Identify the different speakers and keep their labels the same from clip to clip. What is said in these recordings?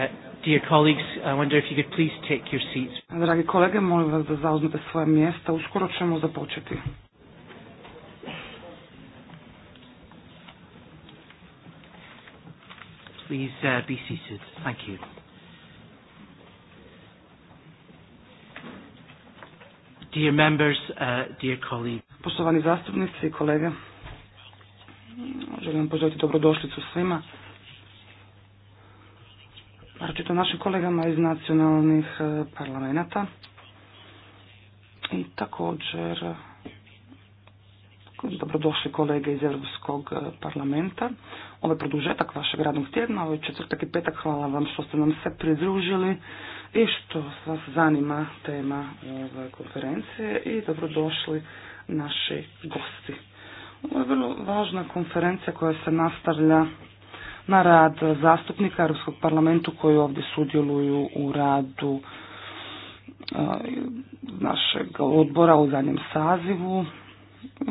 Speaker 1: Uh, dear colleagues, I wonder if you could please take your seats. Dragi kolege, molim
Speaker 2: vas da zauzmete svoje mjesta, uskoro ćemo započeti.
Speaker 1: Please uh, be seated. Thank you. Dear members, uh, dear colleagues. Poštovani zastupnici i kolege,
Speaker 2: želim poželjeti dobrodošlicu svima sa našim kolegama iz nacionalnih e, parlamenta i također dobrodošli kolege iz Europskog e, parlamenta. Ovo je produžetak vašeg radnog tjedna, ovo je četvrtak i petak, hvala vam što ste nam se pridružili i što vas zanima tema ove konferencije i dobrodošli naši gosti. Ovo je vrlo važna konferencija koja se nastavlja na rad zastupnika Europskog parlamentu koji ovdje sudjeluju u radu e, našeg odbora u zadnjem sazivu,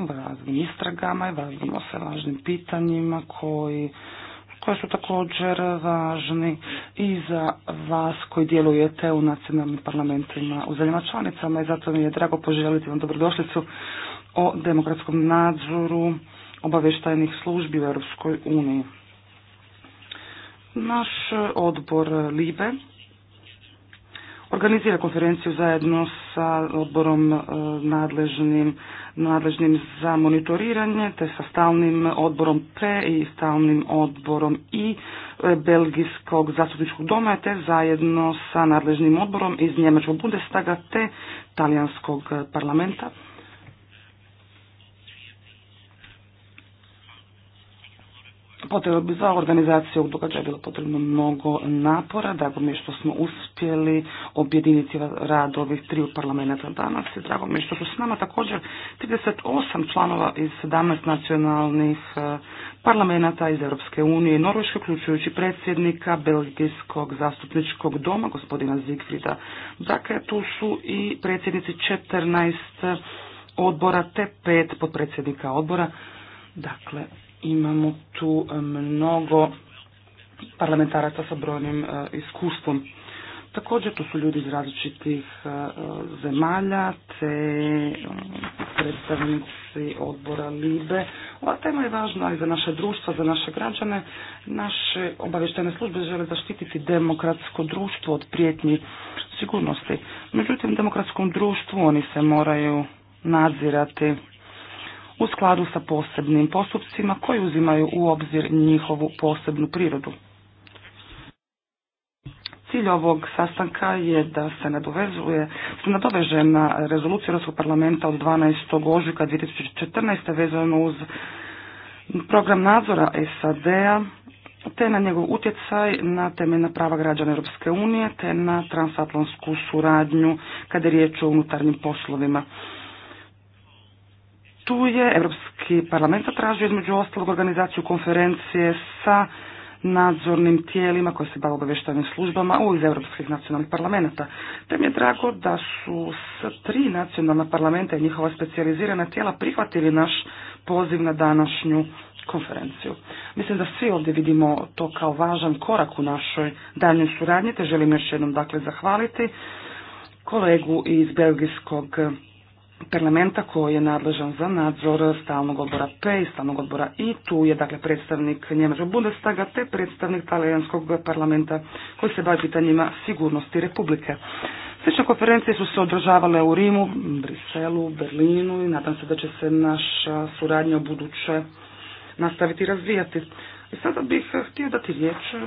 Speaker 2: raznim istragama i bavimo se važnim pitanjima koji koji su također važni i za vas koji djelujete u nacionalnim parlamentima u zemljama članicama i zato mi je drago poželiti vam dobrodošlicu o demokratskom nadzoru obavještajnih službi u Europskoj uniji. Naš e, odbor e, LIBE organizira konferenciju zajedno sa odborom e, nadležnim, nadležnim za monitoriranje, te sa stalnim odborom P i stalnim odborom I Belgijskog zastupničkog doma, te zajedno sa nadležnim odborom iz Njemačkog Bundestaga te Talijanskog parlamenta. Potrebno bi za organizaciju ovog događaja bilo potrebno mnogo napora, drago mi je što smo uspjeli objediniti rad ovih triju parlamenta danas i drago mi je što su s nama također 38 članova iz 17 nacionalnih eh, parlamenta iz Europske unije i Norveške, uključujući predsjednika Belgijskog zastupničkog doma, gospodina Zigfrida. Dakle, tu su i predsjednici 14 odbora te pet podpredsjednika odbora. Dakle, Imamo tu e, mnogo parlamentaraca sa brojnim e, iskustvom. Također tu su ljudi iz različitih e, zemalja te predstavnici odbora LIBE. Ova tema je važna i za naše društvo, za naše građane. Naše obavještajne službe žele zaštititi demokratsko društvo od prijetnji sigurnosti. Međutim, demokratskom društvu oni se moraju nadzirati u skladu sa posebnim postupcima koji uzimaju u obzir njihovu posebnu prirodu. Cilj ovog sastanka je da se nadovezuje, se nadoveže na rezoluciju Europskog parlamenta od 12. ožujka 2014. vezano uz program nadzora SAD-a te na njegov utjecaj na temeljna prava građana Europske unije te na transatlantsku suradnju kada je riječ o unutarnjim poslovima tu je Europski parlament zatražio između ostalog organizaciju konferencije sa nadzornim tijelima koje se bave obavještajnim službama u iz europskih nacionalnih parlamenta. Te mi je drago da su s tri nacionalna parlamenta i njihova specijalizirana tijela prihvatili naš poziv na današnju konferenciju. Mislim da svi ovdje vidimo to kao važan korak u našoj daljnjoj suradnji, te želim još jednom dakle zahvaliti kolegu iz Belgijskog parlamenta koji je nadležan za nadzor stalnog odbora P i stalnog odbora I. Tu je dakle predstavnik Njemačkog Bundestaga te predstavnik talijanskog parlamenta koji se bavi pitanjima sigurnosti Republike. Slične konferencije su se održavale u Rimu, Briselu, Berlinu i nadam se da će se naša suradnja u buduće nastaviti razvijati. I sada bih eh, htio dati riječ eh,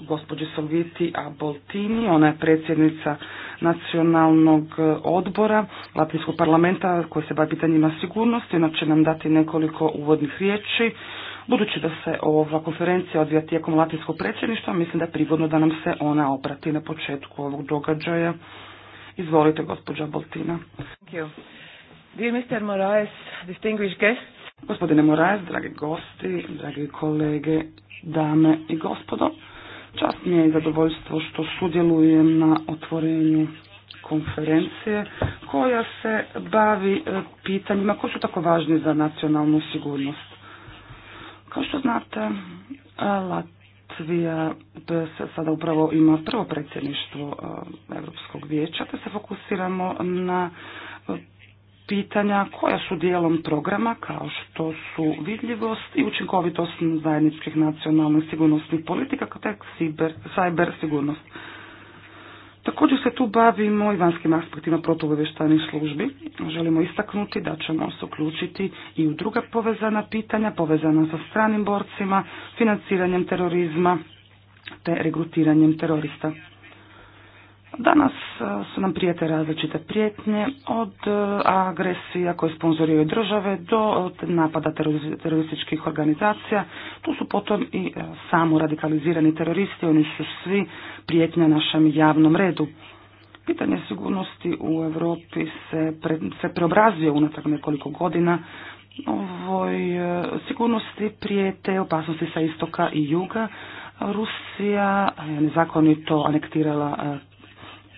Speaker 2: gospođi Solviti Aboltini, ona je predsjednica nacionalnog eh, odbora Latinskog parlamenta koji se bavi pitanjima sigurnosti, ona će nam dati nekoliko uvodnih riječi. Budući da se ova konferencija odvija tijekom Latinskog predsjedništva, mislim da je prigodno da nam se ona oprati na početku ovog događaja. Izvolite, gospođa Boltina.
Speaker 3: Thank you. Dear Mr. Moraes, distinguished guests,
Speaker 2: Gospodine Moraes, dragi gosti, dragi kolege, dame i gospodo, čast mi je i zadovoljstvo što sudjelujem na otvorenju konferencije koja se bavi e, pitanjima koji su tako važni za nacionalnu sigurnost. Kao što znate, e, Latvija se sada upravo ima prvo predsjedništvo e, Europskog vijeća, te se fokusiramo na pitanja koja su dijelom programa kao što su vidljivost i učinkovitost zajedničkih nacionalnih sigurnosnih politika kao tek cyber sigurnost. Također se tu bavimo i vanjskim aspektima protuobavještajnih službi. Želimo istaknuti da ćemo se uključiti i u druga povezana pitanja povezana sa stranim borcima, financiranjem terorizma te regrutiranjem terorista. Danas e, su nam prijete različite prijetnje od e, agresija koje sponzoriraju države do napada terorističkih organizacija. Tu su potom i e, samo radikalizirani teroristi, oni su svi prijetnja našem javnom redu. Pitanje sigurnosti u Europi se, pre, se preobrazio unatrag nekoliko godina. Ovoj sigurnosti prijete opasnosti sa istoka i juga. Rusija je nezakonito anektirala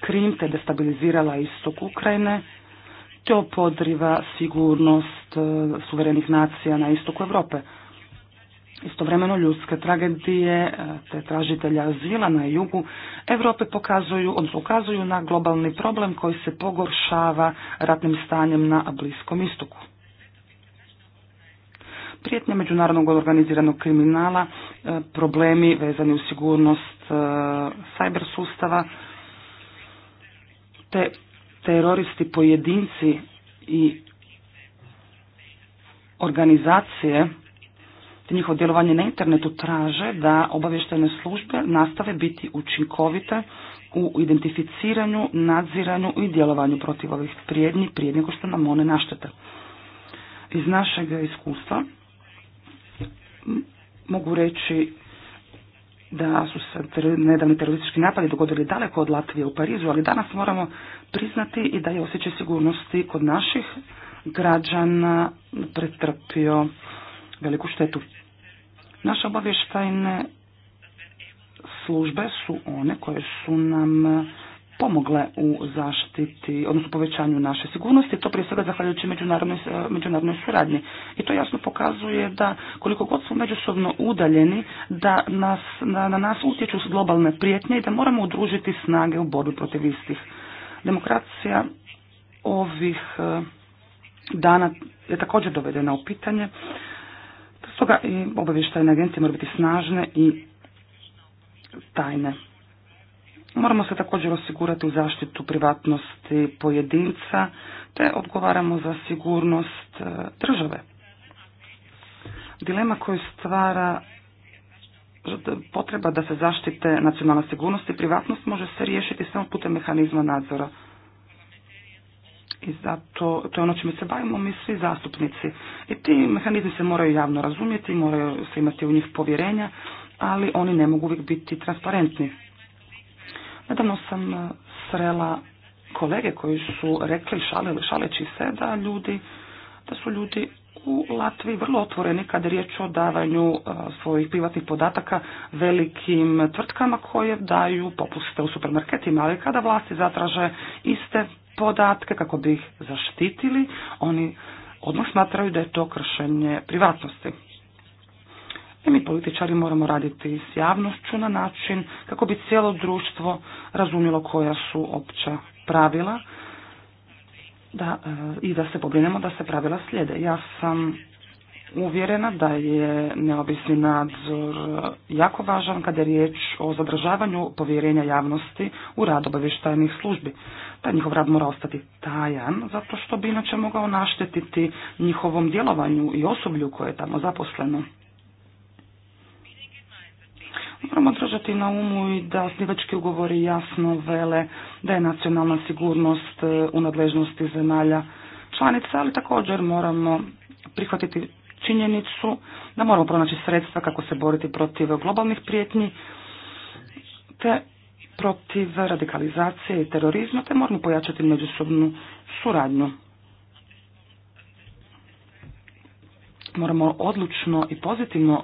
Speaker 2: Krim te destabilizirala istok Ukrajine, to podriva sigurnost e, suverenih nacija na istoku Europe. Istovremeno ljudske tragedije e, te tražitelja azila na jugu Europe pokazuju, odnosno ukazuju na globalni problem koji se pogoršava ratnim stanjem na Bliskom istoku. Prijetnje međunarodnog organiziranog kriminala, e, problemi vezani u sigurnost cyber sustava, te teroristi pojedinci i organizacije te njihovo djelovanje na internetu traže da obavještajne službe nastave biti učinkovite u identificiranju, nadziranju i djelovanju protiv ovih prijednji prije nego što nam one naštete. Iz našeg iskustva mogu reći da su se nedavni teroristički napadi dogodili daleko od Latvije u Parizu, ali danas moramo priznati i da je osjećaj sigurnosti kod naših građana pretrpio veliku štetu. Naše obavještajne službe su one koje su nam pomogle u zaštiti, odnosno povećanju naše sigurnosti, to prije svega zahvaljujući međunarodnoj, e, suradnji. I to jasno pokazuje da koliko god smo međusobno udaljeni, da na, nas utječu globalne prijetnje i da moramo udružiti snage u borbi protiv istih. Demokracija ovih e, dana je također dovedena u pitanje. Stoga i obavještajne agencije moraju biti snažne i tajne. Moramo se također osigurati u zaštitu privatnosti pojedinca, te odgovaramo za sigurnost e, države. Dilema koju stvara potreba da se zaštite nacionalna sigurnost i privatnost može se riješiti samo putem mehanizma nadzora. I zato, to je ono čime se bavimo mi svi zastupnici. I ti mehanizmi se moraju javno razumjeti, moraju se imati u njih povjerenja, ali oni ne mogu uvijek biti transparentni. Nedavno sam e, srela kolege koji su rekli šalili, šaleći se da ljudi, da su ljudi u Latviji vrlo otvoreni kada je riječ o davanju e, svojih privatnih podataka velikim tvrtkama koje daju popuste u supermarketima, ali kada vlasti zatraže iste podatke kako bi ih zaštitili, oni odmah smatraju da je to kršenje privatnosti. I mi političari moramo raditi s javnošću na način kako bi cijelo društvo razumjelo koja su opća pravila da, e, i da se pobrinemo da se pravila slijede. Ja sam uvjerena da je neovisni nadzor e, jako važan kada je riječ o zadržavanju povjerenja javnosti u rad obavještajnih službi. Taj njihov rad mora ostati tajan zato što bi inače mogao naštetiti njihovom djelovanju i osoblju koje je tamo zaposleno. Moramo držati na umu i da osnivački ugovori jasno vele da je nacionalna sigurnost e, u nadležnosti zemalja članica, ali također moramo prihvatiti činjenicu da moramo pronaći sredstva kako se boriti protiv globalnih prijetnji te protiv radikalizacije i terorizma te moramo pojačati međusobnu suradnju. Moramo odlučno i pozitivno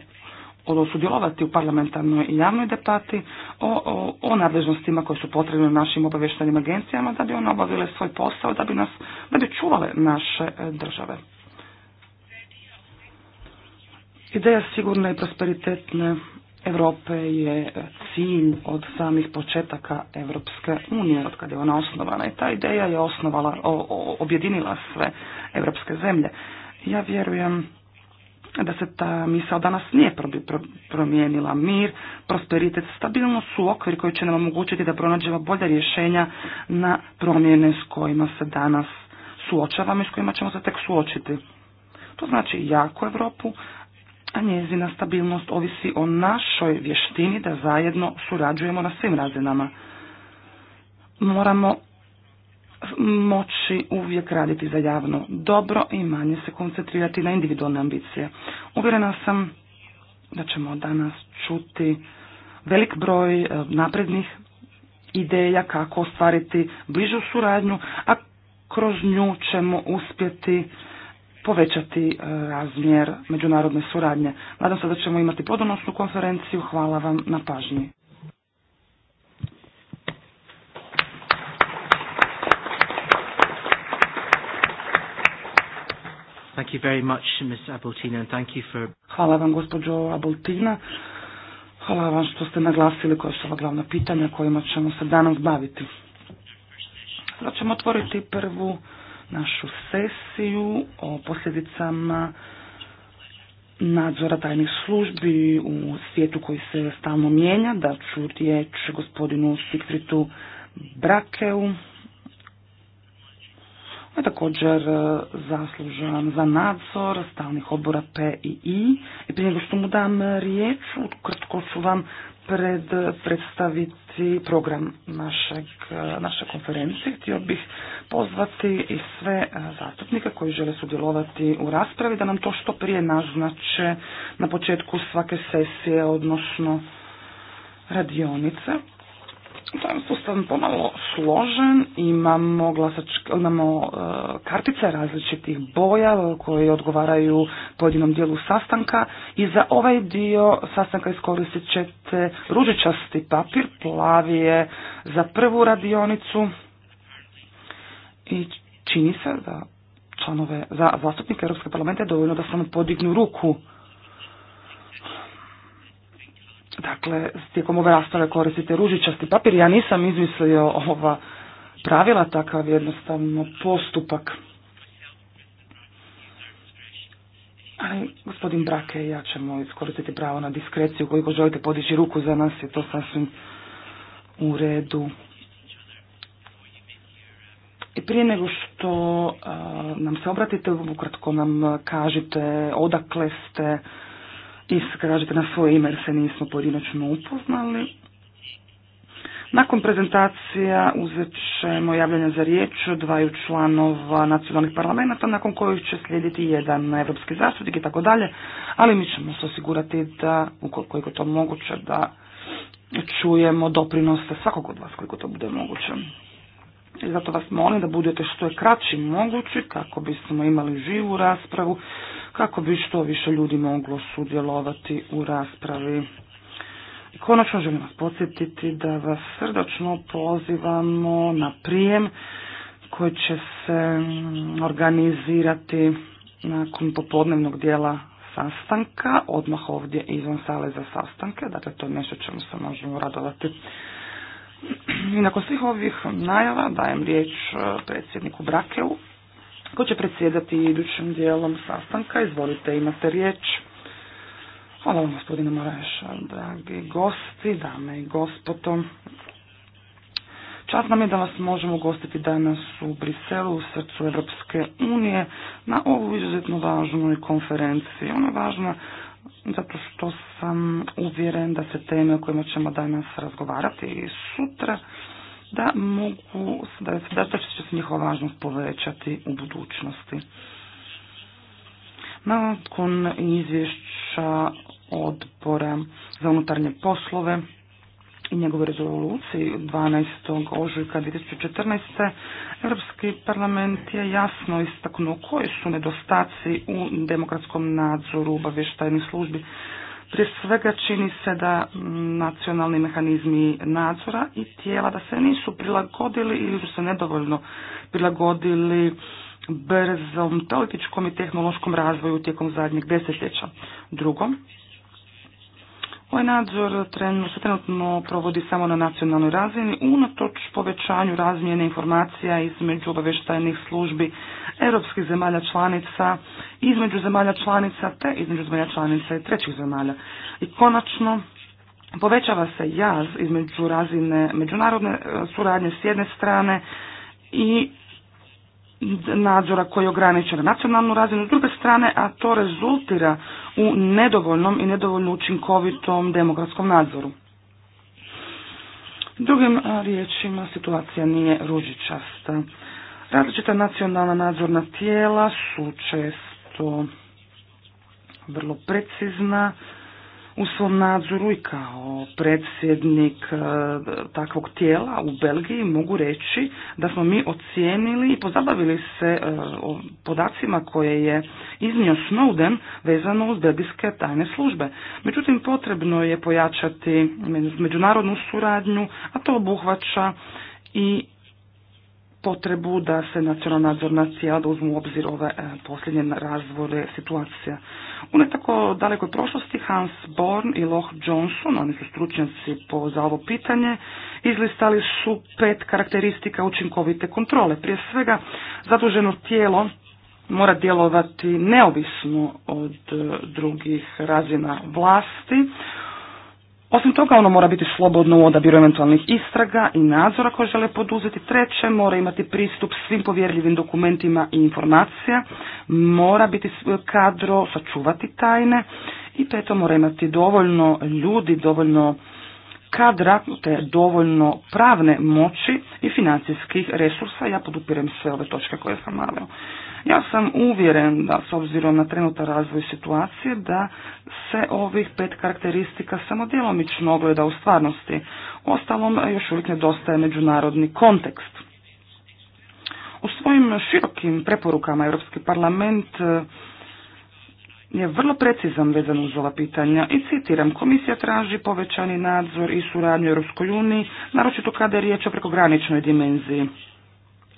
Speaker 2: ono, sudjelovati u parlamentarnoj i javnoj debati o, o, o nadležnostima koje su potrebne našim obavještajnim agencijama da bi one obavile svoj posao, da bi nas, da čuvale naše e, države. Ideja sigurne i prosperitetne Europe je e, cilj od samih početaka Europske unije, od kada je ona osnovana. I ta ideja je osnovala, o, objedinila sve europske zemlje. Ja vjerujem da se ta misao danas nije promijenila. Mir, prosperitet, stabilnost su okvir koji će nam omogućiti da pronađemo bolja rješenja na promjene s kojima se danas suočavamo i s kojima ćemo se tek suočiti. To znači jako Europu, a njezina stabilnost ovisi o našoj vještini da zajedno surađujemo na svim razinama. Moramo moći uvijek raditi za javno dobro i manje se koncentrirati na individualne ambicije. Uvjerena sam da ćemo danas čuti velik broj e, naprednih ideja kako ostvariti bližu suradnju, a kroz nju ćemo uspjeti povećati e, razmjer međunarodne suradnje. Nadam se da ćemo imati podonosnu konferenciju. Hvala vam na pažnji.
Speaker 1: Thank you very thank you
Speaker 2: Hvala vam, gospođo abultina Hvala vam što ste naglasili koja su ova glavna pitanja kojima ćemo se danas baviti. Sada ćemo otvoriti prvu našu sesiju o posljedicama nadzora tajnih službi u svijetu koji se stalno mijenja. Da ću riječ gospodinu Sigfritu Brakeu je također e, zaslužan za nadzor stalnih odbora P i I. I prije nego što mu dam riječ, ukratko ću vam pred, predstaviti program našeg, e, naše konferencije. Htio bih pozvati i sve e, zastupnike koji žele sudjelovati u raspravi da nam to što prije naznače na početku svake sesije, odnosno radionice sustav pomalo složen, imamo, glasačke, imamo e, kartice različitih boja koje odgovaraju pojedinom dijelu sastanka i za ovaj dio sastanka iskoristit ćete ružičasti papir, plavi je za prvu radionicu i čini se da članove, za zastupnike Europske parlamenta je dovoljno da samo podignu ruku Dakle, tijekom ove rasprave koristite ružičasti papir. Ja nisam izmislio ova pravila, takav jednostavno postupak. Ali, gospodin Brake, ja ćemo iskoristiti pravo na diskreciju. Koliko želite podići ruku za nas je to sasvim u redu. I prije nego što nam se obratite, ukratko nam kažete odakle ste, i na svoje ime jer se nismo pojedinačno upoznali. Nakon prezentacija uzet ćemo javljanje za riječ dvaju članova nacionalnih parlamenta, nakon kojih će slijediti jedan evropski zastupnik i tako dalje, ali mi ćemo se osigurati da, ukoliko je to moguće, da čujemo doprinose svakog od vas koliko to bude moguće. Zato vas molim da budete što je kraći mogući kako bismo imali živu raspravu, kako bi što više ljudi moglo sudjelovati u raspravi. I konačno želim vas podsjetiti da vas srdačno pozivamo na prijem koji će se organizirati nakon popodnevnog dijela sastanka, odmah ovdje izvan sale za sastanke, dakle to je nešto čemu se možemo radovati. I nakon svih ovih najava dajem riječ e, predsjedniku Brakeu, ko će predsjedati idućim dijelom sastanka. Izvolite, imate riječ. Hvala vam, gospodine Moraša, dragi gosti, dame i gospodo. Čast nam je da vas možemo gostiti danas u Briselu, u srcu Europske unije, na ovu izuzetno važnu konferenciji. Ona važna zato što sam uvjeren da se teme o kojima ćemo danas razgovarati i sutra, da mogu, da, da će se njihova važnost povećati u budućnosti. Nakon izvješća odbora za unutarnje poslove, i njegovoj rezoluciji 12. ožujka 2014. Europski parlament je jasno istaknuo koji su nedostaci u demokratskom nadzoru obavještajnih službi. Prije svega čini se da nacionalni mehanizmi nadzora i tijela da se nisu prilagodili ili su se nedovoljno prilagodili brzom političkom i tehnološkom razvoju tijekom zadnjeg desetljeća. Drugo, Ovaj nadzor trenutno, se trenutno provodi samo na nacionalnoj razini, unatoč povećanju razmjene informacija između obavještajnih službi europskih zemalja članica, između zemalja članica te između zemalja članica i trećih zemalja. I konačno, povećava se jaz između razine međunarodne e, suradnje s jedne strane i nadzora koji ograniče na nacionalnu razinu, s druge strane, a to rezultira u nedovoljnom i nedovoljno učinkovitom demokratskom nadzoru. Drugim riječima, situacija nije ružičasta. Različita nacionalna nadzorna tijela su često vrlo precizna, u svom nadzoru i kao predsjednik e, takvog tijela u Belgiji mogu reći da smo mi ocijenili i pozabavili se e, o podacima koje je iznio Snowden vezano uz belgijske tajne službe. Međutim, potrebno je pojačati međunarodnu suradnju, a to obuhvaća i potrebu da se nacionalna nadzorna tijela uzmu u obzir ove e, posljednje razvore situacija. U netako dalekoj prošlosti Hans Born i Loh Johnson, oni su stručnjaci po, za ovo pitanje, izlistali su pet karakteristika učinkovite kontrole. Prije svega, zaduženo tijelo mora djelovati neovisno od eh, drugih razina vlasti, osim toga, ono mora biti slobodno u odabiru eventualnih istraga i nadzora koje žele poduzeti. Treće, mora imati pristup svim povjerljivim dokumentima i informacija. Mora biti kadro sačuvati tajne. I peto, mora imati dovoljno ljudi, dovoljno kadra, te dovoljno pravne moći i financijskih resursa. Ja podupirem sve ove točke koje sam naveo. Ja sam uvjeren da s obzirom na trenutan razvoj situacije da se ovih pet karakteristika samo djelomično ogleda u stvarnosti. Ostalom još uvijek nedostaje međunarodni kontekst. U svojim širokim preporukama Europski parlament eh, je vrlo precizan vezan uz ova pitanja i citiram, komisija traži povećani nadzor i suradnju Europskoj uniji, naročito kada je riječ o prekograničnoj dimenziji.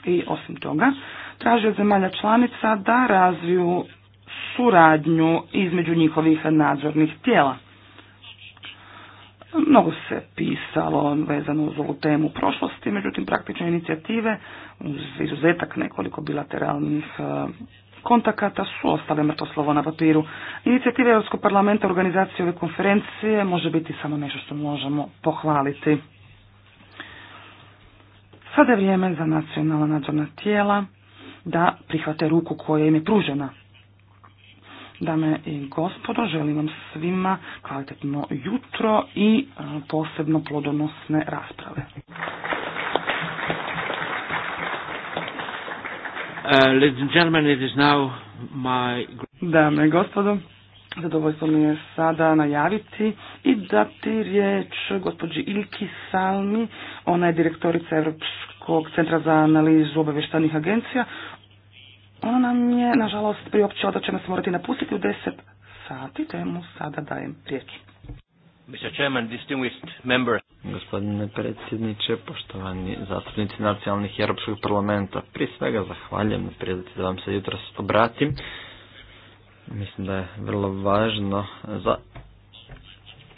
Speaker 2: I osim toga, traži od zemalja članica da razviju suradnju između njihovih nadzornih tijela. Mnogo se pisalo vezano uz ovu temu prošlosti, međutim praktične inicijative uz izuzetak nekoliko bilateralnih e, kontakata su ostale mrtvo slovo na papiru. Inicijative Europskog parlamenta organizacije ove konferencije može biti samo nešto što možemo pohvaliti. Sada je vrijeme za nacionalna nadzorna tijela da prihvate ruku koja im je pružena. Dame i gospodo, želim vam svima kvalitetno jutro i e, posebno plodonosne rasprave.
Speaker 1: Uh, Dame i gospodo,
Speaker 2: zadovoljstvo mi je sada najaviti i dati riječ gospođi Ilki Salmi, ona je direktorica Europskog centra za analizu obavještajnih agencija, ona nam je, nažalost, priopćila da će nas morati napustiti u 10 sati, te mu
Speaker 4: sada dajem riječ. Mr. Chairman, distinguished members. Gospodine predsjedniče, poštovani zastupnici nacionalnih i europskog parlamenta, prije svega zahvaljujem na prilici da vam se jutros obratim. Mislim da je vrlo važno za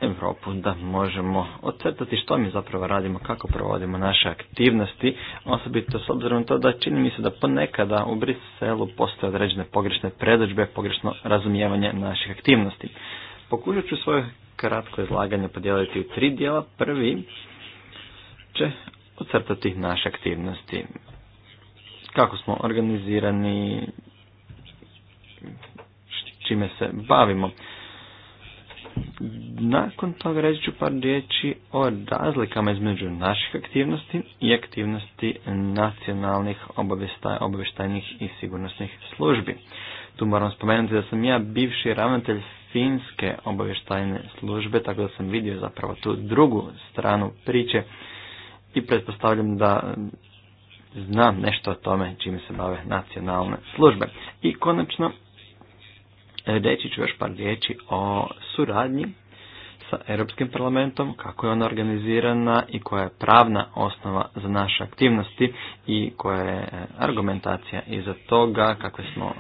Speaker 4: Europu da možemo ocrtati što mi zapravo radimo, kako provodimo naše aktivnosti, osobito s obzirom na to da čini mi se da ponekada u Briselu postoje određene pogrešne predođbe, pogrešno razumijevanje naših aktivnosti. Pokušat ću svoje kratko izlaganje podijeliti u tri dijela. Prvi će ocrtati naše aktivnosti. Kako smo organizirani, čime se bavimo. Nakon toga reći ću par riječi o razlikama između naših aktivnosti i aktivnosti nacionalnih obavještajnih i sigurnosnih službi. Tu moram spomenuti da sam ja bivši ravnatelj finske obavještajne službe, tako da sam vidio zapravo tu drugu stranu priče i pretpostavljam da znam nešto o tome čime se bave nacionalne službe. I konačno reći ću još par riječi o suradnji sa Europskim parlamentom, kako je ona organizirana i koja je pravna osnova za naše aktivnosti i koja je e, argumentacija iza toga, kakve smo e,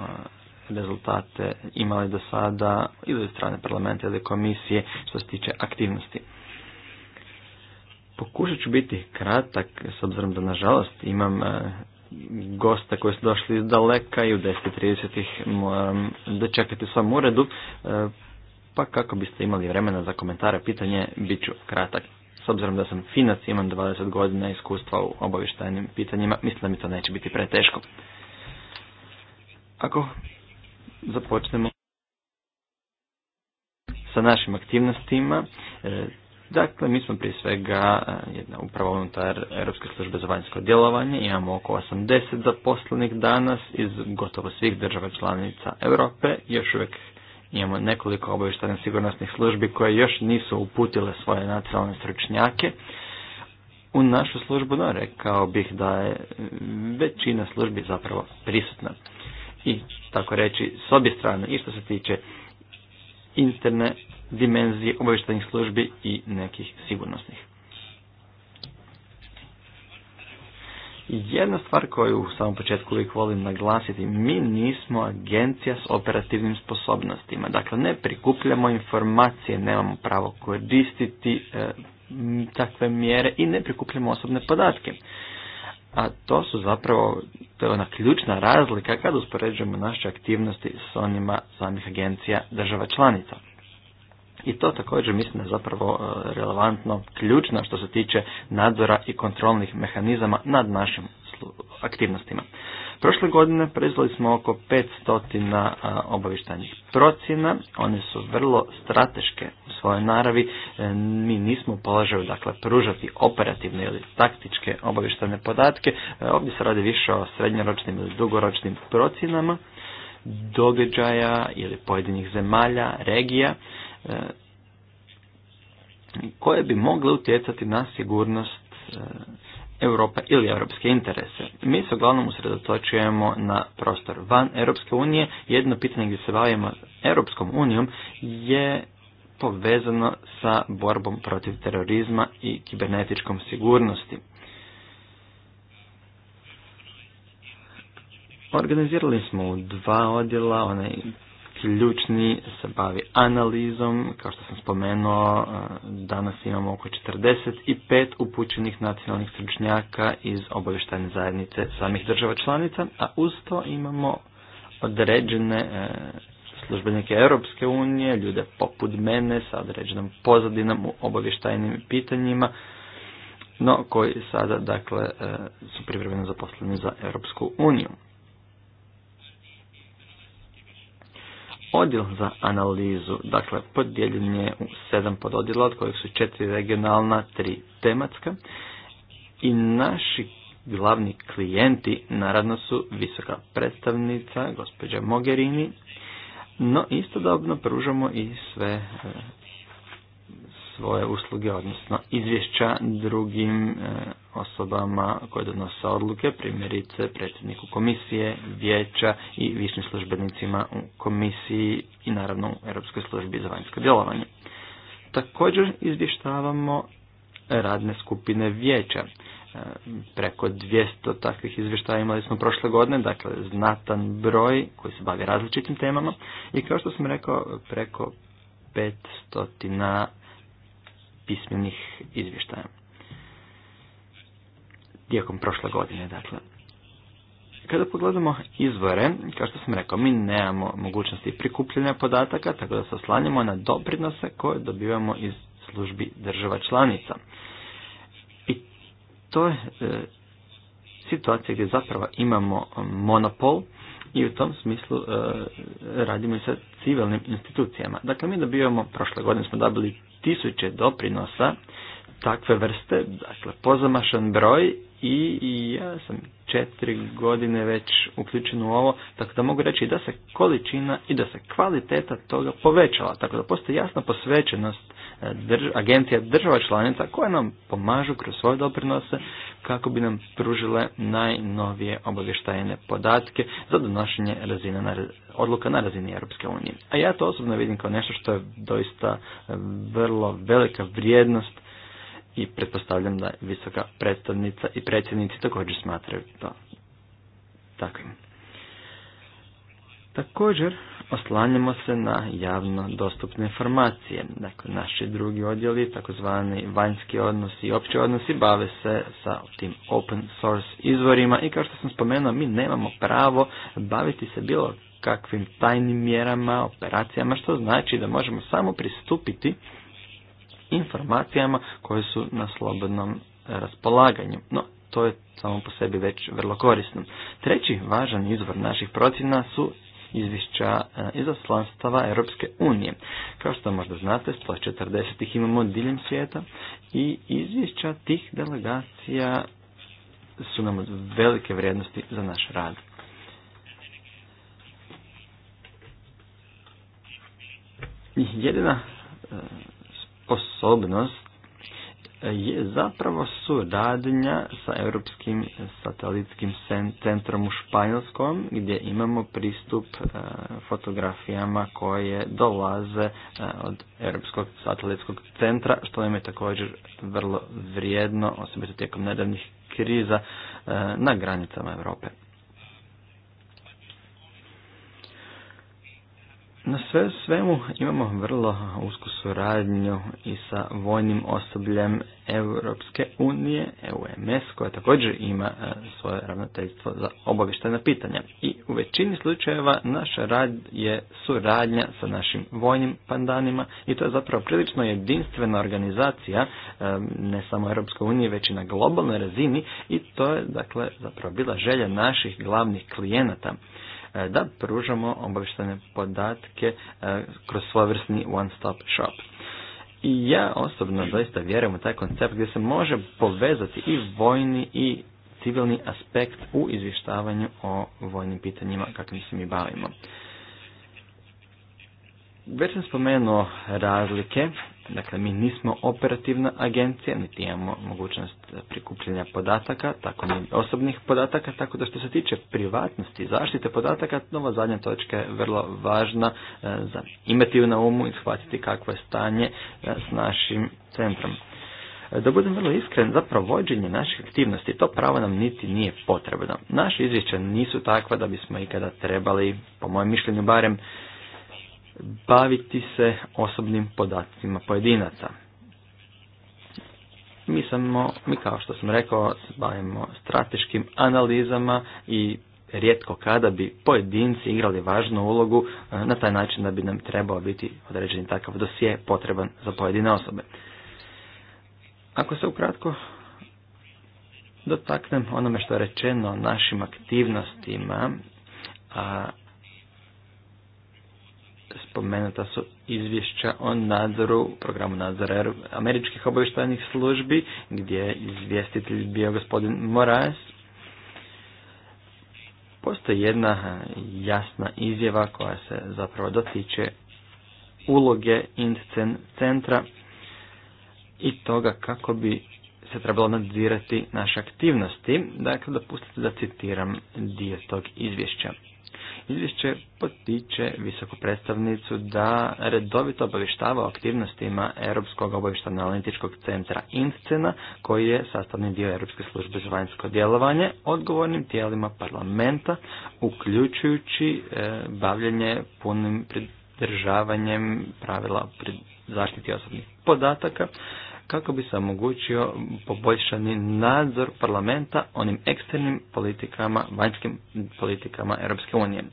Speaker 4: rezultate imali do sada ili od strane parlamenta ili komisije što se tiče aktivnosti. Pokušat ću biti kratak, s obzirom da nažalost imam e, goste koji su došli iz daleka i u 10.30 da moram dočekati u svom uredu, e, pa kako biste imali vremena za komentare, pitanje, bit ću kratak. S obzirom da sam finac, imam 20 godina iskustva u obavještajnim pitanjima, mislim da mi to neće biti preteško. Ako započnemo sa našim aktivnostima, e, Dakle, mi smo prije svega e, jedna uprava unutar Europske službe za vanjsko djelovanje, imamo oko 80 zaposlenih danas iz gotovo svih država članica Europe, još uvijek imamo nekoliko obavještajnih sigurnosnih službi koje još nisu uputile svoje nacionalne stručnjake u našu službu, no rekao bih da je većina službi zapravo prisutna. I tako reći s obje strane i što se tiče interne dimenzije obavještajnih službi i nekih sigurnosnih. Jedna stvar koju u samom početku uvijek volim naglasiti, mi nismo agencija s operativnim sposobnostima. Dakle, ne prikupljamo informacije, nemamo pravo koristiti e, takve mjere i ne prikupljamo osobne podatke. A to su zapravo, to je ona ključna razlika kad uspoređujemo naše aktivnosti s onima samih agencija država članica i to također mislim da je zapravo e, relevantno, ključno što se tiče nadzora i kontrolnih mehanizama nad našim aktivnostima. Prošle godine proizvali smo oko 500 e, obavištajnih procjena, one su vrlo strateške u svojoj naravi, e, mi nismo u dakle, pružati operativne ili taktičke obavištajne podatke, ovdje se radi više o srednjoročnim ili dugoročnim procjenama, događaja ili pojedinih zemalja, regija, koje bi mogle utjecati na sigurnost e, Europe ili europske interese. Mi se uglavnom usredotočujemo na prostor van Europske unije. Jedno pitanje gdje se bavimo Europskom unijom je povezano sa borbom protiv terorizma i kibernetičkom sigurnosti. Organizirali smo u dva odjela, onaj ključni se bavi analizom. Kao što sam spomenuo, e, danas imamo oko 45 upućenih nacionalnih stručnjaka iz obavještajne zajednice samih država članica, a uz to imamo određene e, službenike Europske unije, ljude poput mene sa određenom pozadinom u obavještajnim pitanjima, no koji sada dakle e, su privremeno zaposleni za Europsku uniju. odjel za analizu, dakle podijeljen je u sedam pododjela od kojih su četiri regionalna, tri tematska i naši glavni klijenti naravno su visoka predstavnica gospođa Mogherini, no istodobno pružamo i sve e, svoje usluge, odnosno izvješća drugim e, osobama koje donose odluke, primjerice predsjedniku komisije, vijeća i višim službenicima u komisiji i naravno u Europskoj službi za vanjsko djelovanje. Također izvještavamo radne skupine vijeća. E, preko 200 takvih izvještaja imali smo prošle godine, dakle znatan broj koji se bavi različitim temama i kao što sam rekao preko 500 pismenih izvještaja tijekom prošle godine. Dakle, kada pogledamo izvore, kao što sam rekao, mi nemamo mogućnosti prikupljanja podataka, tako da se oslanjamo na doprinose koje dobivamo iz službi država članica. I to je e, situacija gdje zapravo imamo monopol i u tom smislu e, radimo i sa civilnim institucijama. Dakle, mi dobivamo, prošle godine smo dobili tisuće doprinosa takve vrste, dakle pozamašan broj i ja sam četiri godine već uključen u ovo, tako da mogu reći da se količina i da se kvaliteta toga povećala, tako da postoji jasna posvećenost e, drž agencija država članica koje nam pomažu kroz svoje doprinose kako bi nam pružile najnovije obavještajene podatke za donošenje razine odluka na razini Europske unije. A ja to osobno vidim kao nešto što je doista e, vrlo velika vrijednost i pretpostavljam da visoka predstavnica i predsjednici također smatraju to takvim. Također oslanjamo se na javno dostupne informacije. Dakle, naši drugi odjeli, takozvani vanjski odnosi i opći odnosi, bave se sa tim open source izvorima i kao što sam spomenuo, mi nemamo pravo baviti se bilo kakvim tajnim mjerama, operacijama, što znači da možemo samo pristupiti informacijama koje su na slobodnom raspolaganju. No, to je samo po sebi već vrlo korisno. Treći važan izvor naših procjena su izvješća e, izaslanstava Europske unije. Kao što možda znate, 140 ih imamo diljem svijeta i izvješća tih delegacija su nam od velike vrijednosti za naš rad. Jedina e, Osobnost je zapravo suradnja sa Europskim satelitskim centrom u Španjolskom gdje imamo pristup e, fotografijama koje dolaze e, od Europskog satelitskog centra što nam je također vrlo vrijedno osobito tijekom nedavnih kriza e, na granicama Europe. Na sve svemu imamo vrlo usku suradnju i sa vojnim osobljem Europske unije, EUMS, koja također ima e, svoje ravnateljstvo za obavištena pitanja. I u većini slučajeva naša rad je suradnja sa našim vojnim pandanima i to je zapravo prilično jedinstvena organizacija, e, ne samo Europske unije, već i na globalnoj razini i to je dakle zapravo bila želja naših glavnih klijenata E, da pružamo obavještene podatke e, kroz svojevrsni one-stop shop. I ja osobno zaista vjerujem u taj koncept gdje se može povezati i vojni i civilni aspekt u izvještavanju o vojnim pitanjima kakvim se mi bavimo. Već sam spomenuo razlike Dakle, mi nismo operativna agencija, niti imamo mogućnost prikupljanja podataka, tako ni osobnih podataka, tako da što se tiče privatnosti i zaštite podataka, ova zadnja točka je vrlo važna e, za imati na umu i shvatiti kakvo je stanje e, s našim centrom. E, da budem vrlo iskren, za provođenje naših aktivnosti to pravo nam niti nije potrebno. Naše izvješća nisu takva da bismo ikada trebali, po mojem mišljenju barem, baviti se osobnim podacima pojedinaca. Mi, samo, mi kao što sam rekao, bavimo strateškim analizama i rijetko kada bi pojedinci igrali važnu ulogu e, na taj način da bi nam trebao biti određeni takav dosije potreban za pojedine osobe. Ako se ukratko dotaknem onome što je rečeno o našim aktivnostima, a spomenuta su izvješća o nadzoru, programu nadzora američkih obavještajnih službi, gdje je izvjestitelj bio gospodin Moraes. Postoji jedna jasna izjava koja se zapravo dotiče uloge Intcen centra i toga kako bi se trebalo nadzirati naše aktivnosti. Dakle, dopustite da citiram dio tog izvješća. Izvješće potiče visoku predstavnicu da redovito obavještava o aktivnostima Europskog obavještajno-analitičkog centra INSCENA koji je sastavni dio Europske službe za vanjsko djelovanje odgovornim tijelima parlamenta uključujući bavljanje bavljenje punim pridržavanjem pravila pri zaštiti osobnih podataka kako bi se omogućio poboljšani nadzor parlamenta onim eksternim politikama, vanjskim politikama Europske unije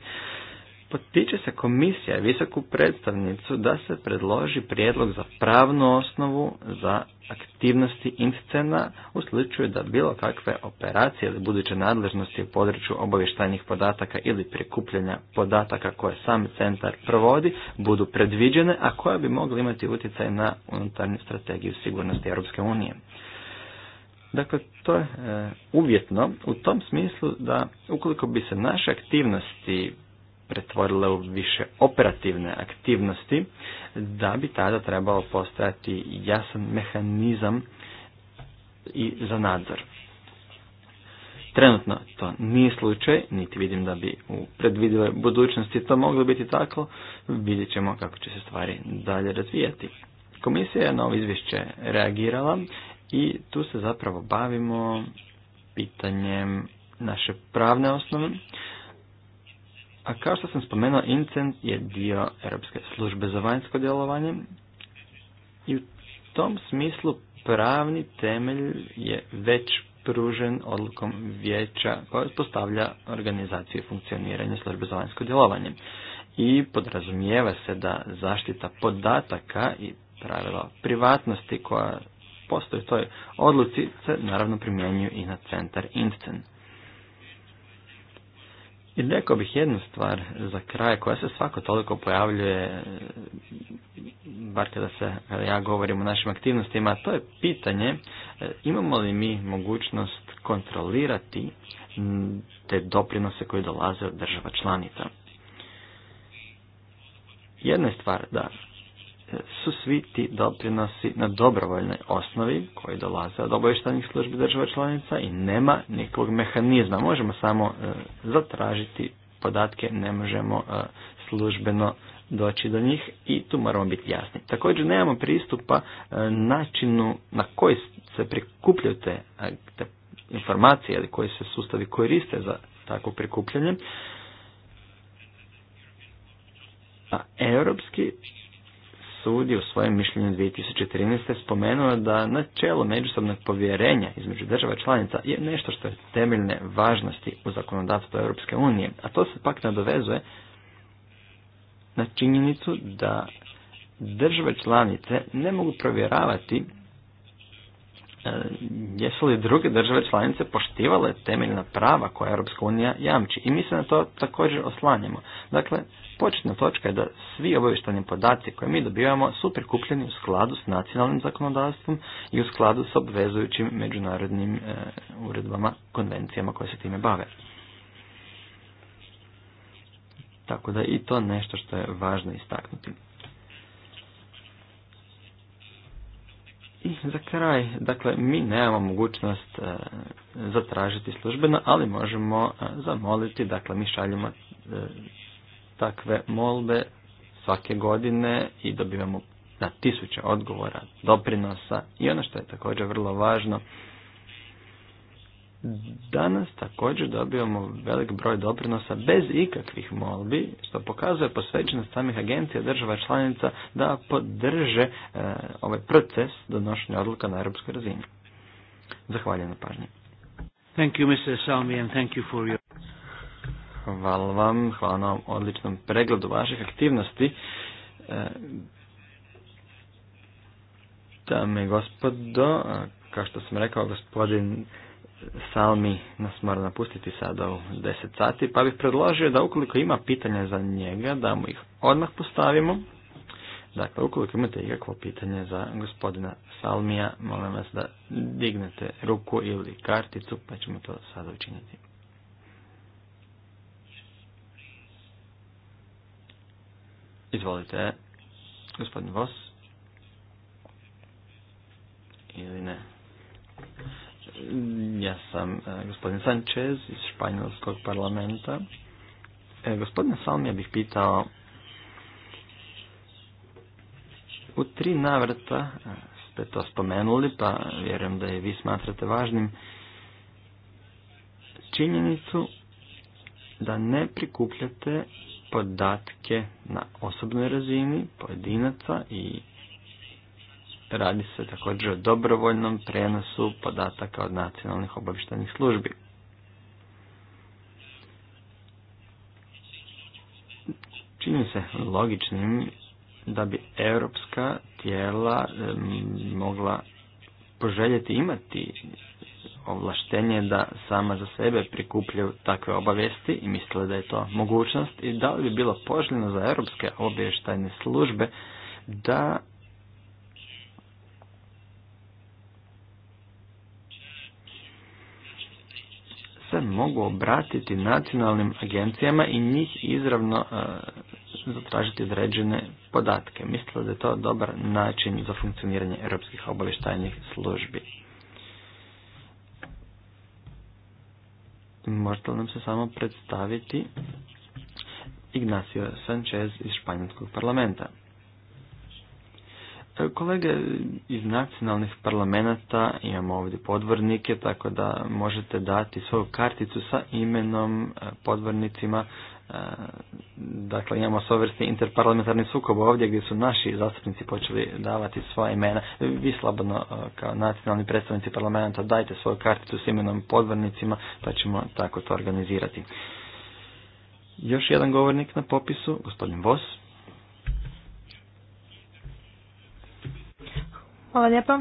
Speaker 4: potiče se komisija visoku predstavnicu da se predloži prijedlog za pravnu osnovu za aktivnosti Intcena u slučaju da bilo kakve operacije ili buduće nadležnosti u području obavještajnih podataka ili prikupljanja podataka koje sam centar provodi budu predviđene, a koje bi mogle imati utjecaj na unutarnju strategiju sigurnosti Europske unije. Dakle, to je e, uvjetno u tom smislu da ukoliko bi se naše aktivnosti pretvorile u više operativne aktivnosti, da bi tada trebalo postojati jasan mehanizam i za nadzor. Trenutno to nije slučaj, niti vidim da bi u predvidivoj budućnosti to moglo biti tako, vidjet ćemo kako će se stvari dalje razvijati. Komisija je na ovo izvješće reagirala i tu se zapravo bavimo pitanjem naše pravne osnove, a kao što sam spomenuo, Incent je dio Europske službe za vanjsko djelovanje i u tom smislu pravni temelj je već pružen odlukom vijeća koja postavlja organizaciju i funkcioniranje službe za vanjsko djelovanje. I podrazumijeva se da zaštita podataka i pravila privatnosti koja postoje u toj odluci se naravno primjenjuju i na centar Incent. I rekao bih jednu stvar za kraj koja se svako toliko pojavljuje, bar kada se ja govorim o našim aktivnostima, a to je pitanje e, imamo li mi mogućnost kontrolirati te doprinose koji dolaze od država članica. Jedna je stvar da su svi ti doprinosi na dobrovoljnoj osnovi koji dolaze od obavještajnih službi država članica i nema nikog mehanizma. Možemo samo e, zatražiti podatke, ne možemo e, službeno doći do njih i tu moramo biti jasni. Također nemamo pristupa e, načinu na koji se prikupljaju te, informacije ili koji se sustavi koriste za takvo prikupljanje. A europski sud u svojem mišljenju 2013. spomenuo da načelo međusobnog povjerenja između država članica je nešto što je temeljne važnosti u zakonodavstvu Europske unije, a to se pak nadovezuje na činjenicu da države članice ne mogu provjeravati E, jesu li druge države članice poštivale temeljna prava koja Europska unija jamči i mi se na to također oslanjamo. Dakle, početna točka je da svi obavještajni podaci koje mi dobivamo su prikupljeni u skladu s nacionalnim zakonodavstvom i u skladu s obvezujućim međunarodnim e, uredbama, konvencijama koje se time bave. Tako da i to nešto što je važno istaknuti. I za kraj, dakle, mi nemamo mogućnost e, zatražiti službeno, ali možemo e, zamoliti, dakle, mi šaljemo e, takve molbe svake godine i dobivamo na tisuće odgovora, doprinosa i ono što je također vrlo važno, Danas također dobijamo velik broj doprinosa bez ikakvih molbi, što pokazuje posvećenost samih agencija država članica da podrže e, ovaj proces donošenja odluka na europskoj razini. Zahvaljujem na pažnji. Thank you, Mr. Salmi, and thank you for your... Hvala vam, hvala na odličnom pregledu vaših aktivnosti. E, dame i gospodo, e, kao što sam rekao, gospodin Salmi nas mora napustiti sada u 10 sati, pa bih predložio da ukoliko ima pitanja za njega, da mu ih odmah postavimo. Dakle, ukoliko imate ikakvo pitanje za gospodina Salmija, molim vas da dignete ruku ili karticu, pa ćemo to sada učiniti. Izvolite, gospodin Vos. Ili ne. Ja sam e, gospodin Sanchez iz Španjolskog parlamenta. E, gospodine ja bih pitao u tri navrta e, ste to spomenuli, pa vjerujem da je vi smatrate važnim činjenicu da ne prikupljate podatke na osobnoj razini pojedinaca i Radi se također o dobrovoljnom prenosu podataka od nacionalnih obavještajnih službi. Čini se logičnim da bi europska tijela mogla poželjeti imati ovlaštenje da sama za sebe prikupljaju takve obavijesti i misle da je to mogućnost i da li bi bilo poželjno za europske obavještajne službe da mogu obratiti nacionalnim agencijama i njih izravno e, zatražiti određene podatke. Mislim da je to dobar način za funkcioniranje europskih obavještajnih službi. Možete li nam se samo predstaviti Ignacio Sanchez iz Španjolskog parlamenta? Pa, kolege iz nacionalnih parlamenta, imamo ovdje podvornike, tako da možete dati svoju karticu sa imenom e, podvornicima. E, dakle, imamo sovrstni interparlamentarni sukob ovdje gdje su naši zastupnici počeli davati svoje imena. E, vi slobodno kao nacionalni predstavnici parlamenta dajte svoju karticu s imenom podvornicima pa ćemo tako to organizirati. Još jedan govornik na popisu, gospodin Vos.
Speaker 5: Hvala lijepa.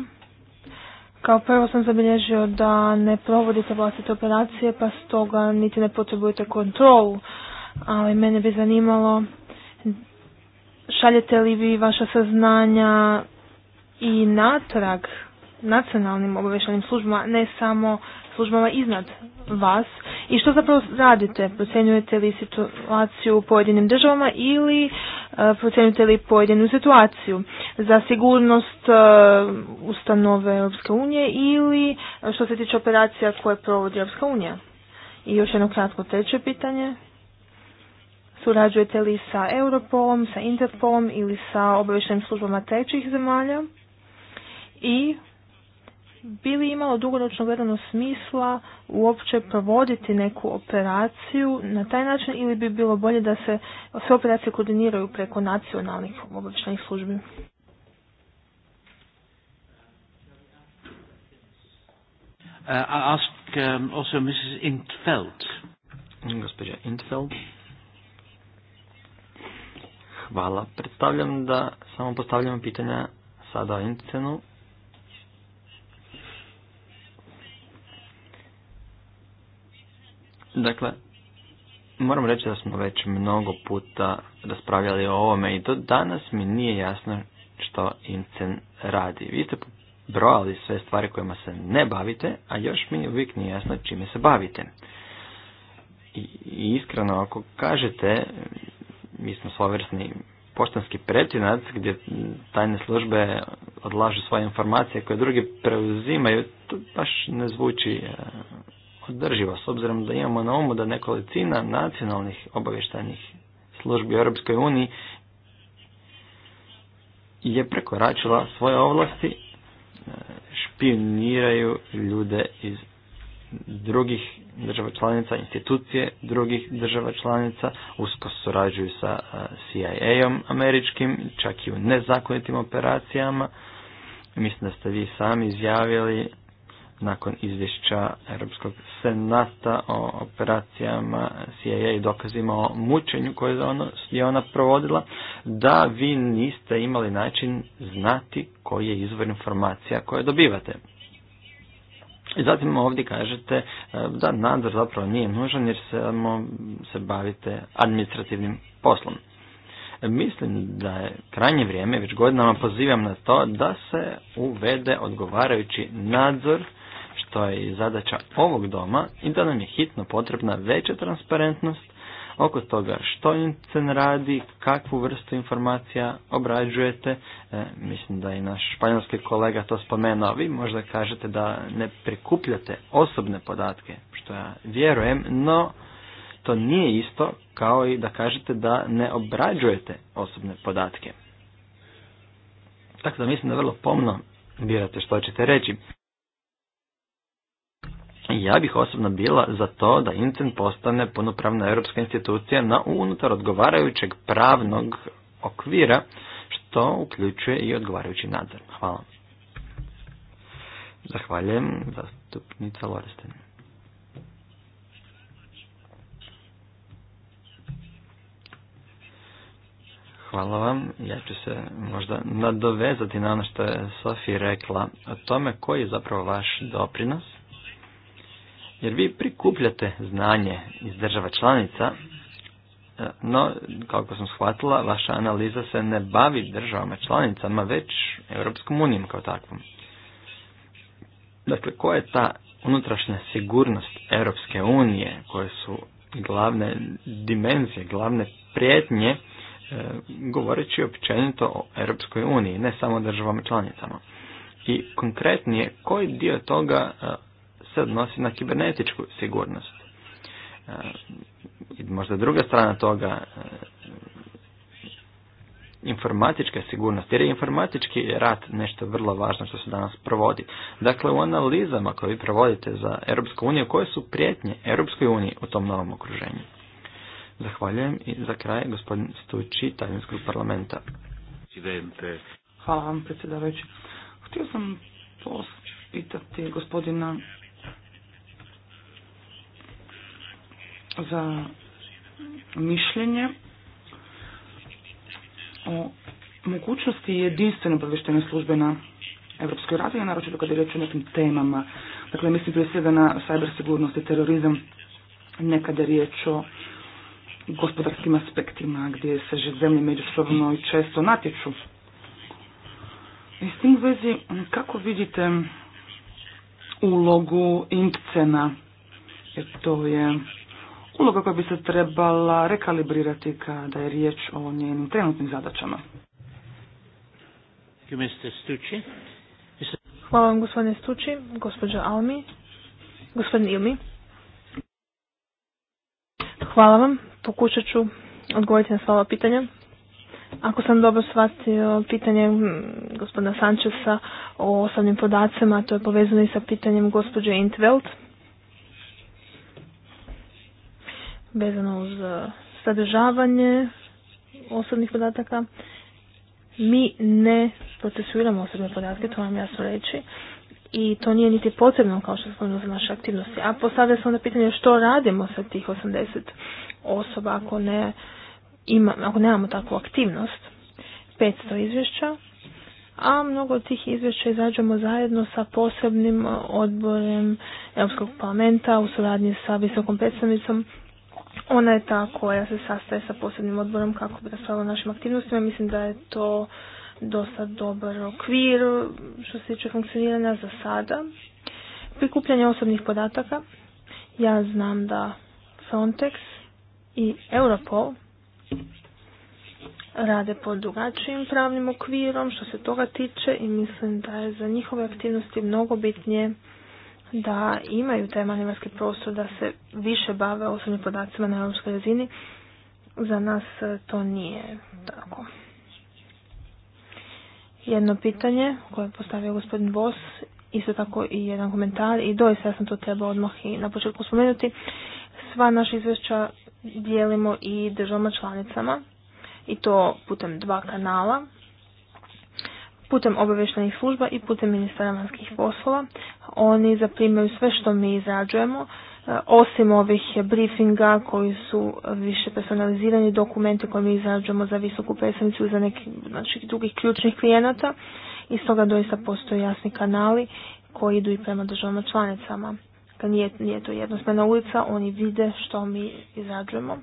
Speaker 5: Kao prvo sam zabilježio da ne provodite vlastite operacije, pa stoga niti ne potrebujete kontrolu. Ali mene bi zanimalo, šaljete li vi vaša saznanja i natrag nacionalnim obavještajnim službama, ne samo službama iznad vas i što zapravo radite? Procenjujete li situaciju u pojedinim državama ili e, procenjujete li pojedinu situaciju za sigurnost e, ustanove Europske unije ili e, što se tiče operacija koje provodi Europska unija? I još jedno kratko treće pitanje. Surađujete li sa Europolom, sa Interpolom ili sa obavještajnim službama trećih zemalja? I bi li imalo dugoročno gledano smisla uopće provoditi neku operaciju na taj način ili bi bilo bolje da se sve operacije koordiniraju preko nacionalnih obavještajnih službi?
Speaker 1: Uh,
Speaker 4: ask um, Intfeld. Hvala. Predstavljam da samo postavljam pitanja sada Intfenu Dakle, moram reći da smo već mnogo puta raspravljali o ovome i do danas mi nije jasno što Incen radi. Vi ste brojali sve stvari kojima se ne bavite, a još mi uvijek nije jasno čime se bavite. I iskreno, ako kažete, mi smo svojevrsni poštanski pretinac gdje tajne službe odlažu svoje informacije koje drugi preuzimaju, to baš ne zvuči e, održiva s obzirom da imamo na umu da nekolicina nacionalnih obavještajnih službi u Europskoj uniji je prekoračila svoje ovlasti, e, špioniraju ljude iz drugih država članica, institucije drugih država članica, usko surađuju sa e, CIA-om američkim, čak i u nezakonitim operacijama. Mislim da ste vi sami izjavili nakon izvješća Europskog senata o operacijama CIA i dokazima o mučenju koje ono- je ona provodila, da vi niste imali način znati koji je izvor informacija koje dobivate. I zatim ovdje kažete e, da nadzor zapravo nije nužan jer samo se bavite administrativnim poslom. E, mislim da je krajnje vrijeme, već godinama pozivam na to, da se uvede odgovarajući nadzor to je i zadaća ovog doma i da nam je hitno potrebna veća transparentnost oko toga što se radi, kakvu vrstu informacija obrađujete. E, mislim da i naš španjolski kolega to spomenuo. Vi možda kažete da ne prikupljate osobne podatke, što ja vjerujem, no to nije isto kao i da kažete da ne obrađujete osobne podatke. Tako da mislim da vrlo pomno birate što ćete reći. Ja bih osobno bila za to da Incen postane punopravna europska institucija na unutar odgovarajućeg pravnog okvira, što uključuje i odgovarajući nadzor. Hvala. Zahvaljujem, zastupnica Loresten. Hvala vam. Ja ću se možda nadovezati na ono što je Sofija rekla o tome koji je zapravo vaš doprinos jer vi prikupljate znanje iz država članica, e, no, kako sam shvatila, vaša analiza se ne bavi državama članicama, već Europskom unijom kao takvom. Dakle, koja je ta unutrašnja sigurnost Europske unije, koje su glavne dimenzije, glavne prijetnje, e, govoreći općenito o Europskoj uniji, ne samo državama članicama. I konkretnije, koji dio toga e, se odnosi na kibernetičku sigurnost. E, I možda druga strana toga e, informatička sigurnost, jer je informatički rat nešto vrlo važno što se danas provodi. Dakle, u analizama koje vi provodite za Europsku uniju, koje su prijetnje Europskoj uniji u tom novom okruženju? Zahvaljujem i za kraj gospodin Stojči, Talijanskog parlamenta.
Speaker 2: Hvala vam, predsjedavajući. Htio sam pitati gospodina za mišljenje o mogućnosti jedinstvene obavještajne službe na Evropskoj razini, naročito kada je riječ o nekim temama. Dakle, mislim prije svega na cyber sigurnost i terorizam, nekada je riječ o gospodarskim aspektima gdje se zemlje međusobno i često natječu. I s tim u vezi, kako vidite ulogu Inkcena, jer to je uloga koja bi se trebala rekalibrirati kada je riječ o njenim trenutnim zadaćama.
Speaker 5: Hvala vam gospodine Stuči, gospođa Almi, gospodin Ilmi. Hvala vam, pokušat ću odgovoriti na sva pitanja. Ako sam dobro shvatio pitanje gospodina Sančesa o osnovnim podacima, to je povezano i sa pitanjem gospođe Intveld. vezano uz e, sadržavanje osobnih podataka. Mi ne procesuiramo osobne podatke, to vam jasno reći. I to nije niti potrebno kao što spomenuo za naše aktivnosti. A postavlja se onda pitanje što radimo sa tih 80 osoba ako, ne ima, ako nemamo takvu aktivnost. 500 izvješća, a mnogo od tih izvješća izađemo zajedno sa posebnim odborem Europskog parlamenta u suradnji sa visokom predstavnicom ona je ta koja se sastaje sa posebnim odborom kako bi raspravila našim aktivnostima. Mislim da je to dosta dobar okvir što se tiče funkcioniranja za sada. Prikupljanje osobnih podataka. Ja znam da Frontex i Europol rade pod drugačijim pravnim okvirom što se toga tiče i mislim da je za njihove aktivnosti mnogo bitnije da imaju taj manevarski prostor da se više bave osobnim podacima na europskoj razini. Za nas e, to nije tako. Jedno pitanje koje je postavio gospodin Bos, isto tako i jedan komentar i doista ja sam to trebao odmah i na početku spomenuti. Sva naša izvješća dijelimo i državama članicama i to putem dva kanala putem obavještajnih služba i putem ministara vanjskih poslova. Oni zaprimaju sve što mi izrađujemo, e, osim ovih briefinga koji su više personalizirani dokumente koje mi izrađujemo za visoku predstavnicu i za nekih znači, drugih ključnih klijenata. I stoga doista postoje jasni kanali koji idu i prema državama članicama. Kad nije, to jednostavna ulica, oni vide što mi izrađujemo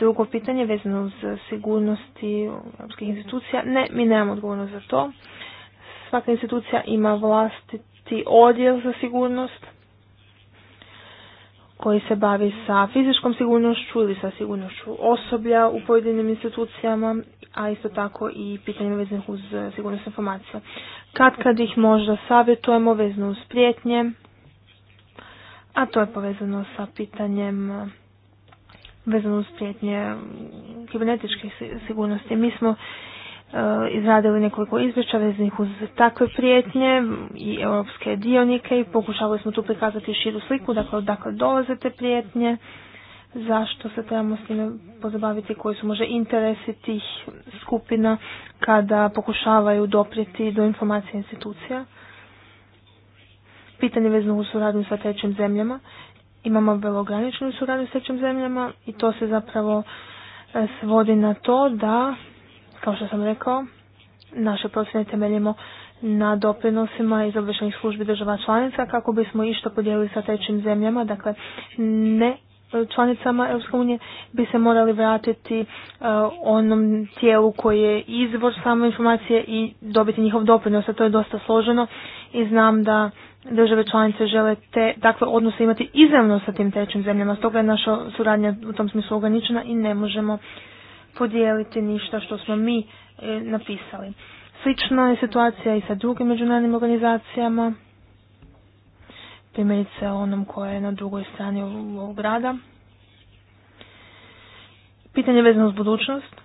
Speaker 5: drugo pitanje vezano uz sigurnosti europskih institucija, ne, mi nemamo odgovornost za to. Svaka institucija ima vlastiti odjel za sigurnost koji se bavi sa fizičkom sigurnošću ili sa sigurnošću osoblja u pojedinim institucijama, a isto tako i pitanjima vezanih uz sigurnost informacija. Kad kad ih možda savjetujemo vezano uz prijetnje, a to je povezano sa pitanjem vezano uz prijetnje kibernetičke sigurnosti. Mi smo eh, izradili nekoliko izvješća vezanih uz takve prijetnje i europske dionike i pokušavali smo tu prikazati širu sliku, dakle odakle dolaze te prijetnje, zašto se trebamo s time pozabaviti, koji su može interesi tih skupina kada pokušavaju doprijeti do informacije institucija. Pitanje vezano uz suradnju sa trećim zemljama imamo vrlo ograničenu suradnju s trećim zemljama i to se zapravo e, svodi na to da, kao što sam rekao, naše procjene temeljimo na doprinosima iz obvešenih službi država članica kako bismo išto podijelili sa trećim zemljama, dakle ne e, članicama Europske unije bi se morali vratiti e, onom tijelu koji je izvor samo informacije i dobiti njihov doprinos, a to je dosta složeno i znam da države članice žele te takve odnose imati izravno sa tim trećim zemljama. Stoga je naša suradnja u tom smislu ograničena i ne možemo podijeliti ništa što smo mi e, napisali. Slična je situacija i sa drugim međunarodnim organizacijama, primjerice onom koja je na drugoj strani ovog grada. Pitanje vezano uz budućnost.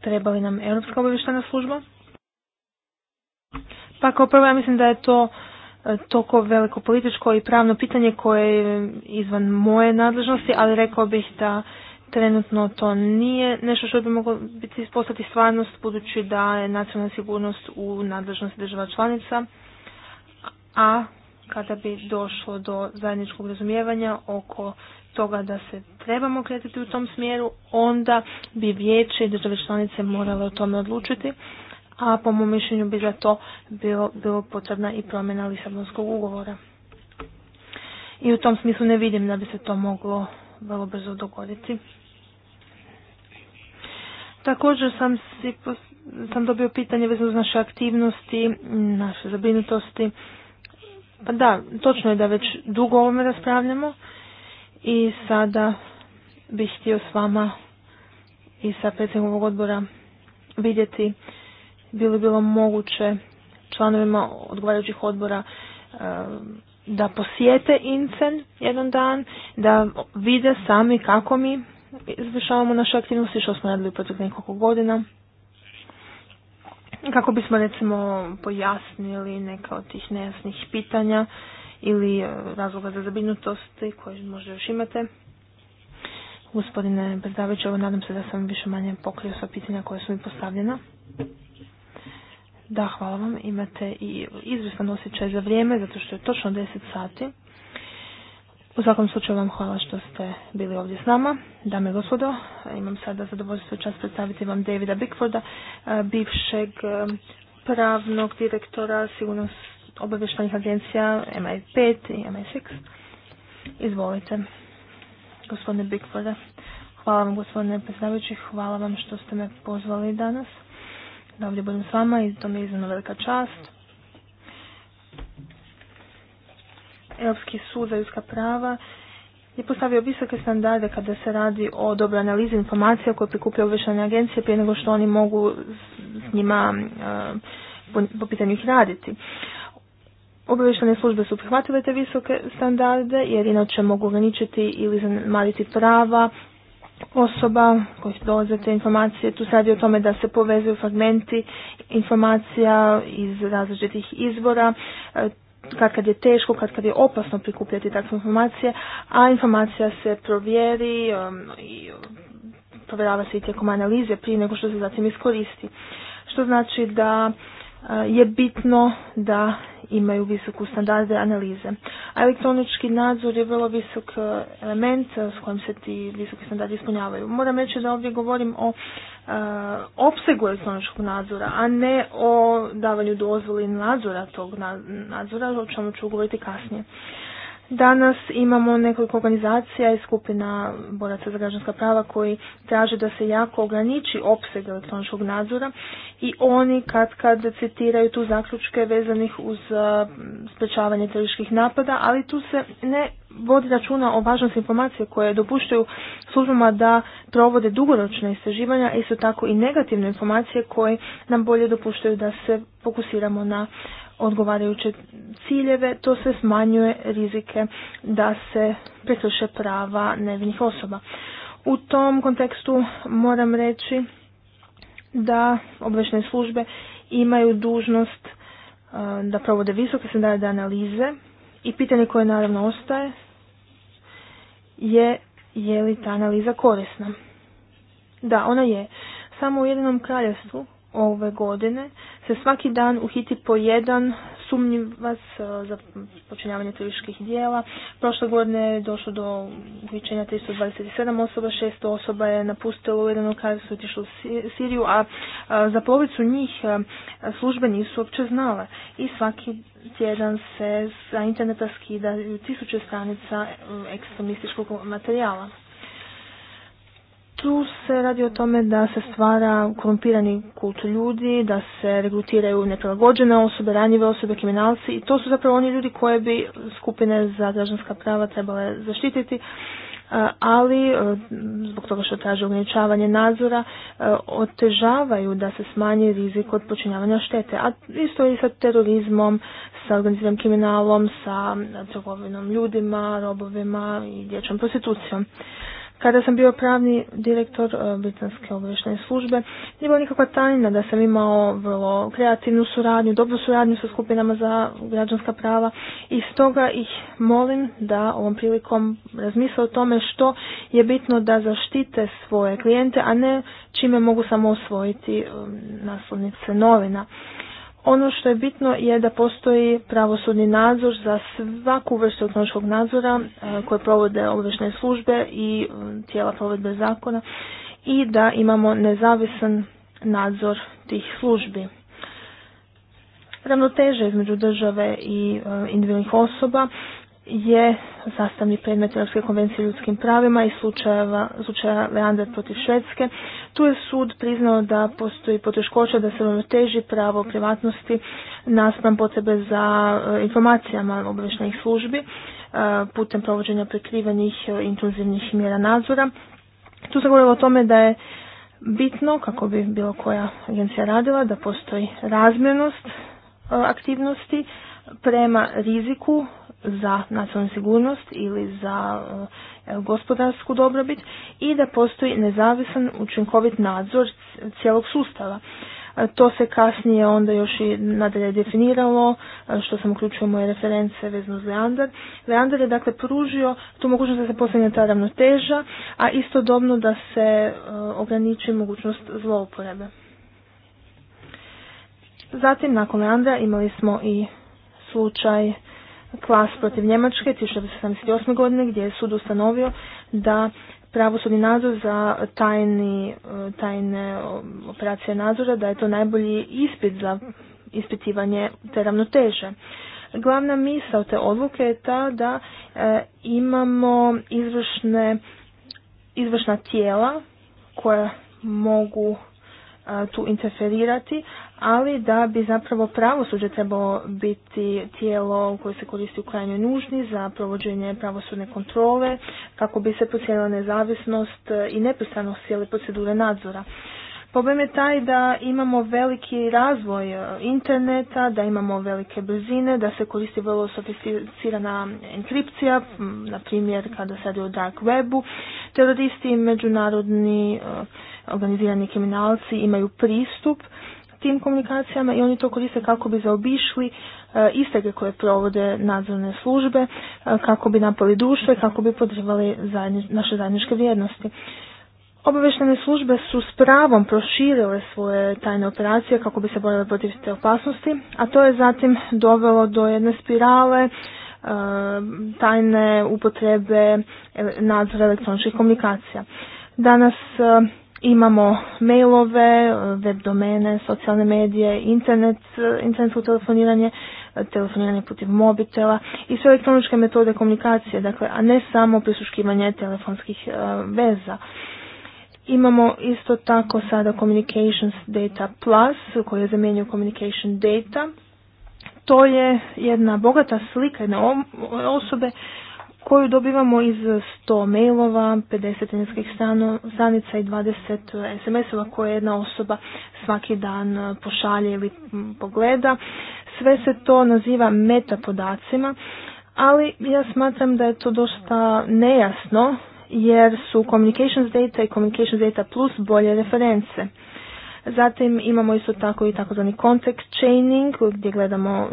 Speaker 5: Treba li nam Europska obavještajna služba? Pa kao prvo ja mislim da je to E, toko veliko političko i pravno pitanje koje je izvan moje nadležnosti, ali rekao bih da trenutno to nije nešto što bi moglo biti postati stvarnost budući da je nacionalna sigurnost u nadležnosti država članica, a kada bi došlo do zajedničkog razumijevanja oko toga da se trebamo kretiti u tom smjeru, onda bi vijeće i države članice morale o tome odlučiti, a po mom mišljenju bi za to bilo, bilo potrebna i promjena Lisabonskog ugovora. I u tom smislu ne vidim da bi se to moglo vrlo brzo dogoditi. Također sam, si, sam dobio pitanje vezano uz naše aktivnosti, naše zabrinutosti. Pa da, točno je da već dugo ovome raspravljamo i sada bih htio s vama i sa predsjednikom odbora vidjeti bi li bilo moguće članovima odgovarajućih odbora e, da posjete Incen jedan dan, da vide sami kako mi izvršavamo naše aktivnosti, što smo radili u nekoliko godina. Kako bismo recimo pojasnili neka od tih nejasnih pitanja ili e, razloga za zabrinutosti koje možda još imate. Gospodine Brdavić, nadam se da sam više manje pokrio sva pitanja koja su mi postavljena. Da, hvala vam. Imate i izvrstan osjećaj za vrijeme, zato što je točno 10 sati. U svakom slučaju vam hvala što ste bili ovdje s nama. Dame i gospodo, imam sada zadovoljstvo čast predstaviti vam Davida Bickforda, e, bivšeg e, pravnog direktora sigurnost obavještajnih agencija MI5 i MI6. Izvolite, gospodine Bickforda. Hvala vam, gospodine predsjedavajući, hvala vam što ste me pozvali danas da ovdje budem s vama i to mi je iznimno velika čast. Europski sud za ljudska prava je postavio visoke standarde kada se radi o dobroj analizi informacija koje prikupljaju obveštajne agencije prije nego što oni mogu s njima eh, po, pitanju ih raditi. Obavještajne službe su prihvatile te visoke standarde jer inače mogu ograničiti ili zanemariti prava osoba koji dolaze te informacije. Tu se radi o tome da se povezuju fragmenti informacija iz različitih izvora, e, kad kad je teško, kad kad je opasno prikupljati takve informacije, a informacija se provjeri um, i provjerava se i tijekom analize prije nego što se zatim iskoristi. Što znači da Eh, je bitno da imaju visoku standarde analize. A elektronički nadzor je vrlo visok eh, element eh, s kojim se ti visoki standardi ispunjavaju. Moram reći da ovdje govorim o opsegu elektroničkog nadzora, a ne o davanju dozvoli nadzora tog nadzora, o čemu ću govoriti kasnije. Danas imamo nekoliko organizacija i skupina boraca za građanska prava koji traže da se jako ograniči opseg elektroničkog nadzora i oni kad kad citiraju tu zaključke vezanih uz sprečavanje terorističkih napada, ali tu se ne vodi računa o važnosti informacije koje dopuštaju službama da provode dugoročna istraživanja, isto tako i negativne informacije koje nam bolje dopuštaju da se fokusiramo na odgovarajuće ciljeve, to se smanjuje rizike da se prekrše prava nevinih osoba. U tom kontekstu moram reći da obvešne službe imaju dužnost e, da provode visoke standarde analize i pitanje koje naravno ostaje je je li ta analiza korisna. Da, ona je. Samo u jedinom kraljevstvu ove godine se svaki dan uhiti po jedan sumnjivac e, za počinjavanje turističkih dijela. Prošle godine je došlo do uhićenja 327 osoba, 600 osoba je napustilo kada su otišli u Siriju, a e, za polovicu njih e, službe nisu uopće znale. I svaki tjedan se za interneta skida tisuće stranica ekstremističkog materijala tu se radi o tome da se stvara korumpirani kult ljudi, da se regrutiraju neprilagođene osobe, ranjive osobe, kriminalci i to su zapravo oni ljudi koje bi skupine za građanska prava trebale zaštititi, e, ali e, zbog toga što traže ograničavanje nadzora, e, otežavaju da se smanji rizik od počinjavanja štete. A isto i sa terorizmom, sa organiziranim kriminalom, sa trgovinom ljudima, robovima i dječjom prostitucijom. Kada sam bio pravni direktor e, Britanske obavještajne službe, nije bilo nikakva tajna da sam imao vrlo kreativnu suradnju, dobru suradnju sa skupinama za građanska prava i stoga ih molim da ovom prilikom razmisle o tome što je bitno da zaštite svoje klijente, a ne čime mogu samo osvojiti e, naslovnice novina. Ono što je bitno je da postoji pravosudni nadzor za svaku vrstu nadzora e, koje provode obvešne službe i tijela provedbe zakona i da imamo nezavisan nadzor tih službi. Ravnoteža između države i e, individualnih osoba je sastavni predmet Europske konvencije o ljudskim pravima i slučaja, Leander protiv Švedske. Tu je sud priznao da postoji poteškoća da se teži pravo privatnosti naspram potrebe za e, informacijama obavještajnih službi e, putem provođenja prikrivenih e, intenzivnih mjera nadzora. Tu se govorilo o tome da je bitno, kako bi bilo koja agencija radila, da postoji razmjernost aktivnosti, prema riziku za nacionalnu sigurnost ili za e, gospodarsku dobrobit i da postoji nezavisan učinkovit nadzor cijelog sustava. E, to se kasnije onda još i nadalje definiralo, e, što sam uključio moje reference vezno za Leandar. Leandar je dakle pružio tu mogućnost da se postigne ta ravnoteža, a istodobno da se ograniči mogućnost zlouporabe. Zatim, nakon Leandra imali smo i slučaj Klas protiv Njemačke 1978. godine gdje je sud ustanovio da pravosudni nadzor za tajni, e, tajne operacije nadzora da je to najbolji ispit za ispitivanje te ravnoteže. Glavna misa te odluke je ta da e, imamo izvršne, izvršna tijela koja mogu tu interferirati, ali da bi zapravo pravosuđe trebalo biti tijelo koje se koristi u krajnjoj nužni za provođenje pravosudne kontrole kako bi se procijenila nezavisnost i nepristranost cijele procedure nadzora. Problem je taj da imamo veliki razvoj e, interneta, da imamo velike brzine, da se koristi vrlo sofisticirana enkripcija, na primjer kada se radi o dark webu. Teroristi i međunarodni e, organizirani kriminalci imaju pristup tim komunikacijama i oni to koriste kako bi zaobišli e, istege koje provode nadzorne službe, kako bi napali duše, kako bi podržavali naše zajedničke vrijednosti. Obavještajne službe su s pravom proširile svoje tajne operacije kako bi se borile protiv te opasnosti, a to je zatim dovelo do jedne spirale e, tajne upotrebe nadzora elektroničkih komunikacija. Danas e, imamo mailove, e, web domene, socijalne medije, internet, internetsko telefoniranje, telefoniranje putem mobitela i sve elektroničke metode komunikacije, dakle, a ne samo prisluškivanje telefonskih veza. Imamo isto tako sada Communications Data Plus koji je zamijenio Communication Data. To je jedna bogata slika jedne osobe koju dobivamo iz 100 mailova, 50 internetskih stranica i 20 e, SMS-ova koje jedna osoba svaki dan e, pošalje ili pogleda. Sve se to naziva metapodacima, ali ja smatram da je to dosta nejasno jer su communications data i communications data plus bolje reference. Zatim imamo isto tako i takozvani contact chaining gdje gledamo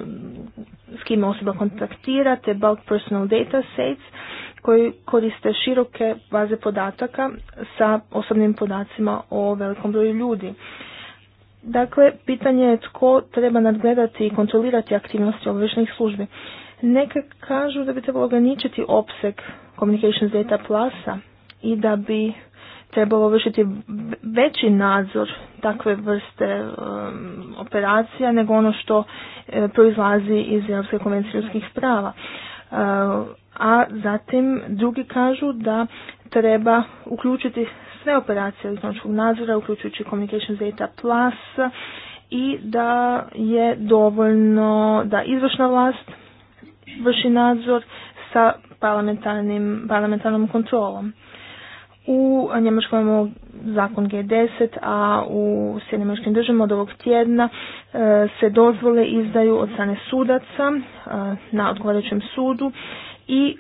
Speaker 5: s kime osoba kontaktira te bulk personal data sets koji koriste široke baze podataka sa osobnim podacima o velikom broju ljudi. Dakle, pitanje je tko treba nadgledati i kontrolirati aktivnosti obvešnih službi. Neke kažu da bi trebalo ograničiti opseg Communication Data Plusa i da bi trebalo vršiti veći nadzor takve vrste um, operacija nego ono što e, proizlazi iz Europske konvencije ljudskih prava. E, a zatim drugi kažu da treba uključiti sve operacije elektroničkog nadzora, uključujući Communication Data Plus i da je dovoljno da izvršna vlast vrši nadzor sa parlamentarnom kontrolom. U Njemačkoj imamo zakon G10, a u Sjedinjemačkim državama od ovog tjedna e, se dozvole izdaju od strane sudaca e, na odgovarajućem sudu i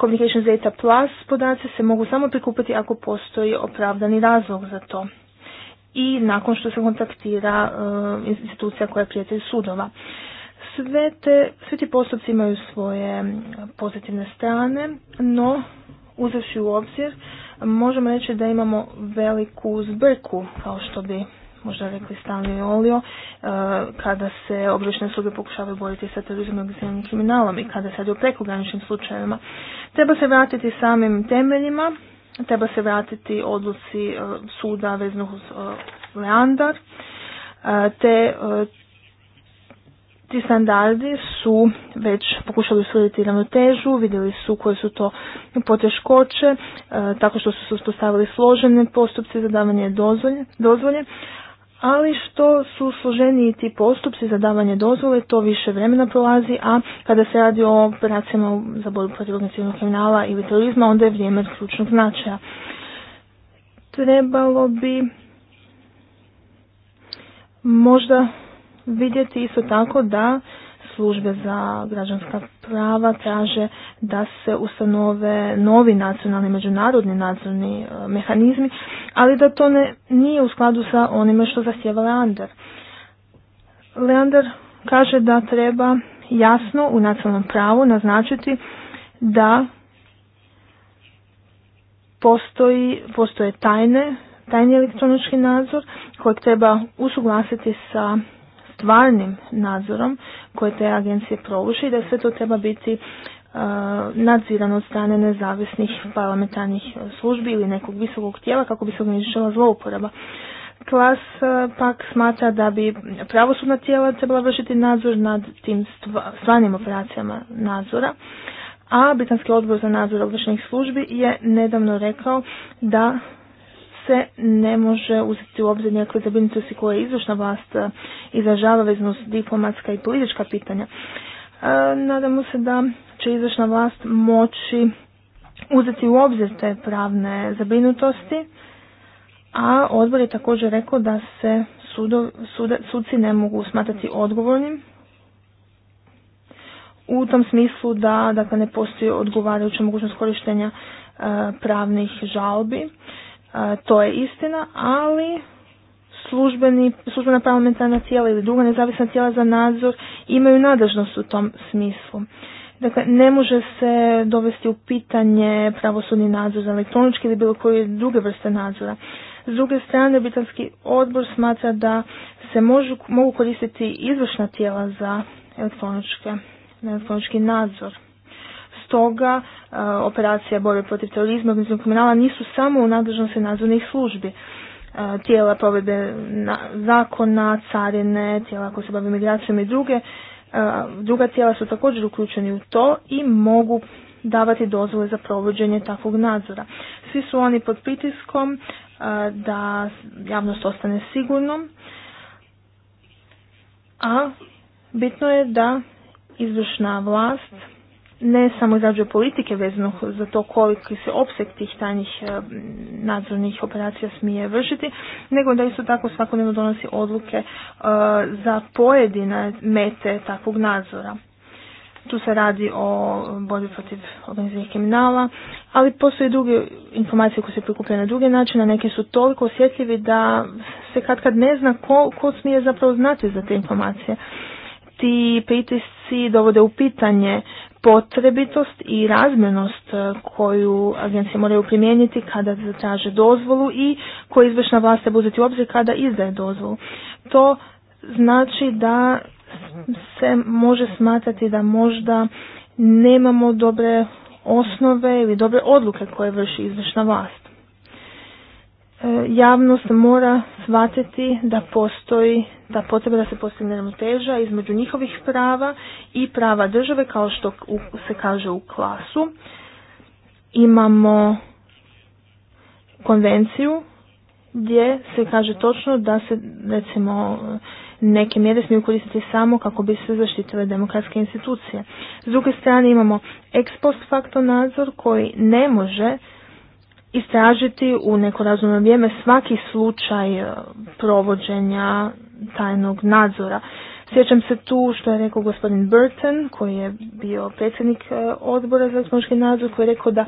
Speaker 5: Communication Data Plus podaci se mogu samo prikupiti ako postoji opravdani razlog za to i nakon što se kontaktira e, institucija koja je prijatelj sudova sve, te, ti postupci imaju svoje pozitivne strane, no uzavši u obzir možemo reći da imamo veliku zbrku, kao što bi možda rekli stalno i olio, e, kada se obručne sluge pokušavaju boriti sa terorizmom i kriminalom i kada se radi o prekograničnim slučajevima. Treba se vratiti samim temeljima, treba se vratiti odluci e, suda veznog uz e, Leandar, te ti standardi su već pokušali usvojiti ravnotežu, vidjeli su koje su to poteškoće, e, tako što su se uspostavili složene postupci za davanje dozvolje, dozvolje, ali što su složeniji ti postupci za davanje dozvole, to više vremena prolazi, a kada se radi o operacijama za borbu protiv kriminala ili terorizma, onda je vrijeme ključnog značaja. Trebalo bi možda vidjeti isto tako da službe za građanska prava traže da se ustanove novi nacionalni, međunarodni nadzorni e, mehanizmi, ali da to ne, nije u skladu sa onime što zahtjeva Leander. Leander kaže da treba jasno u nacionalnom pravu naznačiti da postoji, postoje tajne, tajni elektronički nadzor kojeg treba usuglasiti sa stvarnim nadzorom koje te agencije provuši i da sve to treba biti e, nadzirano od strane nezavisnih parlamentarnih službi ili nekog visokog tijela kako bi se ograničila zlouporaba. Klas e, pak smatra da bi pravosudna tijela trebala vršiti nadzor nad tim stvarnim operacijama nadzora, a Britanski odbor za nadzor ovršnih službi je nedavno rekao da se ne može uzeti u obzir nekakve zabrinutosti koje izvršna vlast e, izražava vezano s diplomatska i politička pitanja. E, nadamo se da će izvršna vlast moći uzeti u obzir te pravne zabrinutosti, a odbor je također rekao da se sudo, suci ne mogu smatrati odgovornim u tom smislu da dakle, ne postoji odgovarajuća mogućnost korištenja e, pravnih žalbi to je istina, ali službeni, službena parlamentarna tijela ili druga nezavisna tijela za nadzor imaju nadležnost u tom smislu. Dakle, ne može se dovesti u pitanje pravosudni nadzor za elektronički ili bilo koje druge vrste nadzora. S druge strane, britanski odbor smatra da se mogu koristiti izvršna tijela za elektroničke, elektronički nadzor. Stoga e, operacija borbe protiv terorizma i kriminala nisu samo u nadležnosti nadzornih službi e, tijela provedbe zakona, carine, tijela koje se bave migracijom i druge. E, druga tijela su također uključeni u to i mogu davati dozvole za provođenje takvog nadzora. Svi su oni pod pritiskom da javnost ostane sigurnom, a bitno je da izvršna vlast ne samo izrađuje politike vezano za to koliki se opseg tih tajnih eh, nadzornih operacija smije vršiti, nego da isto tako svakodnevno donosi odluke eh, za pojedine mete takvog nadzora. Tu se radi o borbi protiv organiziranih kriminala, ali postoje druge informacije koje se prikupljaju na druge načine, neke su toliko osjetljivi da se kad kad ne zna ko, ko smije zapravo znati za te informacije. Ti pritisci dovode u pitanje potrebitost i razmjernost e, koju agencije moraju primijeniti kada zatraže dozvolu i koje izvršna vlast treba uzeti u obzir kada izdaje dozvolu. To znači da se može smatrati da možda nemamo dobre osnove ili dobre odluke koje vrši izvršna vlast. E, javnost mora shvatiti da postoji ta potreba da se postigne ravnoteža između njihovih prava i prava države kao što se kaže u klasu. Imamo konvenciju gdje se kaže točno da se recimo neke mjere smiju koristiti samo kako bi se zaštitile demokratske institucije. S druge strane imamo ex post facto nadzor koji ne može istražiti u neko razumno vrijeme svaki slučaj e, provođenja tajnog nadzora. Sjećam se tu što je rekao gospodin Burton, koji je bio predsjednik e, odbora za elektronički nadzor, koji je rekao da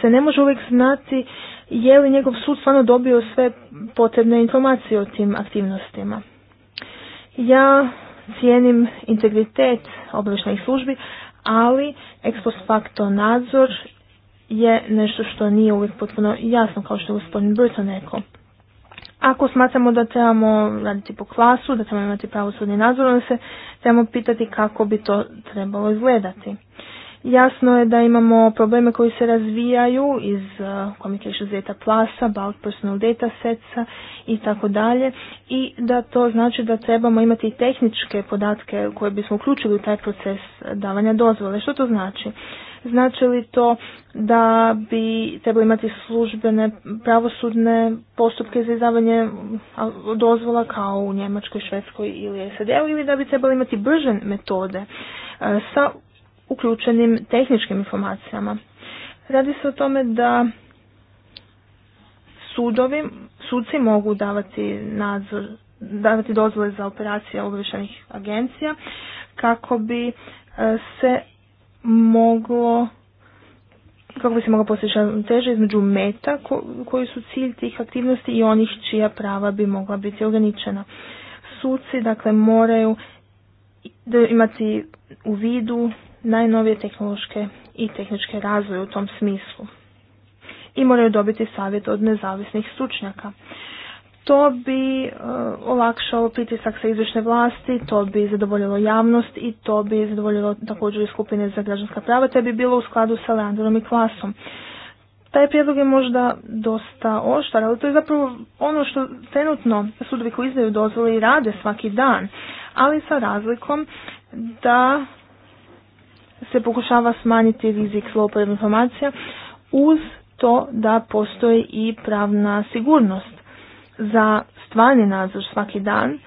Speaker 5: se ne može uvijek znati je li njegov sud stvarno dobio sve potrebne informacije o tim aktivnostima. Ja cijenim integritet obavještajnih službi, ali ex post facto nadzor je nešto što nije uvijek potpuno jasno, kao što je gospodin Burton rekao. Ako smatramo da trebamo raditi po klasu, da trebamo imati pravosudni nadzor, onda se trebamo pitati kako bi to trebalo izgledati. Jasno je da imamo probleme koji se razvijaju iz uh, communication data plasa, bulk personal data setsa i tako dalje i da to znači da trebamo imati tehničke podatke koje bismo uključili u taj proces davanja dozvole. Što to znači? Znači li to da bi trebali imati službene pravosudne postupke za izdavanje dozvola kao u Njemačkoj, Švedskoj ili SAD-u ili da bi trebali imati brže metode e, sa uključenim tehničkim informacijama. Radi se o tome da sudovi, suci mogu davati nadzor, davati dozvole za operacije obavještajnih agencija kako bi e, se moglo kako bi se mogla postići teže između meta koji su cilj tih aktivnosti i onih čija prava bi mogla biti ograničena. Suci dakle moraju imati u vidu najnovije tehnološke i tehničke razvoje u tom smislu i moraju dobiti savjet od nezavisnih stručnjaka. To bi e, olakšalo pritisak sa izvršne vlasti, to bi zadovoljilo javnost i to bi zadovoljilo također i skupine za građanska prava, te bi bilo u skladu sa Leandrom i klasom. Taj prijedlog je možda dosta oštar, ali to je zapravo ono što trenutno sudovi koji izdaju dozvole i rade svaki dan, ali sa razlikom da se pokušava smanjiti rizik zlouporabe informacija uz to da postoji i pravna sigurnost za stvarni nadzor svaki dan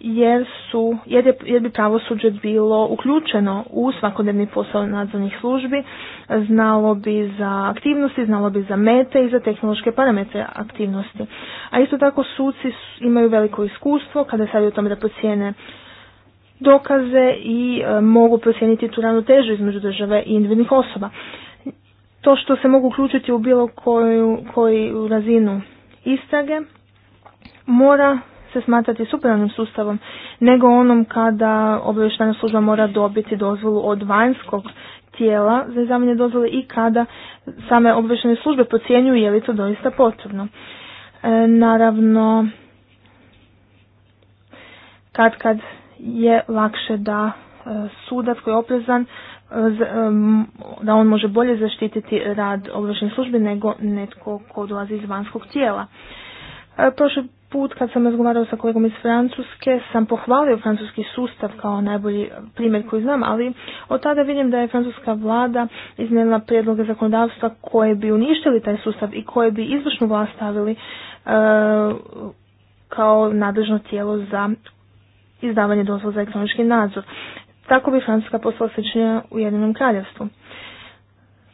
Speaker 5: jer, su, jer, je, jer bi pravosuđe bilo uključeno u svakodnevni posao nadzornih službi, znalo bi za aktivnosti, znalo bi za mete i za tehnološke parametre aktivnosti. A isto tako suci imaju veliko iskustvo kada se o tome da procijene dokaze i e, mogu procijeniti tu ravnotežu između države i individnih osoba. To što se mogu uključiti u bilo koju, koju razinu istrage mora se smatrati supravnim sustavom, nego onom kada obavještajna služba mora dobiti dozvolu od vanjskog tijela za izdavanje dozvole i kada same obavještajne službe procjenjuju je li to doista potrebno. E, naravno, kad kad je lakše da e, sudac koji je oprezan e, e, da on može bolje zaštititi rad obavještajne službe nego netko ko dolazi iz vanjskog tijela. Prošli put kad sam razgovarao sa kolegom iz Francuske sam pohvalio francuski sustav kao najbolji primjer koji znam, ali od tada vidim da je francuska vlada iznijela prijedloge zakonodavstva koje bi uništili taj sustav i koje bi izvršnu vlast stavili e, kao nadležno tijelo za izdavanje dozvola za elektronički nadzor. Tako bi Francuska postala sličnija u Jedinom kraljevstvu.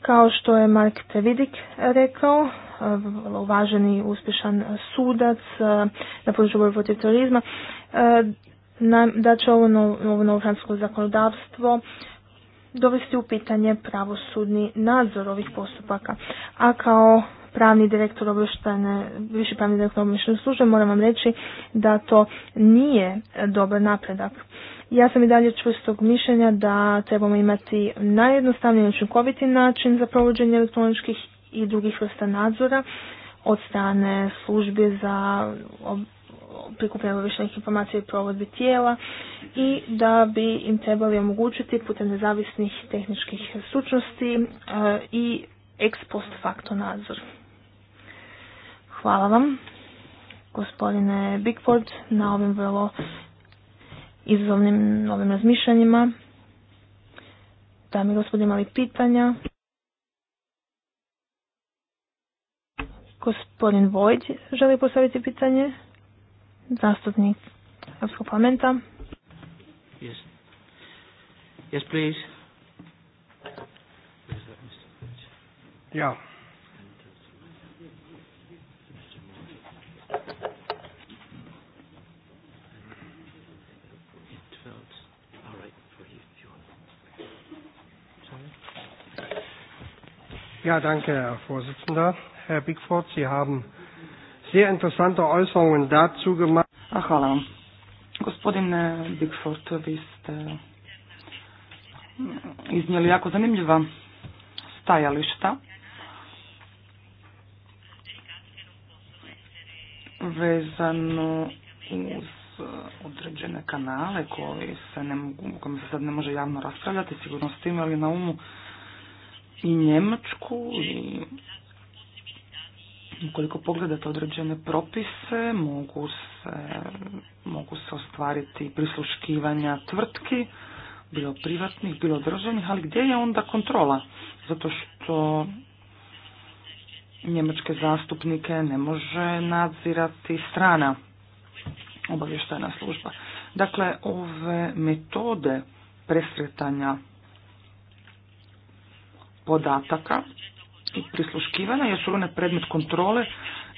Speaker 5: Kao što je Mark Tevidik rekao, vrlo eh, uvaženi uspješan sudac eh, na području borbe protiv terorizma, eh, da će ovo novo, novo francusko zakonodavstvo dovesti u pitanje pravosudni nadzor ovih postupaka. A kao pravni direktor obještane, viši pravni direktor obještane službe, moram vam reći da to nije dobar napredak. Ja sam i dalje čvrstog mišljenja da trebamo imati najjednostavniji i učinkoviti način za provođenje elektroničkih i drugih vrsta nadzora od strane službe za prikupljanje obavještajnih informacija i provodbi tijela i da bi im trebali omogućiti putem nezavisnih tehničkih stručnosti e, i ex post facto nadzor. Hvala vam, gospodine Bigford, na ovim vrlo izazovnim novim razmišljanjima. Da, mi gospodine, imali pitanja? Gospodin Vojđ želi postaviti pitanje. Zastupnik Europskog parlamenta.
Speaker 1: Yes. Yes, please. Ja. Ja, danke, Herr Vorsitzender. Herr Bigford. Sie haben sehr interessante Äußerungen dazu gemacht. Ach, hallo. vam. Gospodin
Speaker 2: eh, Bigford, vi ste iznijeli jako zanimljiva stajališta vezano uz određene kanale koji se ne mogu, kojima se sad ne može javno raspravljati, sigurno ste imali na umu i Njemačku i Ukoliko pogledate određene propise, mogu se, mogu se ostvariti prisluškivanja tvrtki, bilo privatnih, bilo državnih, ali gdje je onda kontrola? Zato što njemačke zastupnike ne može nadzirati strana obavještajna služba. Dakle, ove metode presretanja podataka prisluškivanja, jesu one predmet kontrole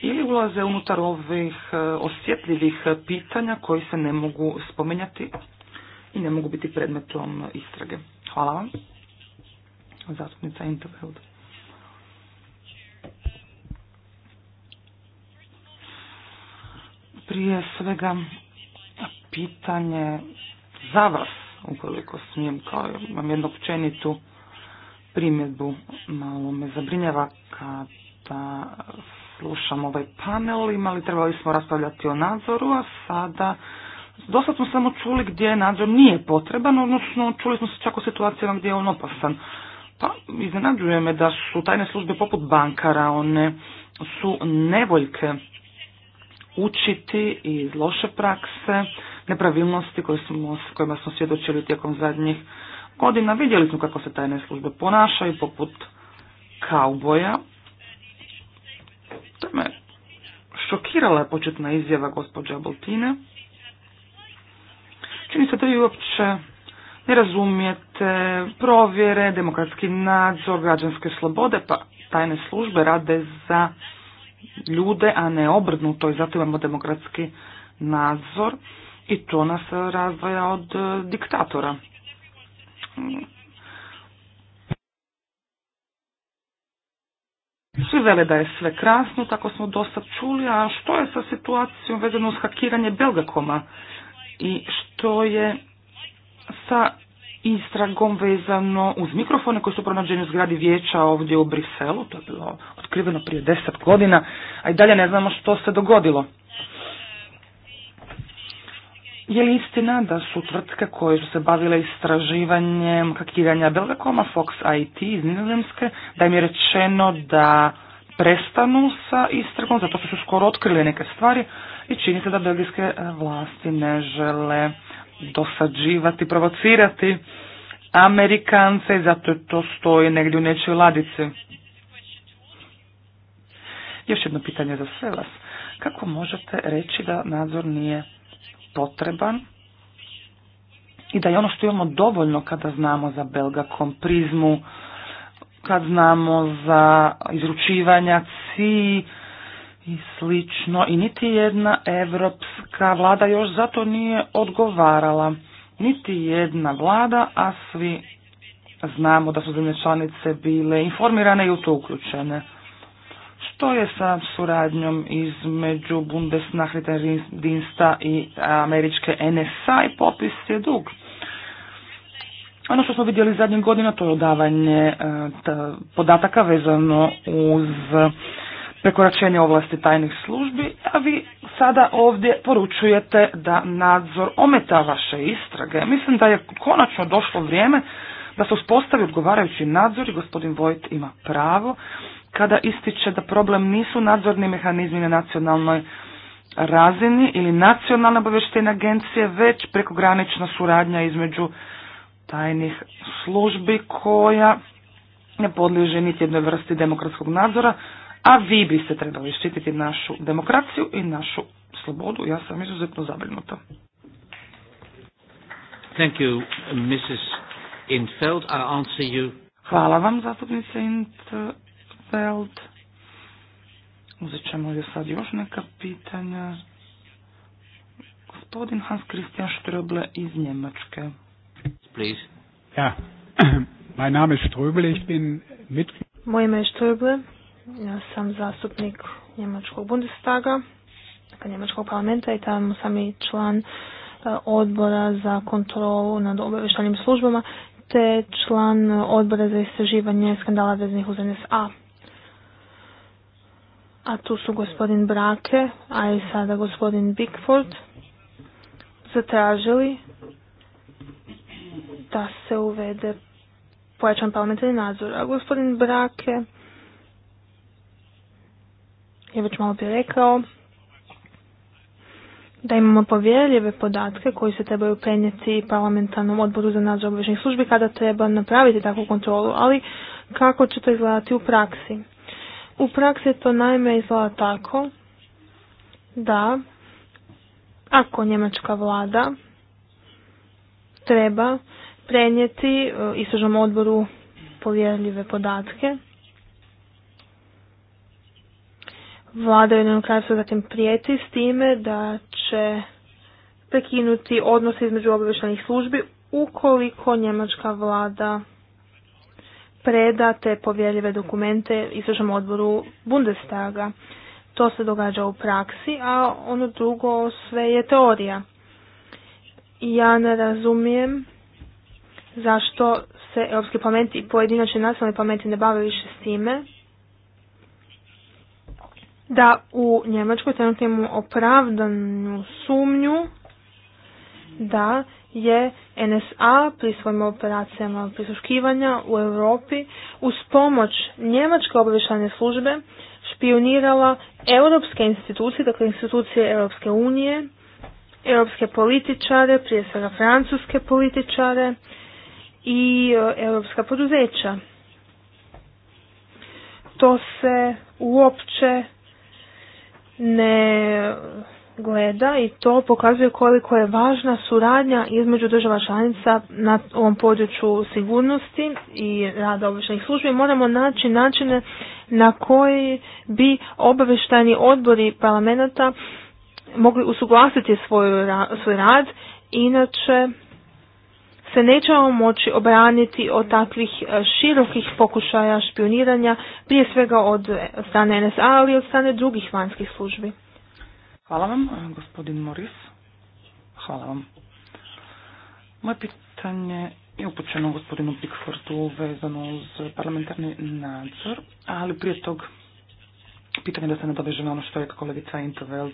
Speaker 2: ili ulaze unutar ovih e, osjetljivih pitanja koji se ne mogu spomenjati i ne mogu biti predmetom istrage. Hvala vam. Zastupnica Interveld. Prije svega pitanje za vas, ukoliko smijem, kao imam jednu općenitu primjedbu. Malo me zabrinjava kada slušam ovaj panel, imali trebali smo raspravljati o nadzoru, a sada dosta smo samo čuli gdje nadzor nije potreban, odnosno čuli smo se čak o situacijama gdje je on opasan. Pa iznenađuje me da su tajne službe poput bankara, one su nevoljke učiti iz loše prakse, nepravilnosti kojima smo svjedočili tijekom zadnjih godina. Vidjeli smo kako se tajne službe ponašaju, poput kauboja. To me šokirala je početna izjava gospođa Aboltine. Čini se da vi uopće ne razumijete provjere, demokratski nadzor, građanske slobode, pa tajne službe rade za ljude, a ne obrnuto i zato imamo demokratski nadzor i to nas razvoja od diktatora. Svi vele da je sve krasno, tako smo dosta čuli, a što je sa situacijom vezano uz hakiranje Belgakoma i što je sa istragom vezano uz mikrofone koji su pronađeni u zgradi vijeća ovdje u Briselu, to je bilo otkriveno prije deset godina, a i dalje ne znamo što se dogodilo. Je li istina da su tvrtke koje su se bavile istraživanjem hakiranja Belgakoma, Fox IT iz Nizozemske, da im je rečeno da prestanu sa istragom, zato što su skoro otkrili neke stvari i čini se da belgijske e, vlasti ne žele dosađivati, provocirati Amerikance i zato to stoji negdje u nečoj ladici. Još jedno pitanje za sve vas. Kako možete reći da nadzor nije potreban i da je ono što imamo dovoljno kada znamo za Belgakom prizmu, kad znamo za izručivanja CI i slično i niti jedna evropska vlada još zato nije odgovarala. Niti jedna vlada, a svi znamo da su zemlje članice bile informirane i u to uključene. Što je sa suradnjom između Bundesnachrichtendiensta i američke NSA i popis je dug? Ono što smo vidjeli zadnjih godina to je odavanje e, podataka vezano uz prekoračenje ovlasti tajnih službi, a vi sada ovdje poručujete da nadzor ometa vaše istrage. Mislim da je konačno došlo vrijeme da se uspostavi odgovarajući nadzor i gospodin Vojt ima pravo kada ističe da problem nisu nadzorni mehanizmi na nacionalnoj razini ili nacionalne obavještajne agencije, već prekogranična suradnja između tajnih službi koja ne podliježe niti jednoj vrsti demokratskog nadzora, a vi biste trebali štititi našu demokraciju i našu slobodu. Ja sam izuzetno zabrinuta.
Speaker 1: Thank you, Hvala
Speaker 2: vam, zastupnice Intfeld. Feld. Uzet ćemo je sad još neka pitanja. Gospodin Hans Christian Ströble
Speaker 3: iz Njemačke. Please. Ja, mein Name ist Ströble, ich bin mit...
Speaker 5: Moje ime je Ströble, ja sam zastupnik Njemačkog Bundestaga, Njemačkog parlamenta i tamo sam i član e, odbora za kontrolu nad obavještajnim službama te član odbora za istraživanje skandala veznih uz NSA. A tu su gospodin Brake, a i sada gospodin Bigford zatražili da se uvede pojačan parlamentarni nadzor. A gospodin Brake je već malo prije rekao da imamo povjerljive podatke koji se trebaju prenijeti parlamentarnom odboru za nadzor obvežnih službi kada treba napraviti takvu kontrolu, ali kako će to izgledati u praksi? U praksi to naime izgleda tako da ako njemačka vlada treba prenijeti e, istražnom odboru povjerljive podatke, vlada Ujedinog kraljevstva zatim prijeti s time da će prekinuti odnose između obavještajnih službi ukoliko njemačka vlada predate te povjerljive dokumente istražnom odboru Bundestaga. To se događa u praksi, a ono drugo sve je teorija. Ja ne razumijem zašto se Europski parlament i pojedinačni nacionalni parlamenti ne bave više s time. Da u Njemačkoj trenutno imamo opravdanu sumnju da je NSA pri svojim operacijama prisluškivanja u Europi uz pomoć Njemačke obavještajne službe špionirala europske institucije, dakle institucije Europske unije, europske političare, prije svega francuske političare i e, europska poduzeća. To se uopće ne gleda i to pokazuje koliko je važna suradnja između država članica na ovom području sigurnosti i rada ovršnih službi. Moramo naći načine na koji bi obavještajni odbori parlamenta mogli usuglasiti svoj, svoj rad, inače se nećemo moći obraniti od takvih e, širokih pokušaja špioniranja, prije svega od strane NSA, ali i od strane drugih vanjskih službi.
Speaker 2: Hvala vam, gospodin Moris. Hvala vam. Moje pitanje je upućeno gospodinu Pickfordu vezano uz parlamentarni nadzor, ali prije tog pitanje da se nadoveže na ono što je kolegica Interveld.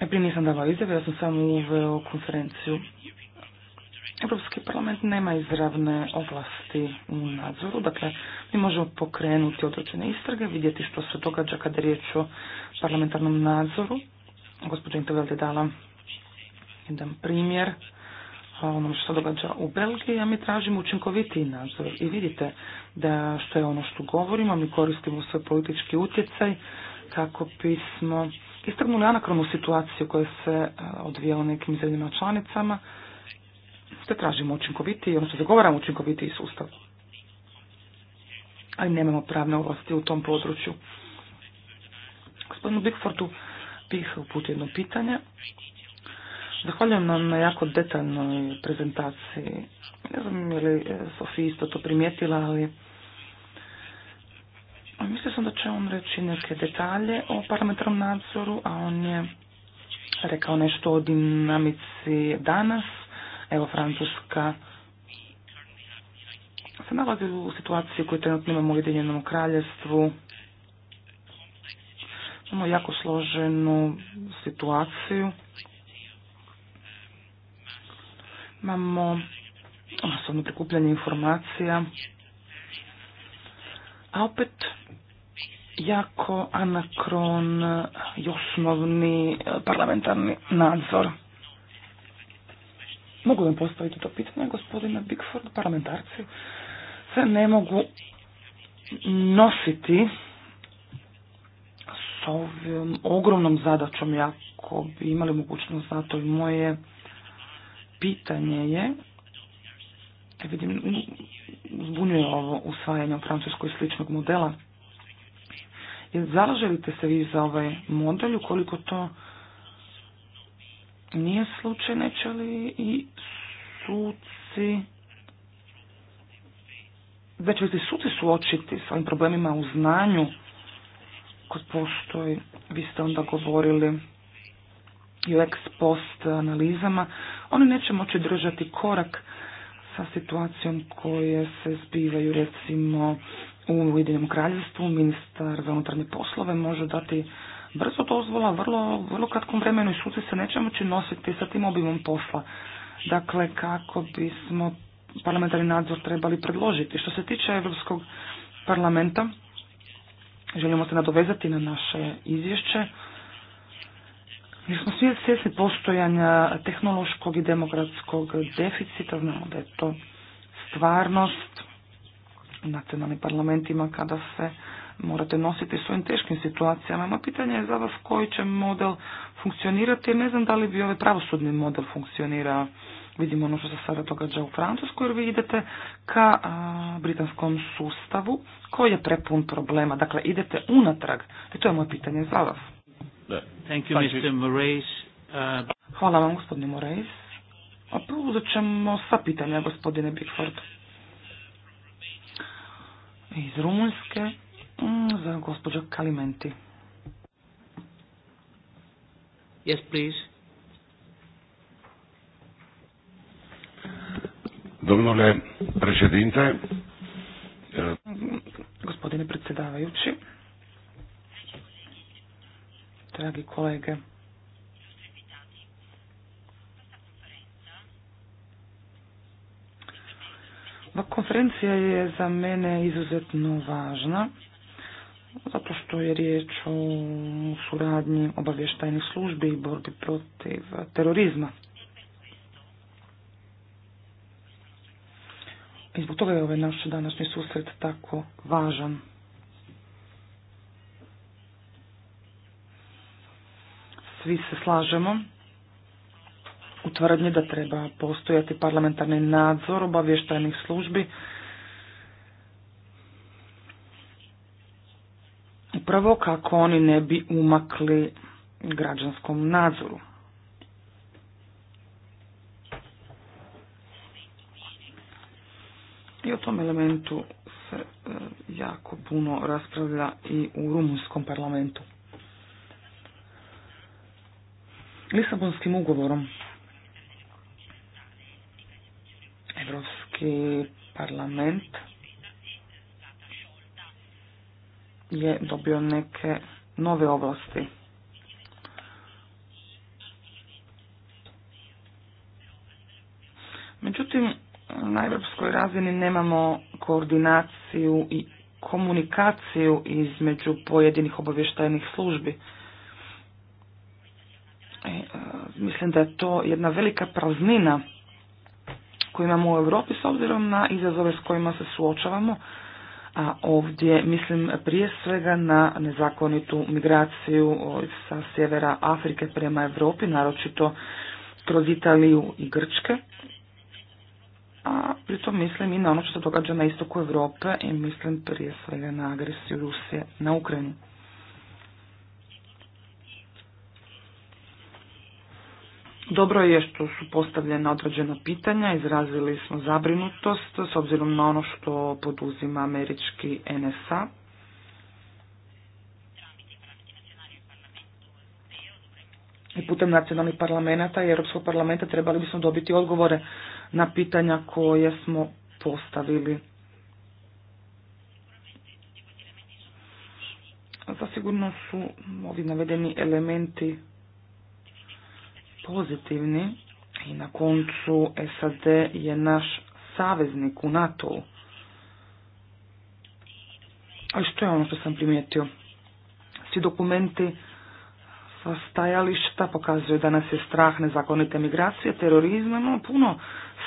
Speaker 2: Najprije e, nisam dala izjave, ja sam samo uveo konferenciju Europski parlament nema izravne oblasti u nadzoru, dakle mi možemo pokrenuti određene istrage, vidjeti što se događa kada je riječ o parlamentarnom nadzoru. Gospođa je dala jedan primjer ono što se događa u Belgiji, a mi tražimo učinkovitiji nadzor. I vidite da što je ono što govorimo, mi koristimo svoj politički utjecaj kako bismo istrgnuli anakronu situaciju koja se eh, odvijela u nekim zemljama članicama, tražimo učinkoviti, odnosno zagovaramo učinkovitiji sustav. Ali nemamo pravne ovlasti u tom području. Gospodinu Bigfordu bih uputio jedno pitanje. Zahvaljujem vam na jako detaljnoj prezentaciji. Ne znam je li e, Sofija isto to primijetila, ali mislio sam da će on reći neke detalje o parametrom nadzoru, a on je rekao nešto o dinamici danas Evo Francuska se nalazi u situaciji koju trenutno imamo u Ujedinjenom kraljevstvu. Imamo jako složenu situaciju. Imamo osobno prikupljanje informacija. A opet jako anakron i osnovni parlamentarni nadzor. Mogu vam postaviti to pitanje, gospodine Bigford, parlamentarci se ne mogu nositi s ovim ogromnom zadaćom, jako bi imali mogućnost za to i moje pitanje je, e, vidim, zbunjuje ovo usvajanje u Francuskoj sličnog modela, zalaželite se vi za ovaj model, ukoliko to nije slučaj, neće li i suci već li suci suočiti s ovim problemima u znanju kod postoji, vi ste onda govorili i o ex post analizama, oni neće moći držati korak sa situacijom koje se zbivaju recimo u Ujedinjenom kraljevstvu, ministar za unutarnje poslove može dati brzo dozvola, vrlo, vrlo kratkom vremenu i suci se nećemo moći nositi sa tim obimom posla. Dakle, kako bismo parlamentarni nadzor trebali predložiti. Što se tiče Europskog parlamenta, želimo se nadovezati na naše izvješće. Mi smo svi svjesni postojanja tehnološkog i demokratskog deficita, znamo da je to stvarnost u nacionalnim parlamentima kada se morate nositi svojim teškim situacijama. Moje pitanje je za vas koji će model funkcionirati jer ne znam da li bi ovaj pravosudni model funkcionirao. Vidimo ono što se sada događa u Francuskoj jer vi idete ka britanskom sustavu koji je prepun problema. Dakle, idete unatrag i to je moje pitanje za vas.
Speaker 1: Thank you, Mr.
Speaker 2: Uh... Hvala vam, gospodine Moraes. A pa uzet ćemo sva pitanja, gospodine Bigford. Iz Rumunjske. Mm, za gospođo Kalimenti.
Speaker 1: Yes, please.
Speaker 3: Domnule președinte, mm,
Speaker 2: gospodine predsjedavajući, dragi kolege, Ova konferencija je za mene izuzetno važna. Zato što je riječ o suradnji obavještajnih službi i borbi protiv terorizma. I zbog toga je ovaj naš današnji susret tako važan. Svi se slažemo u tvrdnji da treba postojati parlamentarni nadzor obavještajnih službi upravo kako oni ne bi umakli građanskom nadzoru. I o tom elementu se e, jako puno raspravlja i u rumunjskom parlamentu. Lisabonskim ugovorom Evropski parlament je dobio neke nove ovlasti.
Speaker 3: Međutim, na evropskoj razini
Speaker 2: nemamo koordinaciju i komunikaciju između pojedinih obavještajnih službi. E, e, mislim da je to jedna velika praznina koju imamo u Europi s obzirom na izazove s kojima se suočavamo, a ovdje mislim prije svega na nezakonitu migraciju sa sjevera Afrike prema Europi, naročito kroz Italiju i Grčke. A pritom mislim i na ono što se događa na istoku Europe i mislim prije svega na agresiju Rusije na Ukrajinu. Dobro je što su postavljena određena pitanja, izrazili smo zabrinutost s obzirom na ono što poduzima američki NSA. I putem nacionalnih parlamenta i Europskog parlamenta trebali bismo dobiti odgovore na pitanja koje smo postavili. Zasigurno su ovi navedeni elementi pozitivni i na koncu SAD je naš saveznik u NATO-u. što je ono što sam primijetio? Svi dokumenti sa stajališta pokazuju da nas je strah nezakonite migracije, terorizma, imamo puno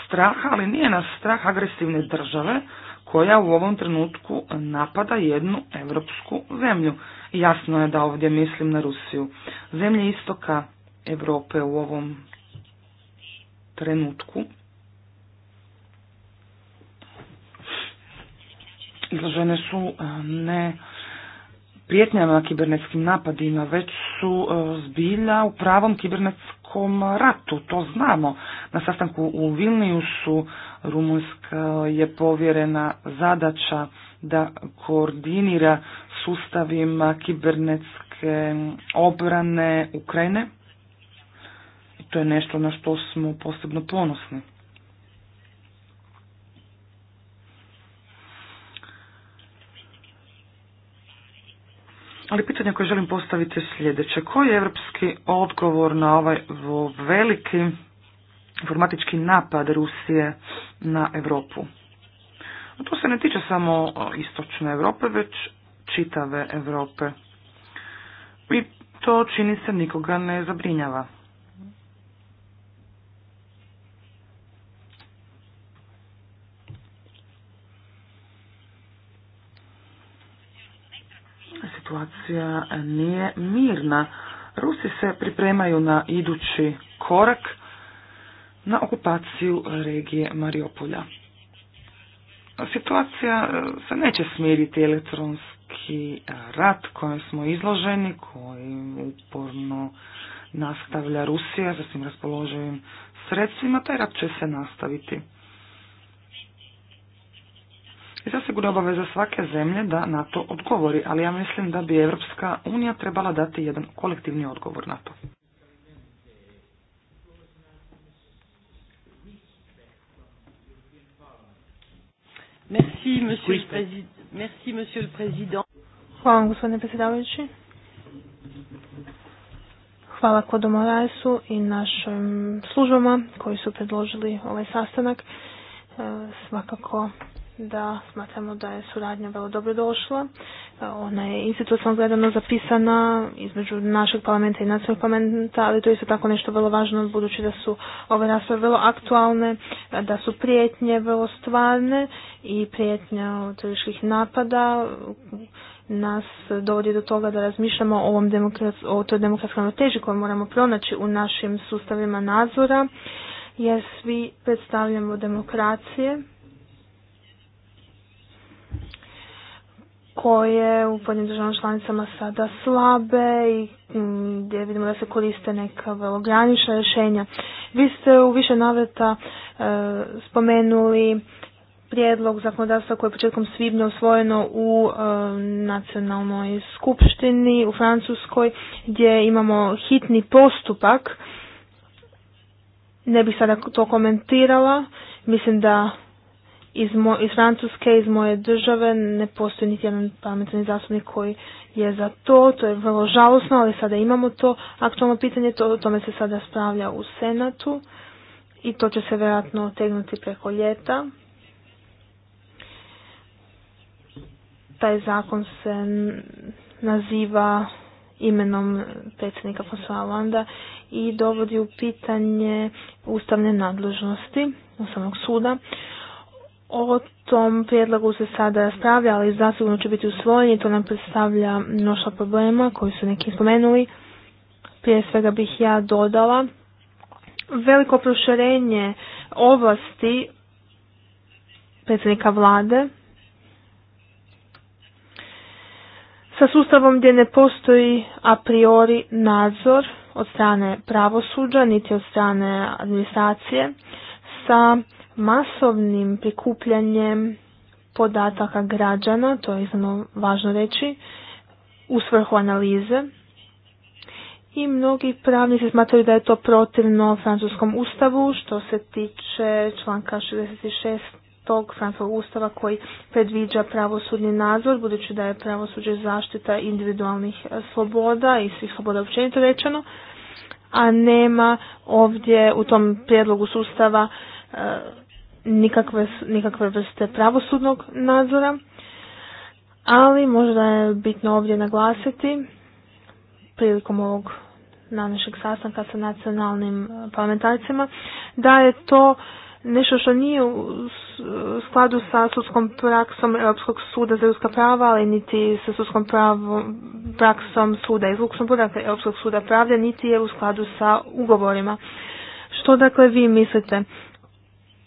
Speaker 2: straha, ali nije nas strah agresivne države koja u ovom trenutku napada jednu evropsku zemlju. Jasno je da ovdje mislim na Rusiju. Zemlje istoka Europe u ovom trenutku. Izložene su eh, ne prijetnjama kibernetskim napadima, već su eh, zbilja u pravom kibernetskom ratu, to znamo. Na sastanku u Vilniusu Rumunjska je povjerena zadaća da koordinira sustavima kibernetske obrane Ukrajine to je nešto na što smo posebno ponosni. Ali pitanje koje želim postaviti je sljedeće. Koji je evropski odgovor na ovaj veliki informatički napad Rusije na Europu? to se ne tiče samo istočne Europe, već čitave Europe. I to čini se nikoga ne zabrinjava. situacija nije mirna. Rusi se pripremaju na idući korak na okupaciju regije Mariopolja. Situacija e, se neće smiriti elektronski rat kojem smo izloženi, koji uporno nastavlja Rusija sa svim raspoloživim sredstvima, taj rat će se nastaviti i zasigurno obaveza svake zemlje da na to odgovori, ali ja mislim da bi Evropska unija trebala dati jedan kolektivni odgovor na to.
Speaker 5: Hvala vam, gospodine predsjedavajući. Hvala Kodomorajsu i našim službama koji su predložili ovaj sastanak. E, svakako da smatramo da je suradnja vrlo dobro došla. E, ona je institucionalno gledano zapisana između našeg parlamenta i nacionalnog parlamenta, ali to je isto tako nešto vrlo važno budući da su ove rasprave vrlo aktualne, e, da su prijetnje vrlo stvarne i prijetnja od napada nas dovodi do toga da razmišljamo o, ovom o toj demokratskom teži koju moramo pronaći u našim sustavima nadzora, jer svi predstavljamo demokracije koje u pojedinim državama članicama sada slabe i mm, gdje vidimo da se koriste neka velogranična rješenja. Vi ste u više navrata e, spomenuli prijedlog zakonodavstva koje je početkom svibnja usvojeno u e, nacionalnoj skupštini u Francuskoj gdje imamo hitni postupak. Ne bih sada to komentirala. Mislim da iz, mo iz Francuske, iz moje države, ne postoji niti jedan parlamentarni zastupnik koji je za to, to je vrlo žalosno, ali sada imamo to aktualno pitanje, to, o tome se sada spravlja u Senatu i to će se vjerojatno otegnuti preko ljeta. Taj zakon se naziva imenom predsjednika François Hollande i dovodi u pitanje ustavne nadležnosti Ustavnog suda. O tom prijedlogu se sada raspravlja, ali zasigurno će biti usvojen i to nam predstavlja mnoštvo problema koji su neki spomenuli. Prije svega bih ja dodala veliko proširenje ovlasti predsjednika vlade sa sustavom gdje ne postoji a priori nadzor od strane pravosuđa niti od strane administracije sa masovnim prikupljanjem podataka građana, to je iznimno važno reći, u svrhu analize. I mnogi pravnici smatraju da je to protivno francuskom ustavu što se tiče članka 66 tog francuskog ustava koji predviđa pravosudni nadzor, budući da je pravosuđe zaštita individualnih e, sloboda i svih sloboda općenito rečeno, a nema ovdje u tom prijedlogu sustava e, nikakve, nikakve vrste pravosudnog nadzora, ali možda je bitno ovdje naglasiti prilikom ovog našeg sastanka sa nacionalnim e, parlamentarcima da je to nešto što nije u skladu sa sudskom praksom Europskog suda za ljudska prava, ali niti sa sudskom praksom suda iz Luksemburga, dakle, Europskog suda pravde, niti je u skladu sa ugovorima. Što dakle vi mislite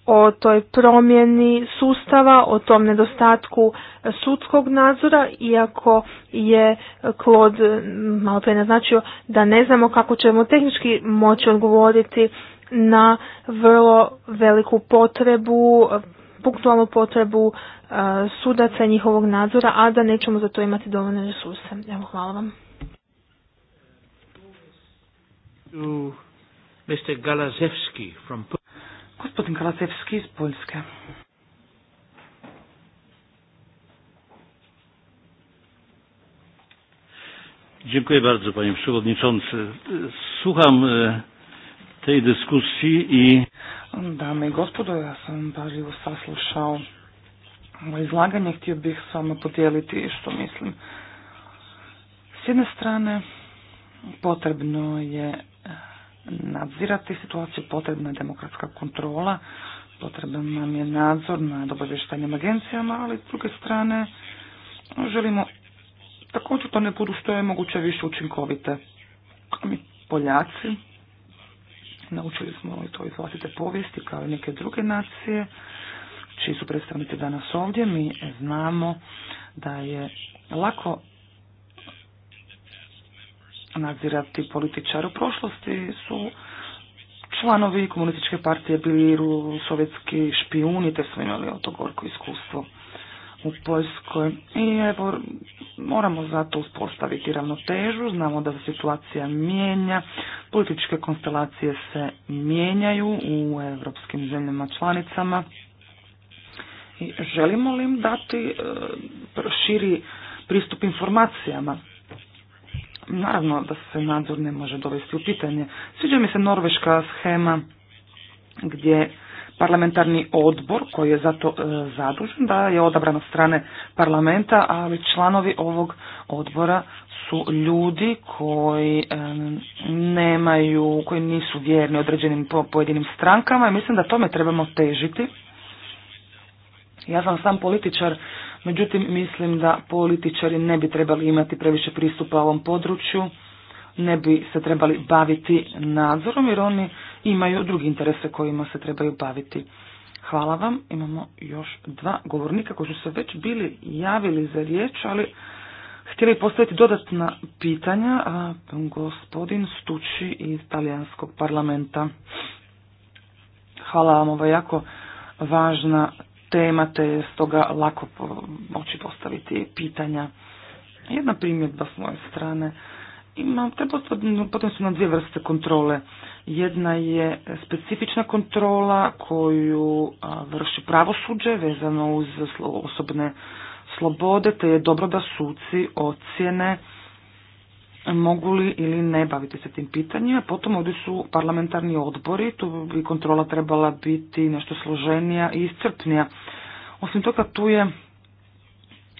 Speaker 5: o toj promjeni sustava, o tom nedostatku sudskog nadzora, iako je Klod malo prije naznačio da ne znamo kako ćemo tehnički moći odgovoriti na vrlo veliku potrebu, punktualnu potrebu e, sudaca i njihovog nadzora, a da nećemo za to imati dovoljne resurse. Evo, hvala vam.
Speaker 1: Mr. from Gospodin Kalasevski iz Poljske. Dziękuję bardzo panie przewodniczący. Słucham e, tej dyskusji i...
Speaker 2: Dame i gospodo, ja sam pažljivo saslušao moje izlaganje. Htio bih s vama podijeliti što mislim. S jedne strane, potrebno je nadzirati situaciju, potrebna je demokratska kontrola, potreban nam je nadzor nad obavještajnim agencijama, ali s druge strane želimo također to ne budu što je moguće više učinkovite. Mi Poljaci, naučili smo i to iz vlastite povijesti kao i neke druge nacije, čiji su predstavnici danas ovdje, mi znamo da je lako nadzirati političar. U prošlosti su članovi komunističke partije bili sovjetski špijuni, te su imali to gorko iskustvo u Poljskoj. I evo, moramo zato uspostaviti ravnotežu, znamo da se situacija mijenja, političke konstelacije se mijenjaju u europskim zemljama članicama. I želimo li im dati e, širi pristup informacijama? Naravno da se nadzor ne može dovesti u pitanje. Sviđa mi se norveška schema gdje parlamentarni odbor koji je zato e, zadužen da je odabran od strane parlamenta, ali članovi ovog odbora su ljudi koji e, nemaju, koji nisu vjerni određenim po, pojedinim strankama i mislim da tome trebamo težiti. Ja sam sam političar Međutim, mislim da političari ne bi trebali imati previše pristupa ovom području, ne bi se trebali baviti nadzorom jer oni imaju drugi interese kojima se trebaju baviti. Hvala vam, imamo još dva govornika koji su se već bili javili za riječ, ali htjeli postaviti dodatna pitanja, gospodin Stuči iz talijanskog parlamenta. Hvala vam, ovo jako važna tema, te je stoga lako moći postaviti pitanja. Jedna primjedba s moje strane. Ima, te potom su na dvije vrste kontrole. Jedna je specifična kontrola koju vrši pravosuđe vezano uz osobne slobode, te je dobro da suci ocjene mogu li ili ne baviti se tim pitanjima. Potom ovdje su parlamentarni odbori, tu bi kontrola trebala biti nešto složenija i iscrpnija. Osim toga tu je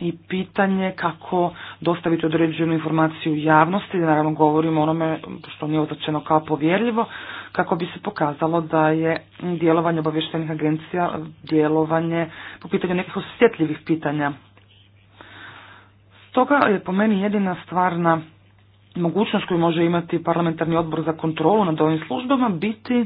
Speaker 2: i pitanje kako dostaviti određenu informaciju javnosti, naravno govorimo o onome što nije označeno kao povjerljivo, kako bi se pokazalo da je djelovanje obavještenih agencija djelovanje po pitanju nekih osjetljivih pitanja. Stoga je po meni jedina stvarna mogućnost koju može imati parlamentarni odbor za kontrolu nad ovim službama biti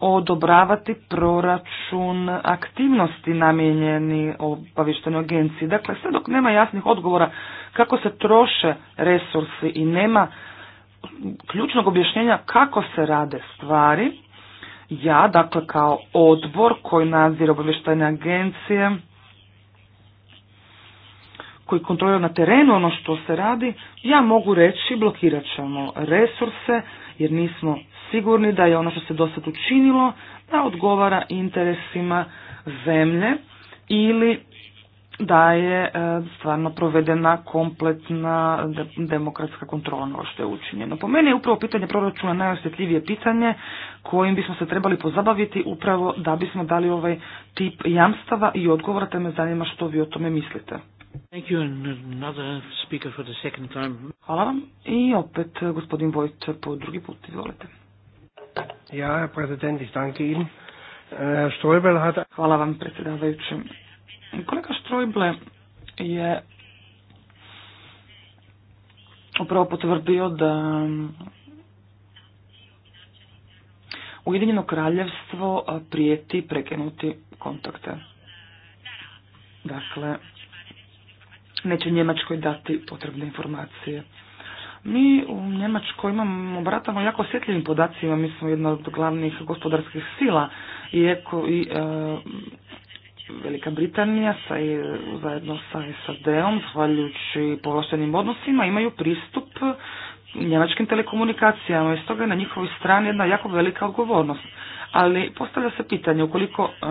Speaker 2: odobravati proračun aktivnosti namijenjeni obavištenoj agenciji. Dakle, sve dok nema jasnih odgovora kako se troše resursi i nema ključnog objašnjenja kako se rade stvari, ja, dakle, kao odbor koji nadzira obavještajne agencije, koji kontrolira na terenu ono što se radi, ja mogu reći blokirat ćemo resurse jer nismo sigurni da je ono što se do sad učinilo da odgovara interesima zemlje ili da je e, stvarno provedena kompletna demokratska kontrola ono što je učinjeno. Po meni je upravo pitanje proračuna najosjetljivije pitanje kojim bismo se trebali pozabaviti upravo da bismo dali ovaj tip jamstava i odgovora te me zanima što vi o tome mislite.
Speaker 1: Thank you another speaker for Hvala
Speaker 2: vam. I opet eh, gospodin Vojt eh, po drugi put, izvolite. Ja, prezident, danke Ihnen. Štrojbel eh, Hvala vam, predsjedavajući. Kolega Štrojble je upravo potvrdio da mm, Ujedinjeno kraljevstvo prijeti prekenuti kontakte. Dakle, neće Njemačkoj dati potrebne informacije. Mi u Njemačkoj imamo, obratamo jako osjetljivim podacima, mi smo jedna od glavnih gospodarskih sila i, i e, Velika Britanija sa, zajedno sa SAD-om, zahvaljujući povlaštenim odnosima, imaju pristup njemačkim telekomunikacijama i stoga je na njihovoj strani jedna jako velika odgovornost ali postavlja se pitanje ukoliko e,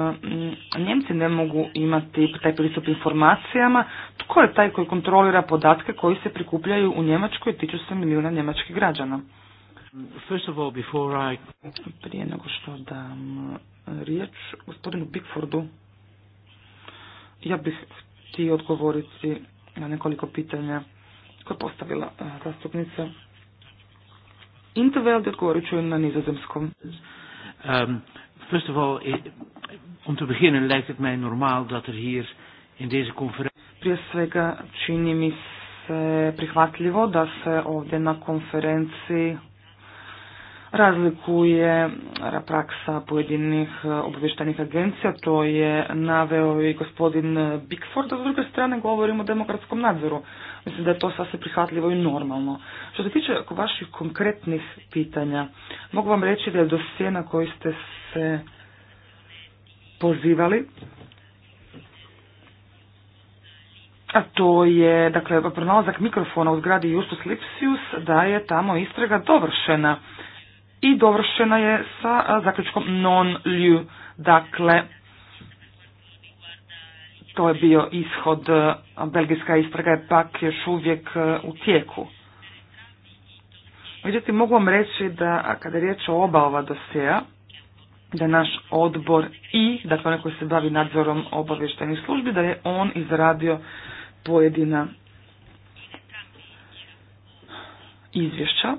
Speaker 2: Njemci ne mogu imati taj pristup informacijama, tko je taj koji kontrolira podatke koji se prikupljaju u Njemačkoj i tiču se milijuna njemačkih građana?
Speaker 1: First of before I...
Speaker 2: Prije nego što dam e, riječ gospodinu Bigfordu, ja bih ti odgovoriti na nekoliko pitanja koje je postavila e, zastupnica. Interveld odgovorit ću na nizozemskom.
Speaker 1: Um, first of all, om te beginnen lijkt het mij normaal dat er hier in deze conferentie...
Speaker 2: Prije svega čini mi se prihvatljivo da se ovdje na konferenciji razlikuje eh, praksa pojedinih eh, obavještajnih agencija, to je naveo i gospodin eh, Bigford, a s druge strane govorimo o demokratskom nadzoru. Mislim da je to sasvim prihvatljivo i normalno. Što se tiče vaših konkretnih pitanja, mogu vam reći da je dosije na koji ste se pozivali, a to je, dakle, pronalazak mikrofona u zgradi Justus Lipsius, da je tamo istraga dovršena i dovršena je sa zaključkom non lieu. Dakle, to je bio ishod, belgijska istraga je pak još uvijek u tijeku. Međutim, mogu vam reći da kada je riječ o oba ova da naš odbor i, dakle onaj koji se bavi nadzorom obavještajnih službi, da je on izradio pojedina izvješća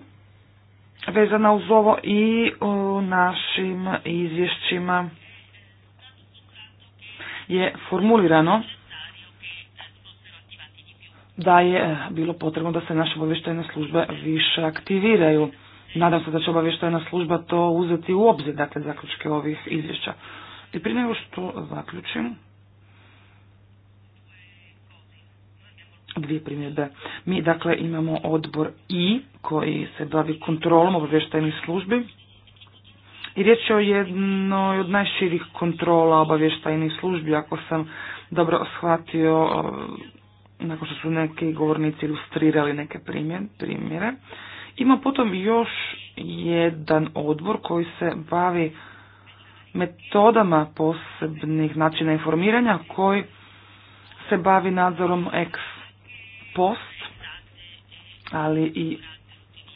Speaker 2: vezana uz ovo i u našim izvješćima je formulirano da je eh, bilo potrebno da se naše obavještajne službe više aktiviraju. Nadam se da će obavještajna služba to uzeti u obzir, dakle, zaključke ovih izvješća. I prije nego što zaključim, dvije primjedbe. Mi dakle imamo odbor I koji se bavi kontrolom obavještajnih službi i riječ je o jednoj od najširih kontrola obavještajnih službi ako sam dobro shvatio nakon što su neki govornici ilustrirali neke primjere. Ima potom još jedan odbor koji se bavi metodama posebnih načina informiranja koji se bavi nadzorom ex post, ali i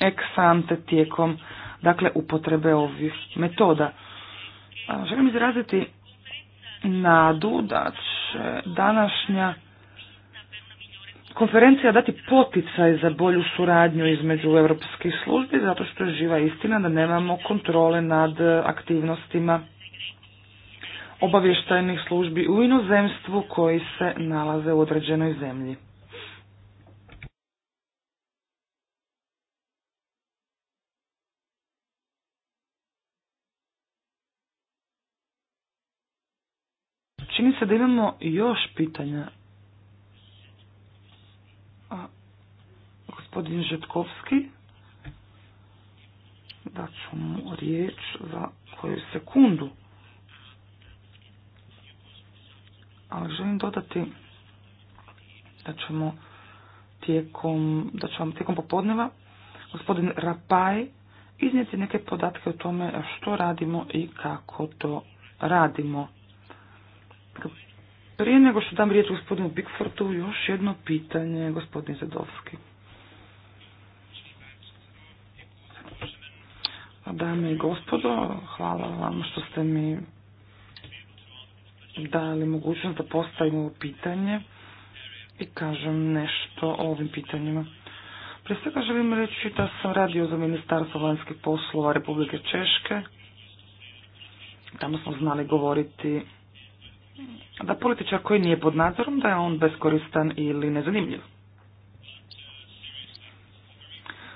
Speaker 2: eksante tijekom dakle, upotrebe ovih metoda. Želim izraziti nadu da će današnja konferencija dati poticaj za bolju suradnju između evropskih službi, zato što je živa istina da nemamo kontrole nad aktivnostima obavještajnih službi u inozemstvu koji se nalaze u određenoj zemlji. se imamo još pitanja. A, gospodin Žetkovski, da ću mu riječ za koju sekundu. Ali želim dodati da ćemo tijekom, da ću tijekom popodneva gospodin Rapaj iznijeti neke podatke o tome što radimo i kako to radimo. Prije nego što dam riječ gospodinu Bigfortu, još jedno pitanje, gospodin Zadovski. Dame i gospodo, hvala vam što ste mi dali mogućnost da postavim ovo pitanje i kažem nešto o ovim pitanjima. Prije svega želim reći da sam radio za Ministarstvo vanjskih poslova Republike Češke. Tamo smo znali govoriti da političar koji nije pod nadzorom, da je on beskoristan ili nezanimljiv.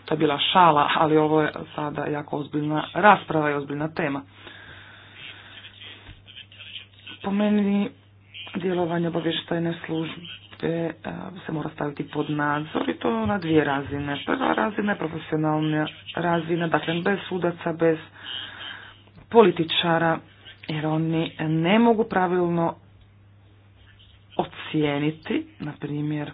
Speaker 2: To je bila šala, ali ovo je sada jako ozbiljna rasprava i ozbiljna tema. Po meni djelovanje obavještajne službe eh, se mora staviti pod nadzor i to na dvije razine. Prva razina je profesionalna razina, dakle bez sudaca, bez političara, jer oni ne mogu pravilno ocijeniti, na primjer,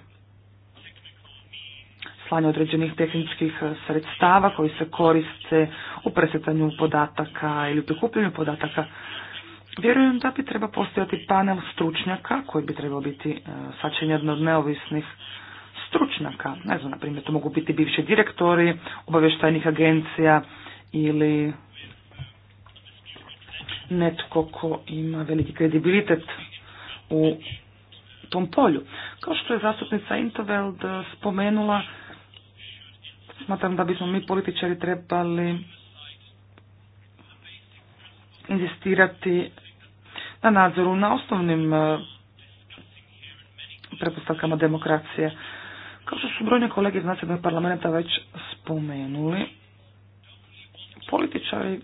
Speaker 2: slanje određenih tehničkih sredstava koji se koriste u presetanju podataka ili u prikupljanju podataka. Vjerujem da bi treba postojati panel stručnjaka koji bi trebao biti e, sačinjen od neovisnih stručnjaka. Ne znam, na primjer, to mogu biti bivši direktori obavještajnih agencija ili netko ko ima veliki kredibilitet u tom polju. Kao što je zastupnica Intoveld spomenula, smatram da bismo mi političari trebali inzistirati na nadzoru na osnovnim e, pretpostavkama demokracije. Kao što su brojne kolege iz nacionalnog parlamenta već spomenuli, političari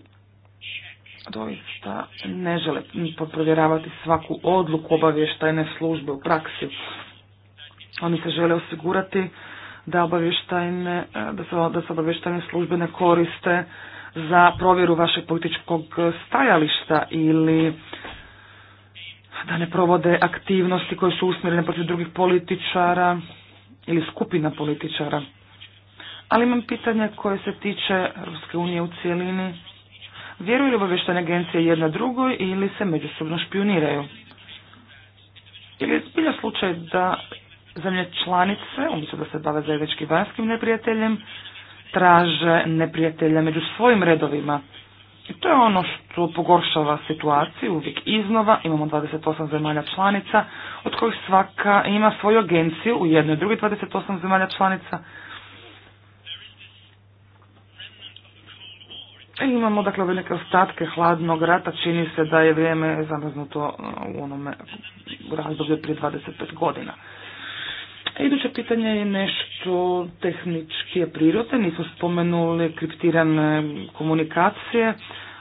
Speaker 2: doista ne žele provjeravati svaku odluku obavještajne službe u praksi. Oni se žele osigurati da, obavještajne, da, se, da obavještajne službe ne koriste za provjeru vašeg političkog stajališta ili da ne provode aktivnosti koje su usmjerene protiv drugih političara ili skupina političara. Ali imam pitanje koje se tiče Ruske unije u cijelini Vjeruju li obavještajne agencije jedna drugoj ili se međusobno špioniraju? Ili je bilo slučaj da zemlje članice, umjesto da se bave zajedničkim vanjskim neprijateljem, traže neprijatelja među svojim redovima. I to je ono što pogoršava situaciju uvijek iznova. Imamo 28 zemalja članica, od kojih svaka ima svoju agenciju u jednoj drugi 28 zemalja članica. Imamo dakle ove neke ostatke hladnog rata, čini se da je vrijeme zamrznuto e, u onome razdoblju prije 25 godina. E, iduće pitanje je nešto tehničke prirode, nisu spomenuli kriptirane komunikacije,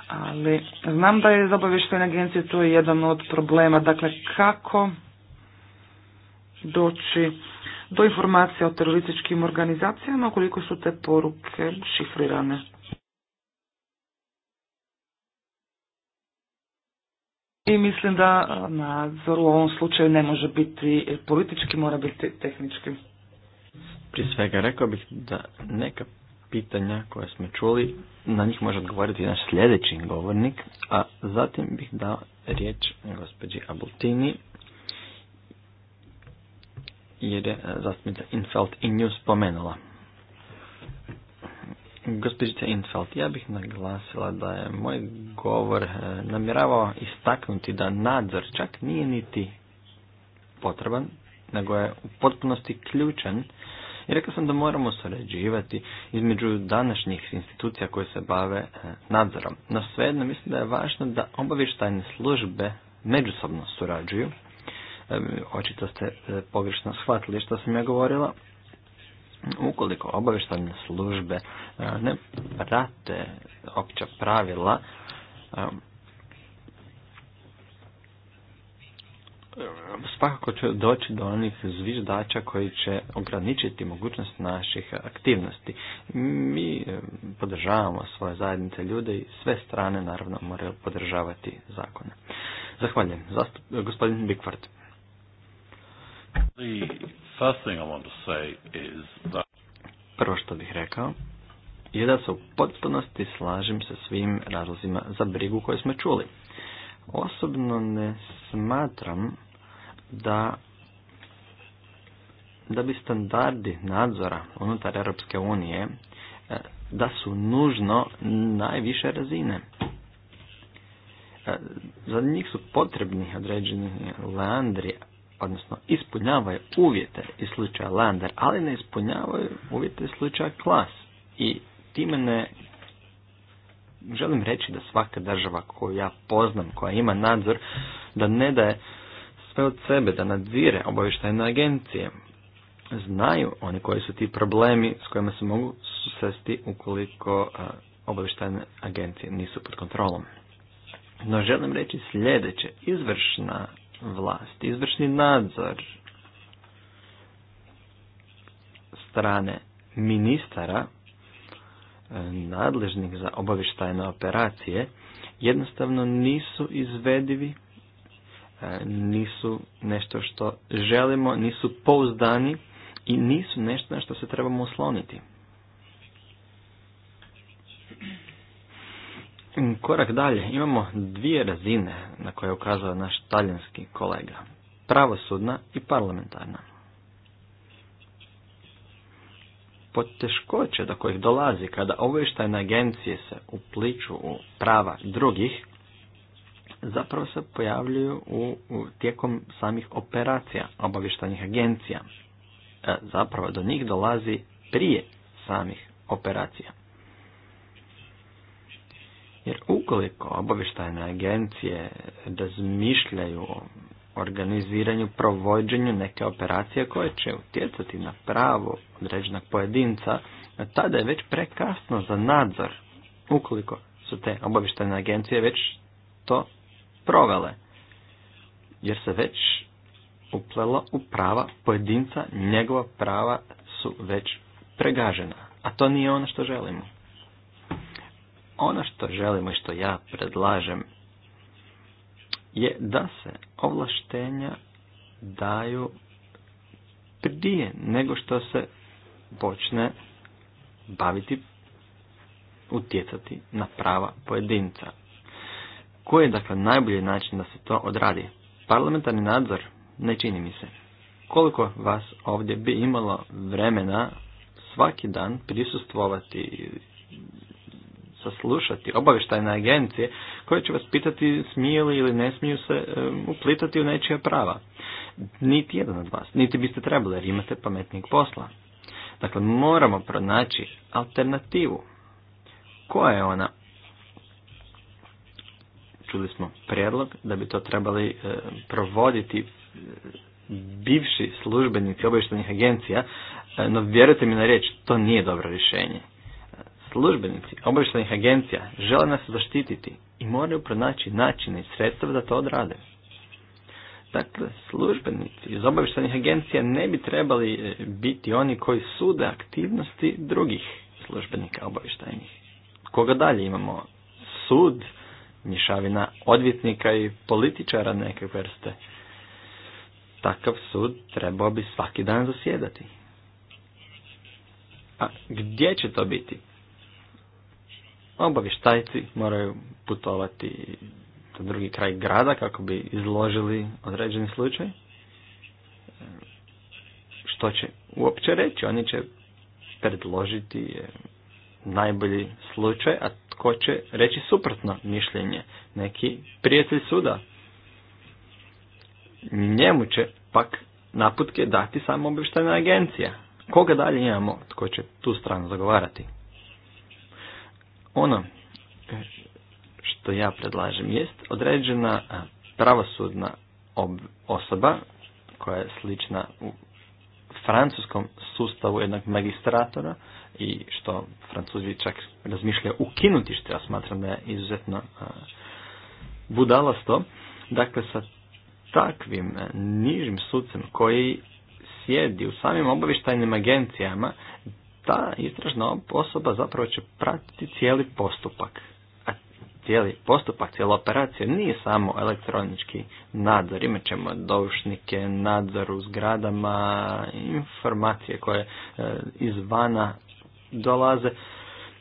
Speaker 2: ali znam da je za agencije to jedan od problema, dakle kako doći do informacija o terorističkim organizacijama koliko su te poruke šifrirane. I mislim da nadzor u ovom slučaju ne može biti e, politički, mora biti tehnički.
Speaker 4: Prije svega rekao bih da neka pitanja koje smo čuli, na njih može odgovoriti naš sljedeći govornik, a zatim bih dao riječ gospođi Abultini, jer je e, zastupnica Infeld i nju spomenula. Gospodice Infeld, ja bih naglasila da je moj govor e, namjeravao istaknuti da nadzor čak nije niti potreban, nego je u potpunosti ključan i rekao sam da moramo surađivati između današnjih institucija koje se bave e, nadzorom. No svejedno mislim da je važno da obavještajne službe međusobno surađuju. E, očito ste pogrešno shvatili što sam ja govorila. Ukoliko obavještajne službe e, ne prate opća pravila, e, svakako će doći do onih zviždača koji će ograničiti mogućnost naših aktivnosti. Mi e, podržavamo svoje zajednice ljude i sve strane naravno moraju podržavati zakone. Zahvaljujem. gospodin Bikvart. Prvo što bih rekao je da se u potpunosti slažem sa svim razlozima za brigu koje smo čuli. Osobno ne smatram da da bi standardi nadzora unutar Europske unije e, da su nužno najviše razine. E, za njih su potrebni određeni leandri, odnosno ispunjavaju uvjete iz slučaja Lander, ali ne ispunjavaju uvjete iz slučaja Klas. I time ne želim reći da svaka država koju ja poznam, koja ima nadzor, da ne daje sve od sebe, da nadzire obavještajne agencije. Znaju oni koji su ti problemi s kojima se mogu susesti ukoliko obavještajne agencije nisu pod kontrolom. No želim reći sljedeće, izvršna vlasti. izvršni nadzor strane ministara e, nadležnih za obavještajne operacije jednostavno nisu izvedivi, e, nisu nešto što želimo, nisu pouzdani i nisu nešto na što se trebamo osloniti. Mm, korak dalje, imamo dvije razine na koje ukazuje naš talijanski kolega. Pravosudna i parlamentarna. Poteškoće do kojih dolazi kada obveštajne agencije se upliču u prava drugih, zapravo se pojavljuju u, tijekom samih operacija obavještajnih agencija. E, zapravo do njih dolazi prije samih operacija. Jer ukoliko obavještajne agencije razmišljaju o organiziranju, provođenju neke operacije koje će utjecati na pravo određenog pojedinca, tada je već prekasno za nadzor ukoliko su te obavještajne agencije već to provele. Jer se već uplelo u prava pojedinca, njegova prava su već pregažena. A to nije ono što želimo. Ono što želimo i što ja predlažem je da se ovlaštenja daju prije nego što se počne baviti, utjecati na prava pojedinca. Koji je dakle najbolji način da se to odradi? Parlamentarni nadzor ne čini mi se. Koliko vas ovdje bi imalo vremena svaki dan prisustvovati slušati obavještajne agencije koje će vas pitati smije li ili ne smiju se uplitati u nečija prava. Niti jedan od vas, niti biste trebali jer imate pametnijeg posla. Dakle, moramo pronaći alternativu. Koja je ona? Čuli smo prijedlog da bi to trebali provoditi bivši službenici obavještajnih agencija, no vjerujte mi na riječ, to nije dobro rješenje. Službenici obavještajnih agencija žele nas zaštititi i moraju pronaći načine i sredstva da to odrade. Dakle, službenici iz obavještajnih agencija ne bi trebali e, biti oni koji sude aktivnosti drugih službenika obavještajnih. Koga dalje imamo? Sud, mješavina odvjetnika i političara neke vrste. Takav sud trebao bi svaki dan zasjedati. A gdje će to biti? obavještajci moraju putovati do drugi kraj grada kako bi izložili određeni slučaj. Što će uopće reći? Oni će predložiti e, najbolji slučaj, a tko će reći suprotno mišljenje? Neki prijatelj suda. Njemu će pak naputke dati samo obještajna agencija. Koga dalje imamo tko će tu stranu zagovarati? Ono e, što ja predlažem jest određena e, pravosudna osoba koja je slična u francuskom sustavu jednog magistratora i što francuzi čak razmišljaju ukinuti što ja smatram da je izuzetno e, budalasto. Dakle, sa takvim nižim sucem koji sjedi u samim obavištajnim agencijama ta istražna osoba zapravo će pratiti cijeli postupak. A cijeli postupak, cijela operacija nije samo elektronički nadzor. Imat ćemo dovušnike, nadzor u zgradama, informacije koje e, izvana dolaze.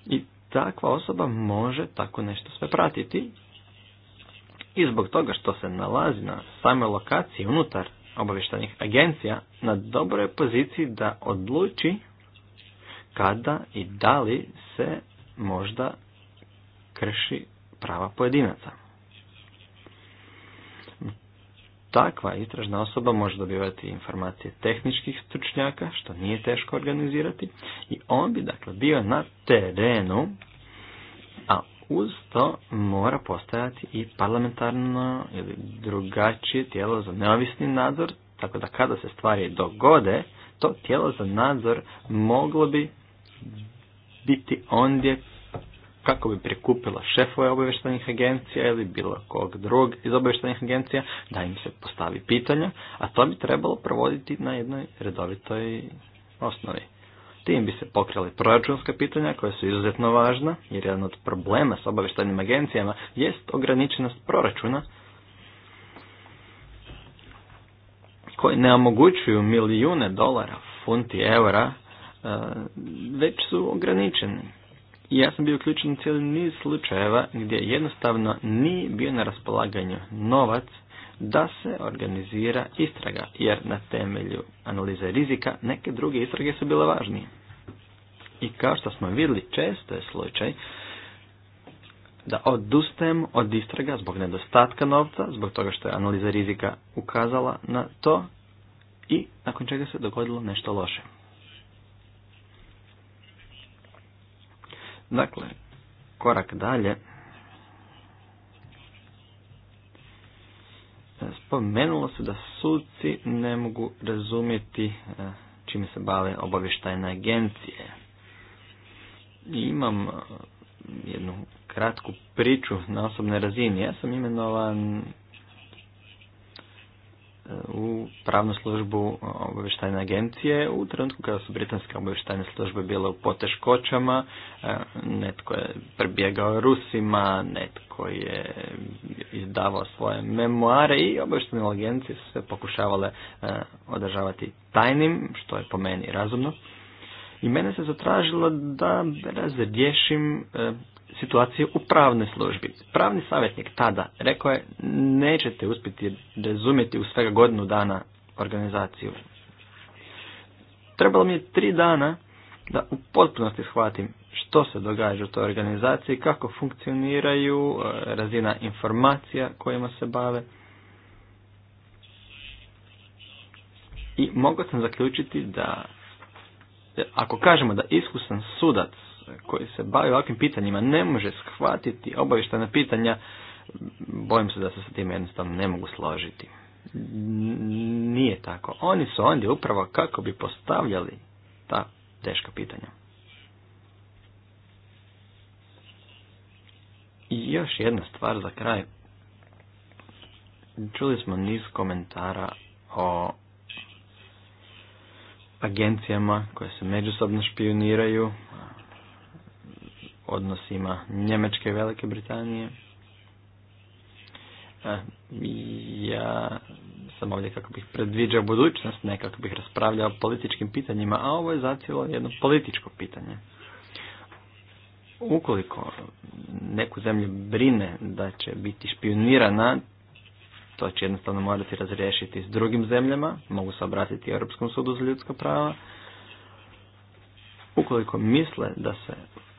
Speaker 4: I takva osoba može tako nešto sve pratiti. I zbog toga što se nalazi na samoj lokaciji unutar obavještajnih agencija, na dobroj poziciji da odluči kada i da li se možda krši prava pojedinaca. Takva istražna osoba može dobivati informacije tehničkih stručnjaka, što nije teško organizirati, i on bi dakle bio na terenu, a uz to mora postojati i parlamentarno ili drugačije tijelo za neovisni nadzor, tako da kada se stvari dogode, to tijelo za nadzor moglo bi biti ondje kako bi prikupila šefove obavještajnih agencija ili bilo kog drugog iz obavještajnih agencija, da im se postavi pitanja, a to bi trebalo provoditi na jednoj redovitoj osnovi. Tim bi se pokrali proračunska pitanja koja su izuzetno važna, jer jedan od problema s obavještajnim agencijama jest ograničenost proračuna koji ne omogućuju milijune dolara, funti, eura već su ograničeni. I ja sam bio uključen u cijeli niz slučajeva gdje jednostavno nije bio na raspolaganju novac da se organizira istraga, jer na temelju analize rizika neke druge istrage su bile važnije. I kao što smo vidjeli, često je slučaj da odustajem od istraga zbog nedostatka novca, zbog toga što je analiza rizika ukazala na to i nakon čega se dogodilo nešto loše. Dakle, korak dalje. Spomenulo se da suci ne mogu razumjeti e, čime se bave obavještajne agencije. I imam e, jednu kratku priču na osobnoj razini. Ja sam imenovan u pravnu službu obavještajne agencije u trenutku kada su britanske obavještajne službe bile u poteškoćama, e, netko je prebjegao Rusima, netko je izdavao svoje memoare i obavještajne agencije su se pokušavale e, održavati tajnim, što je po meni razumno. I mene se zatražilo da razriješim e, situacije u pravnoj službi. Pravni savjetnik tada rekao je nećete uspjeti razumjeti u svega godinu dana organizaciju. Trebalo mi je tri dana da u potpunosti shvatim što se događa u toj organizaciji, kako funkcioniraju, e, razina informacija kojima se bave. I mogao sam zaključiti da ako kažemo da iskusan sudac E, koji se bavi ovakvim pitanjima ne može shvatiti obavještajna pitanja, bojim se da se sa tim jednostavno ne mogu složiti. Nije tako. Oni su ondje upravo kako bi postavljali ta teška pitanja. I još jedna stvar za kraj. Čuli smo niz komentara o agencijama koje se međusobno špioniraju, odnosima Njemačke i Velike Britanije. Ja sam ovdje kako bih predviđao budućnost, ne kako bih raspravljao o političkim pitanjima, a ovo je zacijelo jedno političko pitanje. Ukoliko neku zemlju brine da će biti špionirana, to će jednostavno morati razriješiti s drugim zemljama, mogu se obratiti Europskom sudu za ljudska prava. Ukoliko misle da se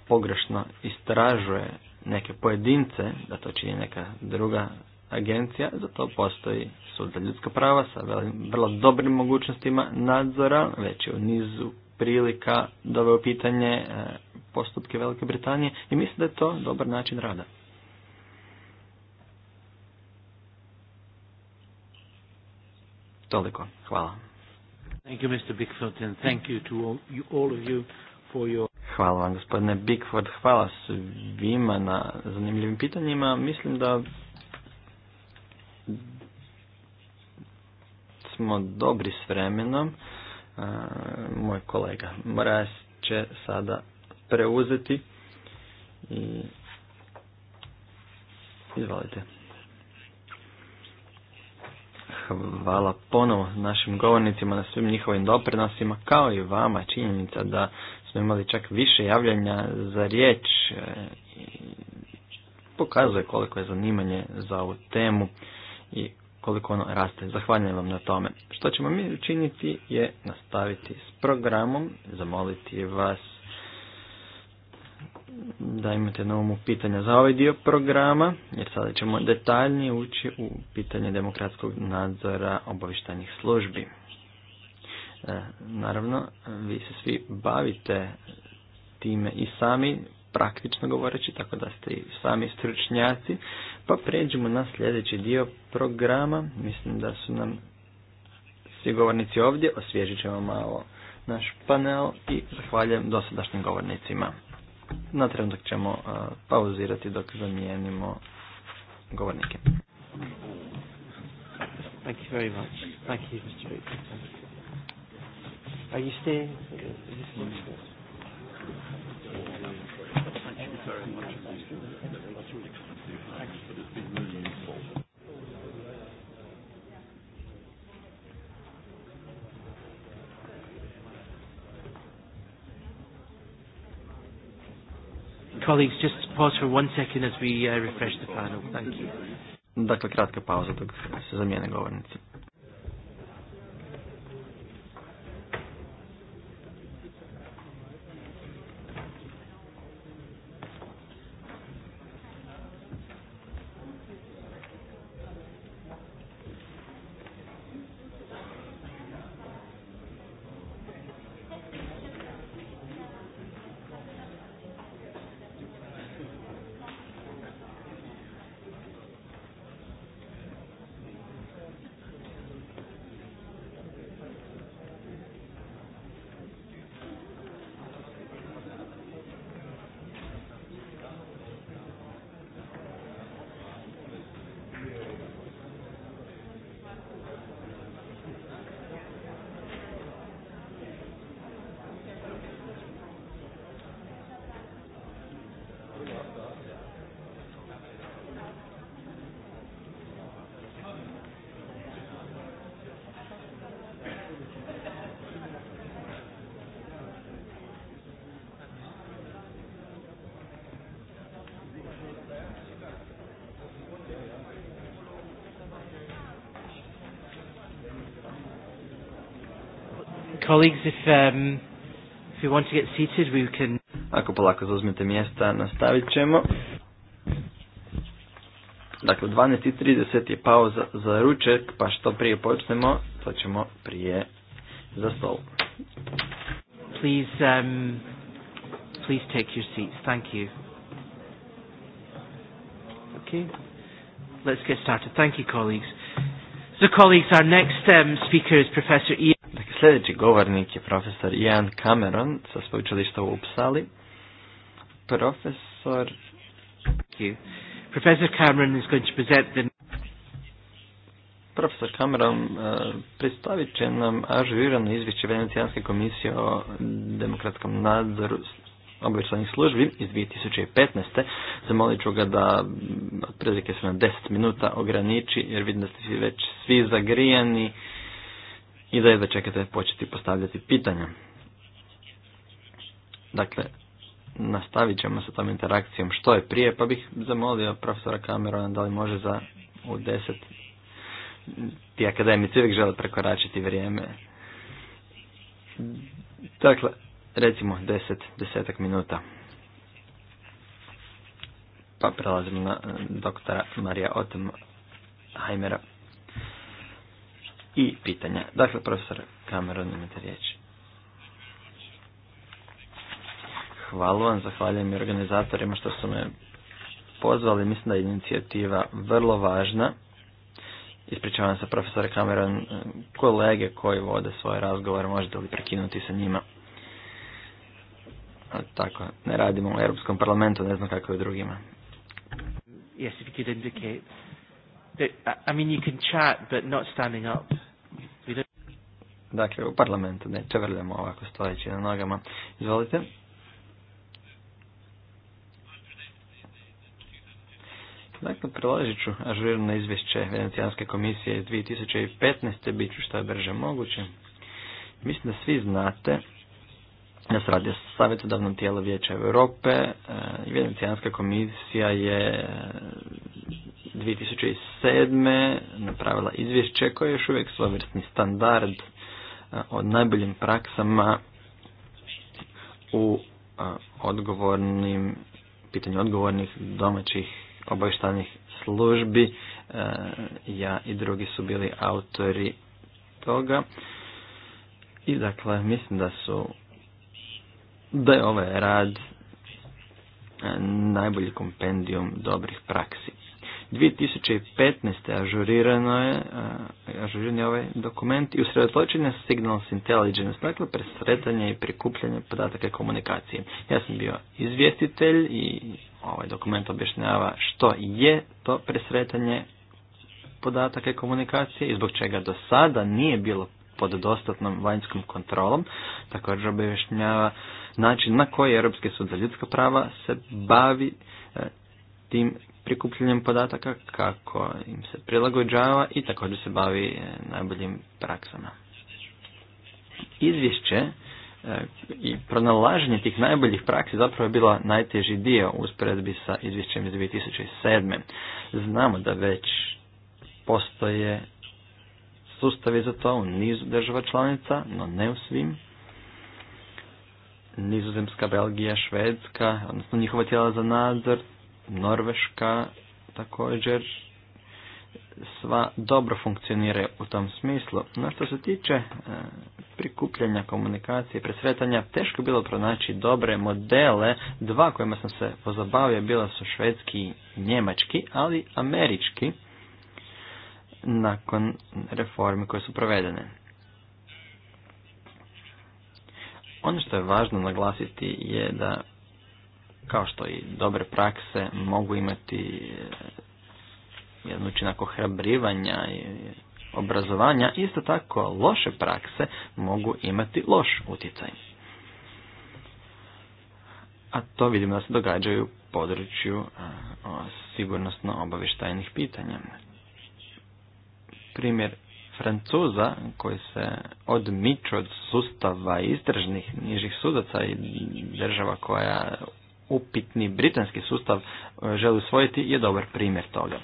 Speaker 4: pogrešno istražuje neke pojedince, da to čini neka druga agencija, za to postoji sud za ljudska prava sa vrlo dobrim mogućnostima nadzora, već je u nizu prilika doveo pitanje e, postupke Velike Britanije i mislim da je to dobar način rada. Toliko. Hvala.
Speaker 1: Thank you, Mr. Bigfoot, and thank you to all, of you for
Speaker 4: Hvala vam gospodine Bigford, hvala svima na zanimljivim pitanjima. Mislim da smo dobri s vremenom. E, moj kolega Mraz će sada preuzeti i izvolite. Hvala ponovo našim govornicima na svim njihovim doprinosima, kao i vama činjenica da smo imali čak više javljanja za riječ. E, pokazuje koliko je zanimanje za ovu temu i koliko ono raste. Zahvaljujem vam na tome. Što ćemo mi učiniti je nastaviti s programom, zamoliti vas da imate na umu pitanja za ovaj dio programa, jer sada ćemo detaljnije ući u pitanje demokratskog nadzora obavištajnih službi. E, naravno, vi se svi bavite time i sami, praktično govoreći, tako da ste i sami stručnjaci. Pa pređemo na sljedeći dio programa. Mislim da su nam svi govornici ovdje. Osvježit ćemo malo naš panel i zahvaljujem dosadašnjim govornicima. Na trenutak ćemo e, pauzirati dok zamijenimo govornike.
Speaker 1: Thank you very much. Thank you, Mr. Are you staying? Colleagues, just pause for one second as we uh, refresh the panel. Thank
Speaker 3: you.
Speaker 4: Dakle, kratka pauza dok se zamijene govornici. Colleagues, if, um, if you want to get seated, we can... Ako polako zauzmete mjesta, nastavit ćemo. Dakle, 12.30 je pauza za ručak, pa što prije počnemo, to ćemo prije za stol.
Speaker 1: Please, um, please take your seats. Thank you. Okay. Let's get started. Thank you, colleagues. So, colleagues, our next um, speaker is
Speaker 4: Professor Ian. Sljedeći govornik je profesor Ian Cameron sa sveučilišta u Upsali. Profesor... Profesor Cameron is going to present the... Profesor Cameron eh, predstavit će nam ažurirano izvješće Venecijanske komisije o demokratskom nadzoru obavještajnih službi iz 2015. Zamolit ću ga da otprilike se na 10 minuta ograniči jer vidim da ste svi već svi zagrijani i da jedva čekate početi postavljati pitanja. Dakle, nastavit ćemo sa tom interakcijom što je prije, pa bih zamolio profesora Kamerona da li može za u deset. ti akademici uvijek žele prekoračiti vrijeme. Dakle, recimo deset, desetak minuta. Pa prelazimo na doktora Marija Otem i pitanja. Dakle, profesor Cameron, imate riječ. Hvala vam, zahvaljujem i organizatorima što su me pozvali. Mislim da je inicijativa vrlo važna. Ispričavam se profesor Cameron, kolege koji vode svoje razgovore, možete li prekinuti sa njima. A, tako, ne radimo u Europskom parlamentu, ne znam kako je u drugima. Yes,
Speaker 1: if you could indicate.
Speaker 4: I mean, you can chat, but not standing up. Dakle, u parlamentu ne čevrljamo ovako stojeći na nogama. Izvolite. Dakle, prilažit ću ažurno izvješće Venecijanske komisije iz 2015. bit ću što je brže moguće. Mislim da svi znate da se radi o savjetodavnom tijelu Vijeća Europe e, Venecijanska komisija je 2007. E, napravila izvješće koje je još uvijek standard o najboljim praksama u odgovornim, pitanju odgovornih domaćih obavještajnih službi. E, ja i drugi su bili autori toga. I dakle, mislim da su da je ovaj rad e, najbolji kompendijum dobrih praksi. 2015. ažurirano je, eh, ažuriran je ovaj dokument i usredotočen je Signals Intelligence, dakle presretanje i prikupljanje podataka i komunikacije. Ja sam bio izvjestitelj i ovaj dokument objašnjava što je to presretanje podataka i komunikacije i zbog čega do sada nije bilo pod dostatnom vanjskom kontrolom. Također objašnjava način na koji Europski sud za ljudska prava se bavi eh, tim prikupljanjem podataka, kako im se prilagođava i također se bavi e, najboljim praksama. Izvješće e, i pronalaženje tih najboljih praksi zapravo je bila najteži dio u usporedbi sa izvješćem iz 2007. Znamo da već postoje sustavi za to u nizu država članica, no ne u svim. Nizozemska, Belgija, Švedska, odnosno njihova tijela za nadzor, Norveška također sva dobro funkcionira u tom smislu. No što se tiče e, prikupljanja komunikacije i presretanja, teško je bilo pronaći dobre modele. Dva kojima sam se pozabavio bila su švedski i njemački, ali američki nakon reformi koje su provedene. Ono što je važno naglasiti je da kao što i dobre prakse mogu imati eh, jedan učinak ohrabrivanja i obrazovanja, isto tako loše prakse mogu imati loš utjecaj. A to vidimo da se događaju u području eh, sigurnosno obavještajnih pitanja. Primjer Francuza koji se odmiču od sustava istražnih nižih sudaca i država koja upitni britanski sustav e, želi usvojiti je dobar primjer toga.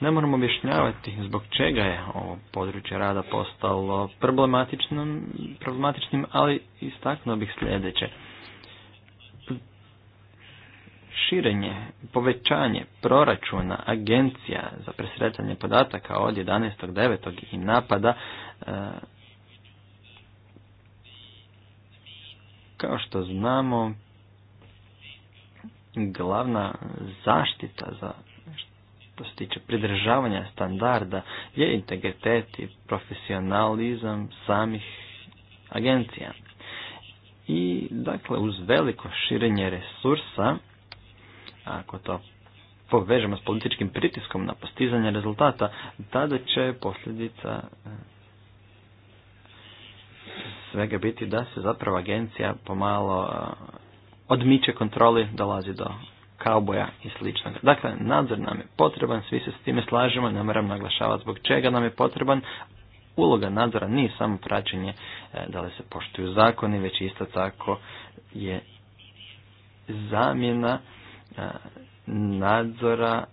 Speaker 4: Ne moramo objašnjavati zbog čega je ovo područje rada postalo problematičnim, problematičnim ali istaknuo bih sljedeće. Širenje, povećanje proračuna agencija za presretanje podataka od 11.9. i napada e, kao što znamo glavna zaštita za što se tiče pridržavanja standarda je integritet i profesionalizam samih agencija. I dakle uz veliko širenje resursa, ako to povežemo s političkim pritiskom na postizanje rezultata, tada će posljedica eh, svega biti da se zapravo agencija pomalo eh, odmiče kontroli, dolazi do kauboja i sličnog. Dakle, nadzor nam je potreban, svi se s time slažemo, ne moram naglašavati zbog čega nam je potreban. Uloga nadzora nije samo praćenje e, da li se poštuju zakoni, već isto tako je zamjena e, nadzora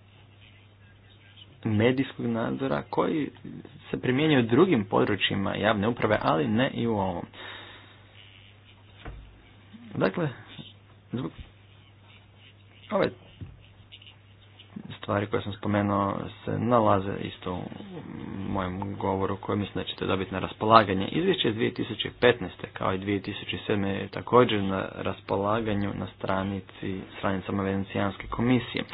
Speaker 4: medijskog nadzora koji se primjenjuje u drugim područjima javne uprave, ali ne i u ovom. Dakle, Zbog ove stvari koje sam spomenuo se nalaze isto u mojem govoru koje mislim da ćete dobiti na raspolaganje. Izvješće 2015. kao i 2007. je također na raspolaganju na stranici, stranicama Venecijanske komisije.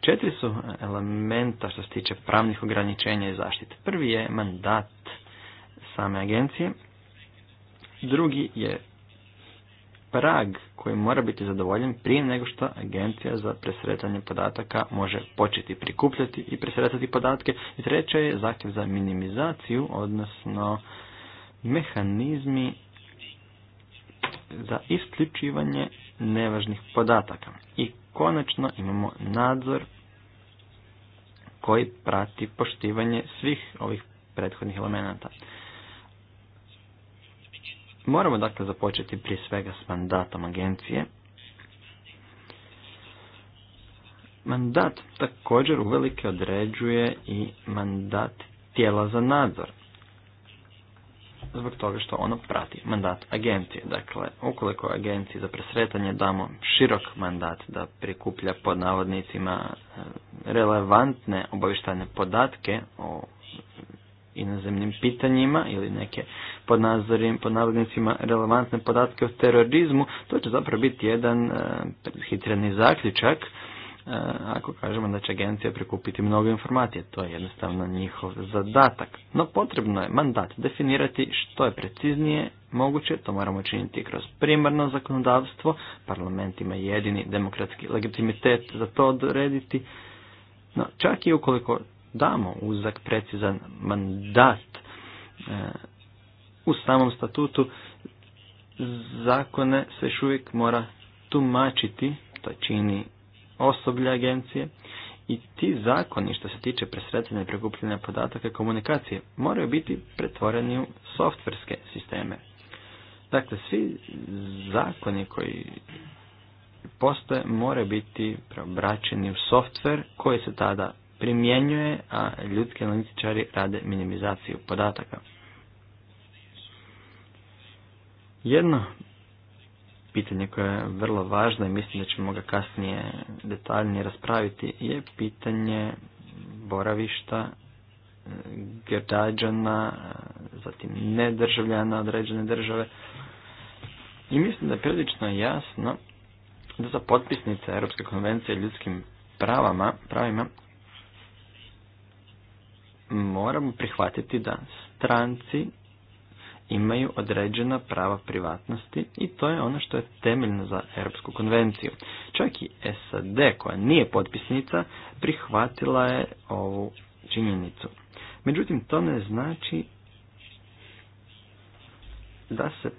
Speaker 4: Četiri su elementa što se tiče pravnih ograničenja i zaštite. Prvi je mandat same agencije, drugi je prag koji mora biti zadovoljen prije nego što agencija za presretanje podataka može početi prikupljati i presretati podatke. I treće je zahtjev za minimizaciju, odnosno mehanizmi za isključivanje nevažnih podataka. I konačno imamo nadzor koji prati poštivanje svih ovih prethodnih elemenata. Moramo dakle započeti prije svega s mandatom agencije. Mandat također uvelike određuje i mandat tijela za nadzor. Zbog toga što ono prati mandat agencije. Dakle, ukoliko agenciji za presretanje damo širok mandat da prikuplja pod navodnicima eh, relevantne obavještajne podatke o inozemnim pitanjima ili neke pod, nazorim, navodnicima relevantne podatke o terorizmu, to će zapravo biti jedan e, hitreni zaključak e, ako kažemo da će agencija prikupiti mnogo informacije. To je jednostavno njihov zadatak. No potrebno je mandat definirati što je preciznije moguće, to moramo činiti kroz primarno zakonodavstvo, parlament ima jedini demokratski legitimitet za to odrediti, no čak i ukoliko damo uzak precizan mandat e, u samom statutu zakone se još uvijek mora tumačiti, to čini osoblje agencije i ti zakoni što se tiče presretanja i prikupljanja podataka komunikacije moraju biti pretvoreni u softverske sisteme. Dakle, svi zakoni koji postoje moraju biti preobraćeni u softver koji se tada primjenjuje, a ljudski analitičari rade minimizaciju podataka. Jedno pitanje koje je vrlo važno i mislim da ćemo ga kasnije detaljnije raspraviti je pitanje boravišta e, građana, zatim nedržavljana određene države. I mislim da je prilično jasno da za potpisnice Europske konvencije o ljudskim pravama, pravima moramo prihvatiti da stranci imaju određena prava privatnosti i to je ono što je temeljno za Europsku konvenciju. Čak i SAD, koja nije potpisnica, prihvatila je ovu činjenicu. Međutim, to ne znači da se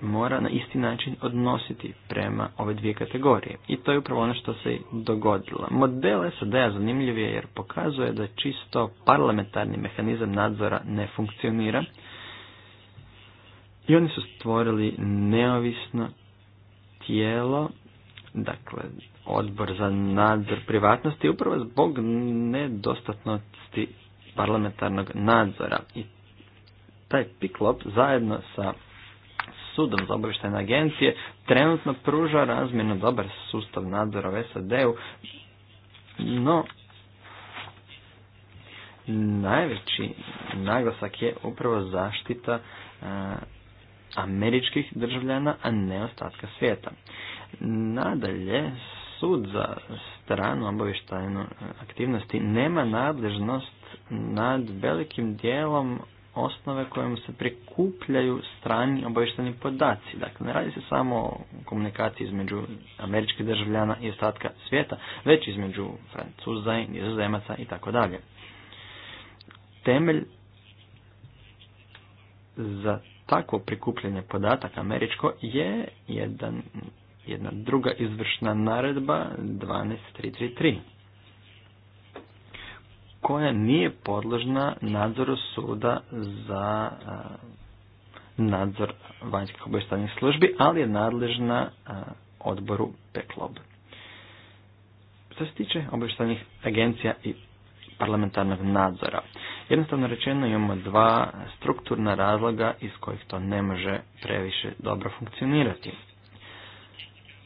Speaker 4: mora na isti način odnositi prema ove dvije kategorije. I to je upravo ono što se dogodilo. Model SAD-a zanimljiv je jer pokazuje da čisto parlamentarni mehanizam nadzora ne funkcionira i oni su stvorili neovisno tijelo, dakle odbor za nadzor privatnosti upravo zbog nedostatnosti parlamentarnog nadzora. I taj piklop zajedno sa sudom za obavještajne agencije trenutno pruža razmjerno dobar sustav nadzora u SAD-u, no najveći naglasak je upravo zaštita e, američkih državljana, a ne ostatka svijeta. Nadalje, sud za stranu obavještajnu aktivnosti nema nadležnost nad velikim dijelom osnove kojom se prikupljaju strani obavješteni podaci. Dakle, ne radi se samo o komunikaciji između američkih državljana i ostatka svijeta, već između Francuza, Nizozemaca i tako dalje. Temelj za takvo prikupljanje podataka američko je jedan, jedna druga izvršna naredba 12333 koja nije podložna nadzoru suda za nadzor vanjskih obavještajnih službi, ali je nadležna odboru PECLOB. Što se tiče obavještajnih agencija i parlamentarnog nadzora, jednostavno rečeno imamo dva strukturna razloga iz kojih to ne može previše dobro funkcionirati.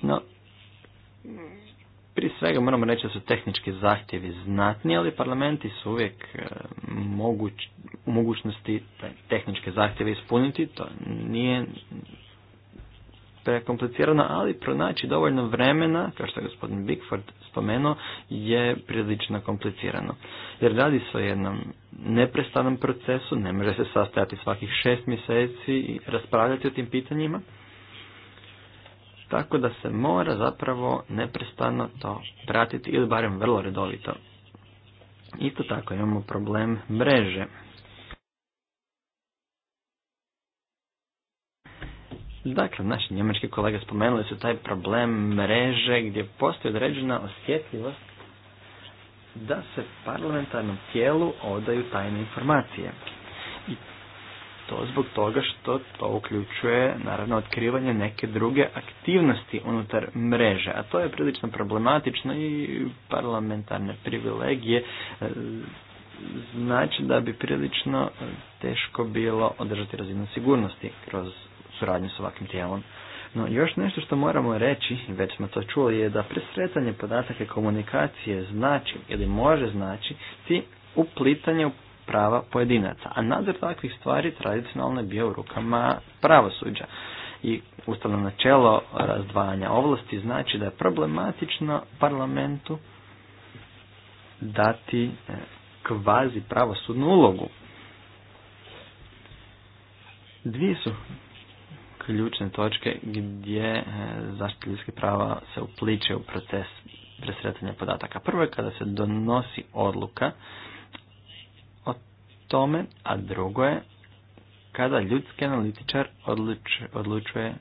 Speaker 4: No, prije svega moramo reći da su tehnički zahtjevi znatni, ali parlamenti su uvijek e, u mogućnosti tehničke zahtjeve ispuniti, to nije prekomplicirano, ali pronaći dovoljno vremena, kao što je gospodin Bigford spomenuo, je prilično komplicirano. Jer radi se o jednom neprestanom procesu, ne može se sastajati svakih šest mjeseci i raspravljati o tim pitanjima. Tako da se mora zapravo neprestano to pratiti ili barem vrlo redovito. Isto tako imamo problem mreže. Dakle, naši njemački kolege spomenuli su taj problem mreže gdje postoji određena osjetljivost da se parlamentarnom tijelu odaju tajne informacije zbog toga što to uključuje naravno otkrivanje neke druge aktivnosti unutar mreže, a to je prilično problematično i parlamentarne privilegije e, znači da bi prilično teško bilo održati razinu sigurnosti kroz suradnju s ovakvim tijelom. No još nešto što moramo reći, već smo to čuli, je da presretanje podataka i komunikacije znači ili može znači ti uplitanje u prava pojedinaca. A nadzor takvih stvari tradicionalno je bio u rukama pravosuđa. I ustavno načelo razdvajanja ovlasti znači da je problematično parlamentu dati e, kvazi pravosudnu ulogu. Dvije su ključne točke gdje e, zaštita prava se upliče u proces presretanja podataka. Prvo je kada se donosi odluka tome, a drugo je kada ljudski analitičar odlučuje, odlučuje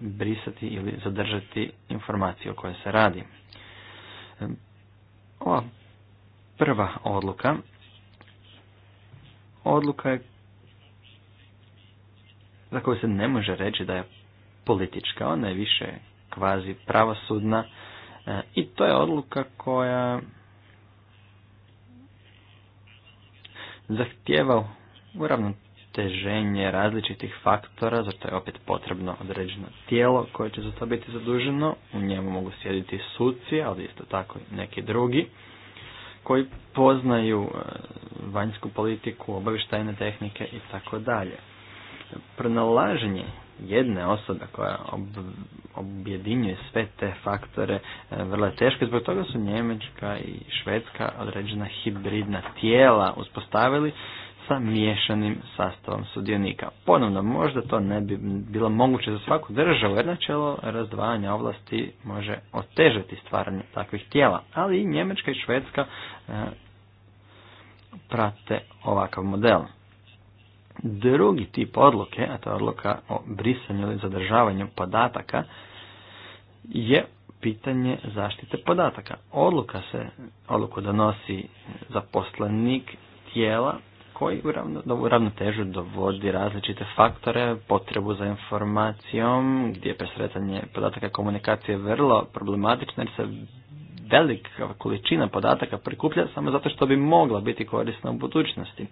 Speaker 4: brisati ili zadržati informaciju o kojoj se radi. Ova prva odluka odluka je za koju se ne može reći da je politička, ona je više kvazi pravosudna e, i to je odluka koja zahtijevao uravnoteženje različitih faktora, zato je opet potrebno određeno tijelo koje će za to biti zaduženo. U njemu mogu sjediti suci, ali isto tako i neki drugi koji poznaju e, vanjsku politiku, obavještajne tehnike i tako dalje. Pronalaženje jedne osobe koja objedinjuje sve te faktore e, vrlo je teško. Zbog toga su Njemačka i Švedska određena hibridna tijela uspostavili sa miješanim sastavom sudionika. Ponovno, možda to ne bi bilo moguće za svaku državu, jer načelo razdvajanja ovlasti može otežati stvaranje takvih tijela, ali i Njemačka i Švedska e, prate ovakav model. Drugi tip odluke, a to je odluka o brisanju ili zadržavanju podataka, je pitanje zaštite podataka. Odluka se, odluku donosi zaposlenik tijela koji u ravnotežu dovodi različite faktore, potrebu za informacijom, gdje je presretanje podataka komunikacije vrlo problematično jer se velika količina podataka prikuplja samo zato što bi mogla biti korisna u budućnosti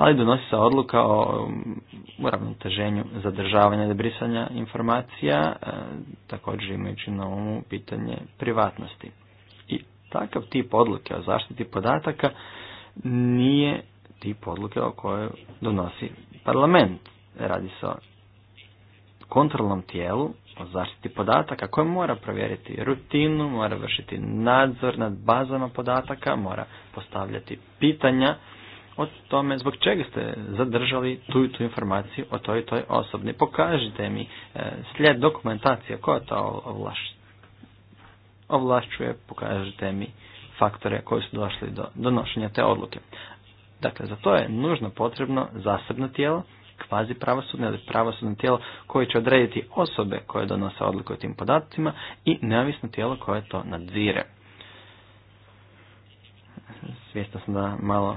Speaker 4: ali donosi se odluka o um, uravnoteženju zadržavanja i brisanja informacija, e, također imajući na umu pitanje privatnosti. I takav tip odluke o zaštiti podataka nije tip odluke o kojoj donosi parlament. Radi se o kontrolnom tijelu o zaštiti podataka koje mora provjeriti rutinu, mora vršiti nadzor nad bazama podataka, mora postavljati pitanja o tome zbog čega ste zadržali tu i tu informaciju o toj i toj osobni. Pokažite mi e, slijed dokumentacije koja to ovlašćuje, pokažite mi faktore koji su došli do donošenja te odluke. Dakle, za to je nužno potrebno zasebno tijelo, kvazi pravosudno ili pravosudno tijelo koje će odrediti osobe koje donose odluke o tim podacima i neovisno tijelo koje to nadzire. Svjestan sam da malo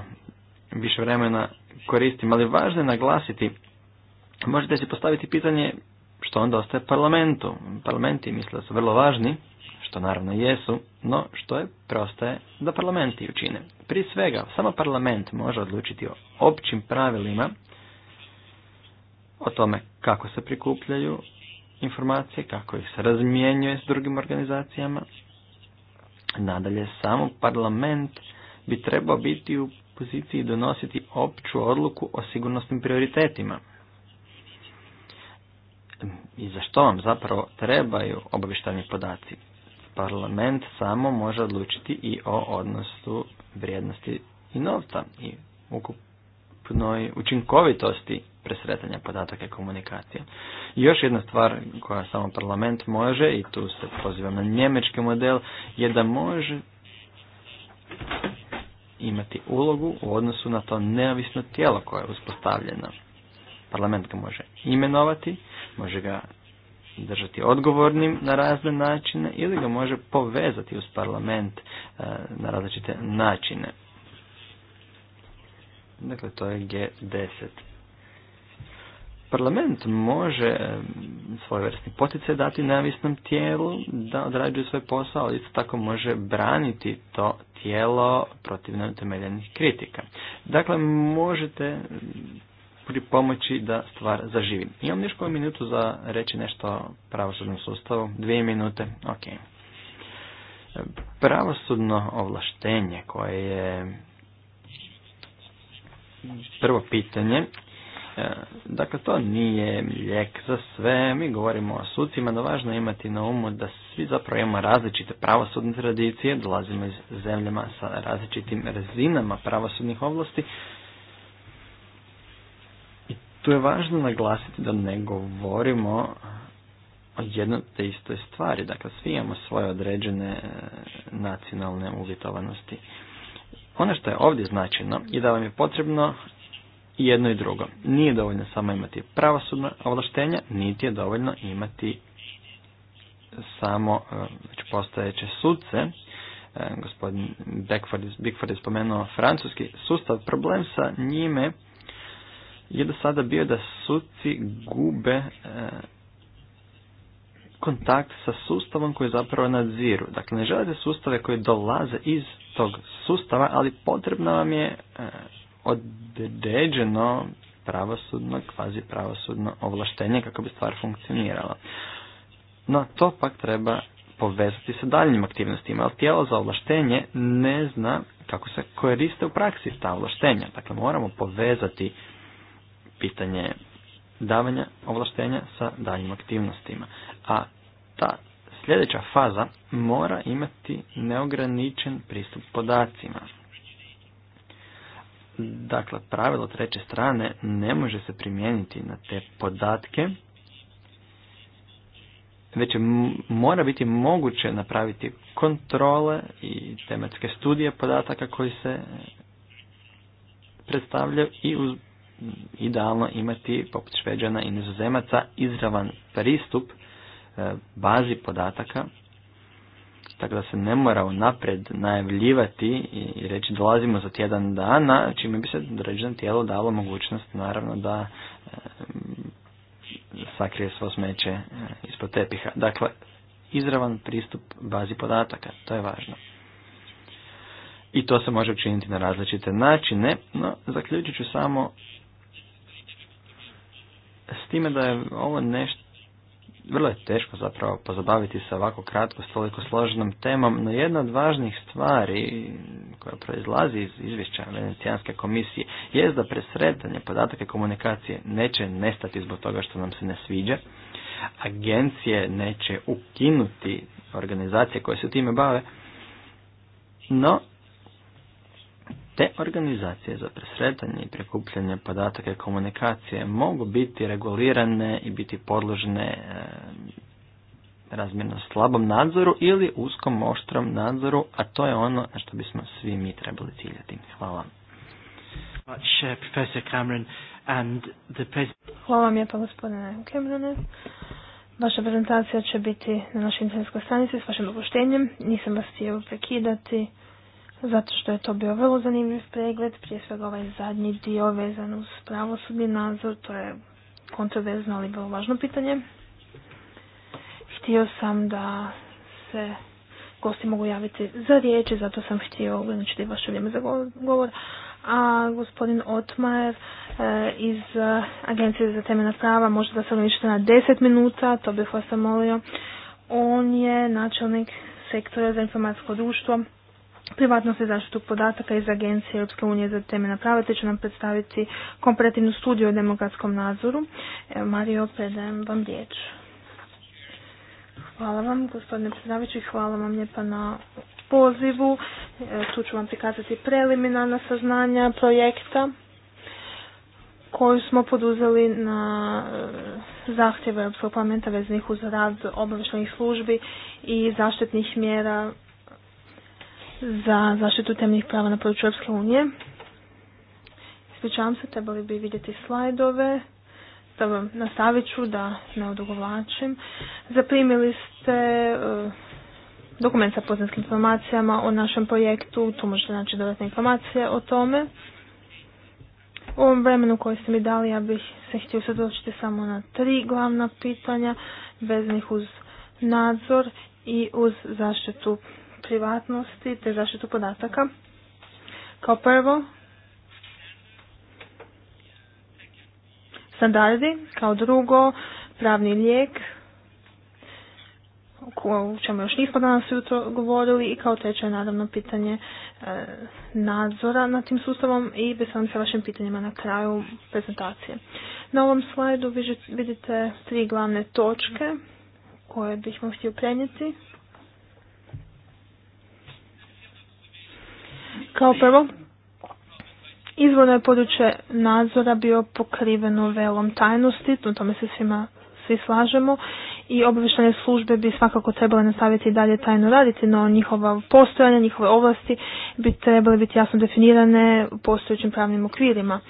Speaker 4: više vremena koristim, ali važno je naglasiti, možete se postaviti pitanje što onda ostaje parlamentu. Parlamenti misle da su vrlo važni, što naravno jesu, no što je preostaje da parlamenti učine. Prije svega, samo parlament može odlučiti o općim pravilima, o tome kako se prikupljaju informacije, kako ih se razmjenjuje s drugim organizacijama. Nadalje, samo parlament bi trebao biti u poziciji donositi opću odluku o sigurnosnim prioritetima. I za što vam zapravo trebaju obavještajni podaci? Parlament samo može odlučiti i o odnosu vrijednosti i novca i ukupnoj učinkovitosti presretanja podataka i komunikacije. I još jedna stvar koja samo parlament može, i tu se pozivam na njemečki model, je da može imati ulogu u odnosu na to neovisno tijelo koje je uspostavljeno. Parlament ga može imenovati, može ga držati odgovornim na razne načine ili ga može povezati uz parlament eh, na različite načine. Dakle, to je G10. Parlament može svojevrsni poticaj dati neovisnom tijelu da odrađuje svoj posao, ali isto tako može braniti to tijelo protiv neutemeljenih kritika. Dakle, možete pri pomoći da stvar zaživi. Imam još koju minutu za reći nešto o pravosudnom sustavu. Dvije minute, ok. Pravosudno ovlaštenje koje je prvo pitanje E, dakle, to nije lijek za sve, mi govorimo o sucima, no važno je imati na umu da svi zapravo imamo različite pravosudne tradicije, dolazimo iz zemljama sa različitim razinama pravosudnih ovlasti. I tu je važno naglasiti da ne govorimo o jednoj te istoj stvari, dakle svi imamo svoje određene e, nacionalne uvjetovanosti. Ono što je ovdje značajno je da vam je potrebno i jedno i drugo. Nije dovoljno samo imati pravosudna ovlaštenja, niti je dovoljno imati samo e, već postojeće sudce. E, gospodin Bigford je spomenuo francuski sustav. Problem sa njime je do sada bio da suci gube e, kontakt sa sustavom koji zapravo nadziru. Dakle, ne želite sustave koji dolaze iz tog sustava, ali potrebna vam je određeno pravosudno, kvazi pravosudno ovlaštenje kako bi stvar funkcionirala. No to pak treba povezati sa daljnjim aktivnostima, ali tijelo za ovlaštenje ne zna kako se koriste u praksi ta ovlaštenja. Dakle, moramo povezati pitanje davanja ovlaštenja sa daljnjim aktivnostima. A ta sljedeća faza mora imati neograničen pristup podacima. Dakle, pravilo treće strane ne može se primijeniti na te podatke, već mora biti moguće napraviti kontrole i tematske studije podataka koji se e, predstavljaju i uz, idealno imati poput Šveđana i nizozemaca izravan pristup e, bazi podataka tako da se ne mora unaprijed najavljivati i reći dolazimo za tjedan dana, čime bi se određeno tijelo dalo mogućnost naravno da sakrije svo smeće ispod tepiha. Dakle, izravan pristup bazi podataka, to je važno. I to se može učiniti na različite načine, no zaključit ću samo s time da je ovo nešto vrlo je teško zapravo pozabaviti se ovako kratko s toliko složenom temom, no jedna od važnih stvari koja proizlazi iz izvješća Venecijanske komisije je da presretanje podataka komunikacije neće nestati zbog toga što nam se ne sviđa. Agencije neće ukinuti organizacije koje se time bave, no te organizacije za presretanje i prikupljanje podataka i komunikacije mogu biti regulirane i biti podložne e, razmjerno slabom nadzoru ili uskom oštrom nadzoru, a to je ono na što bismo svi mi trebali ciljati. Hvala.
Speaker 5: Hvala vam lijepa gospodine Cameron. Vaša prezentacija će biti na našoj internetskoj stranici s vašim dopuštenjem. Nisam vas htio prekidati zato što je to bio vrlo zanimljiv pregled, prije svega ovaj zadnji dio vezan uz pravosudni nadzor, to je kontroverzno ali vrlo važno pitanje. Htio sam da se gosti mogu javiti za riječi, zato sam htio ograničiti vaše vrijeme za govor. A gospodin Otmajer e, iz e, Agencije za temena prava može da se ograničite na 10 minuta, to bih vas molio. On je načelnik sektora za informatsko društvo privatnost i zaštitu podataka iz Agencije Europske unije za teme prava, te će nam predstaviti komparativnu studiju o demokratskom nadzoru. Mario, predajem vam riječ. Hvala vam, gospodine predsjedavajući, hvala vam lijepa na pozivu. E, tu ću vam prikazati preliminarna saznanja projekta koju smo poduzeli na e, zahtjeve Europskog parlamenta veznih uz rad obavještajnih službi i zaštitnih mjera za zaštitu temnih prava na području Europske unije. Ispričavam se, trebali bi vidjeti slajdove. vam nastavit ću da ne odugovlačim. Zaprimili ste e, dokument sa poznanskim informacijama o našem projektu, tu možete naći dodatne informacije o tome. U ovom vremenu koje ste mi dali ja bih se htio sadločiti samo na tri glavna pitanja njih uz nadzor i uz zaštitu privatnosti te zaštitu podataka. Kao prvo, standardi, kao drugo, pravni lijek, o čemu još nismo danas jutro govorili i kao treće naravno pitanje e, nadzora nad tim sustavom i sam se vašim pitanjima na kraju prezentacije. Na ovom slajdu vidite tri glavne točke koje bih vam htio prenijeti. Kao prvo, izvorno je područje nadzora bio pokriveno velom tajnosti, u tome se svima svi slažemo i obavještajne službe bi svakako trebale nastaviti i dalje tajno raditi, no njihova postojanja, njihove ovlasti bi trebale biti jasno definirane u postojećim pravnim okvirima.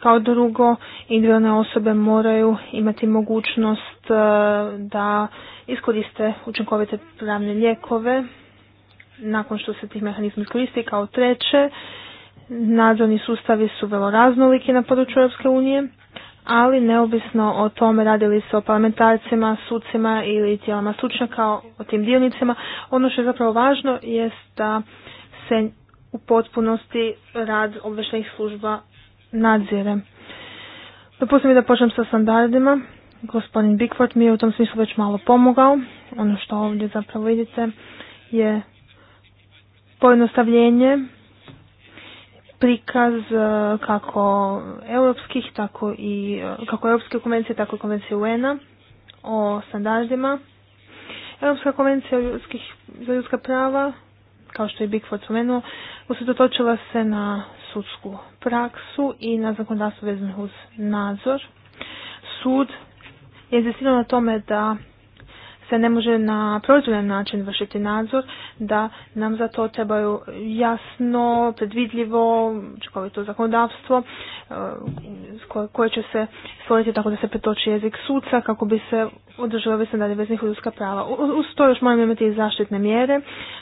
Speaker 5: Kao drugo, individualne osobe moraju imati mogućnost eh, da iskoriste učinkovite pravne lijekove nakon što se tih mehanizmi koristi kao treće, nadzorni sustavi su vrlo raznoliki na području Europske unije, ali neobisno o tome radili se o parlamentarcima, sucima ili tijelama stručnjaka, o tim dionicima, ono što je zapravo važno jest da se u potpunosti rad obveštenih služba nadzire. Dopustim mi da počnem sa standardima. Gospodin Bigford mi je u tom smislu već malo pomogao. Ono što ovdje zapravo vidite je pojednostavljenje, prikaz e, kako europskih, tako i e, kako europske konvencije, tako i konvencije UN-a o standardima. Europska konvencija ljudskih, za ljudska prava, kao što je Bigfoot spomenuo, usredotočila se na sudsku praksu i na zakonodavstvo vezano uz nadzor. Sud je insistirao na tome da se ne može na proizvoljan način vršiti nadzor, da nam za to trebaju jasno, predvidljivo, učinkovito zakonodavstvo e, koje će se stvoriti tako da se pretoči jezik suca kako bi se visna dalje veznih ljudska prava. Uz to još moramo imati i zaštitne mjere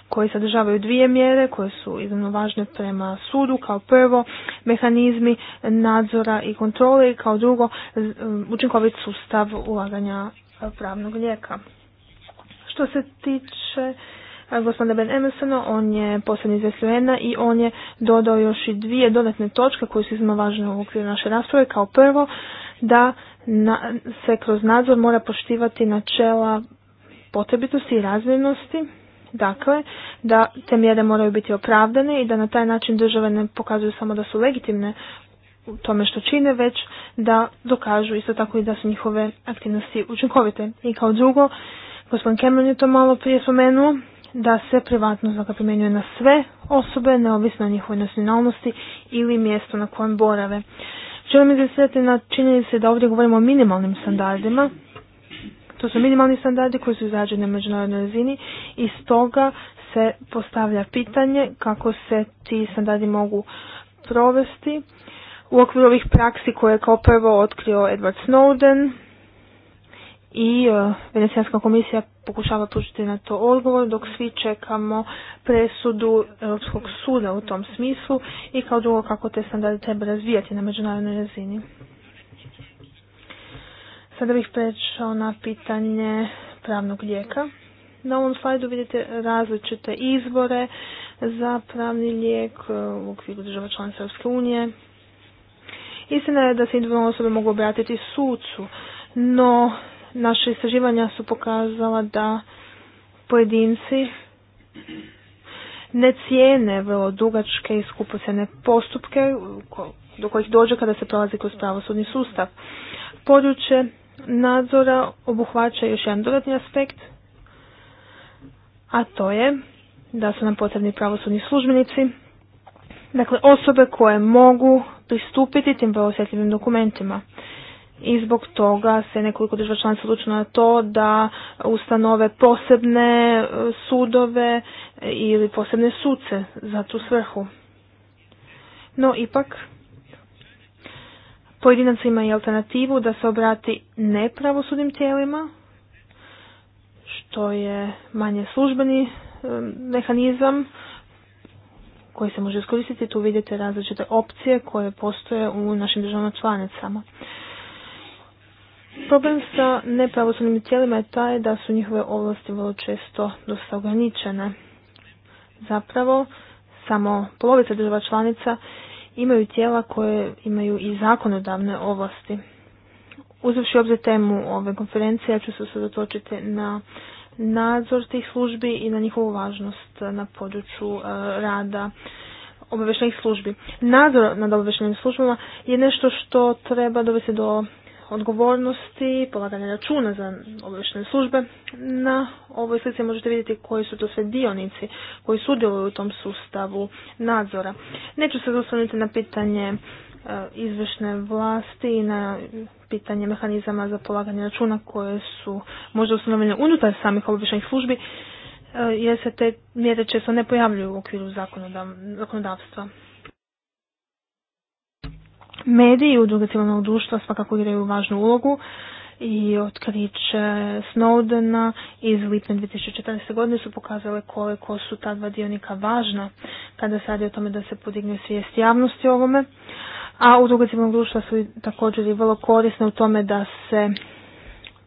Speaker 5: koje sadržavaju dvije mjere koje su iznimno važne prema sudu kao prvo mehanizmi nadzora i kontrole i kao drugo učinkovit sustav ulaganja e, pravnog lijeka. Što se tiče gospodina Ben Emersona, on je posljednji izvjestljena i on je dodao još i dvije dodatne točke koje su iznimno važne u okviru naše rasprave. Kao prvo, da se kroz nadzor mora poštivati načela potrebitosti i razmjernosti, dakle da te mjere moraju biti opravdane i da na taj način države ne pokazuju samo da su legitimne u tome što čine, već da dokažu isto tako i da su njihove aktivnosti učinkovite. I kao drugo, Gospodin Cameron je to malo prije spomenuo, da se privatnost dakle, primjenjuje na sve osobe, neovisno o njihovoj nacionalnosti ili mjestu na kojem borave. Želim izvjestiti na se da ovdje govorimo o minimalnim standardima. To su minimalni standardi koji su izrađeni na međunarodnoj razini i stoga se postavlja pitanje kako se ti standardi mogu provesti u okviru ovih praksi koje je kao prvo otkrio Edward Snowden, i e, Venecijanska komisija pokušava tužiti na to odgovor dok svi čekamo presudu Europskog suda u tom smislu i kao drugo kako te standarde treba razvijati na međunarodnoj razini. Sada bih prešao na pitanje pravnog lijeka. Na ovom slajdu vidite različite izbore za pravni lijek e, u okviru država članica Europske unije. Istina je da se individualne osobe mogu obratiti sucu, no naše istraživanja su pokazala da pojedinci ne cijene vrlo dugačke i skupocene postupke do kojih dođe kada se prolazi kroz pravosudni sustav. Područje nadzora obuhvaća još jedan dodatni aspekt, a to je da su nam potrebni pravosudni službenici, dakle osobe koje mogu pristupiti tim vrlo osjetljivim dokumentima i zbog toga se nekoliko država članica odlučilo na to da ustanove posebne e, sudove ili posebne suce za tu svrhu. No ipak, pojedinac ima i alternativu da se obrati nepravosudnim tijelima, što je manje službeni e, mehanizam koji se može iskoristiti. Tu vidite različite opcije koje postoje u našim državama članicama. Problem sa nepravosudnim tijelima je taj da su njihove ovlasti vrlo često dosta ograničene. Zapravo, samo polovica država članica imaju tijela koje imaju i zakonodavne ovlasti. Uzavši obzir temu ove konferencije, ja ću se usredotočiti na nadzor tih službi i na njihovu važnost na području e, rada obavještajnih službi. Nadzor nad obavještajnim službama je nešto što treba dovesti do odgovornosti, polaganja računa za obavještene službe. Na ovoj slici možete vidjeti koji su to sve dionici koji sudjeluju u tom sustavu nadzora. Neću se osvrnuti na pitanje e, izvršne vlasti i na pitanje mehanizama za polaganje računa koje su možda ustanovljene unutar samih obavještenih službi e, jer se te mjere često ne pojavljuju u okviru zakonodavstva. Mediji u udruge civilnog društva svakako igraju važnu ulogu i otkriće Snowdena iz lipnja 2014. godine su pokazale koliko su ta dva dionika važna kada se radi o tome da se podigne svijest javnosti o ovome. A u civilnog društva su također i vrlo korisne u tome da se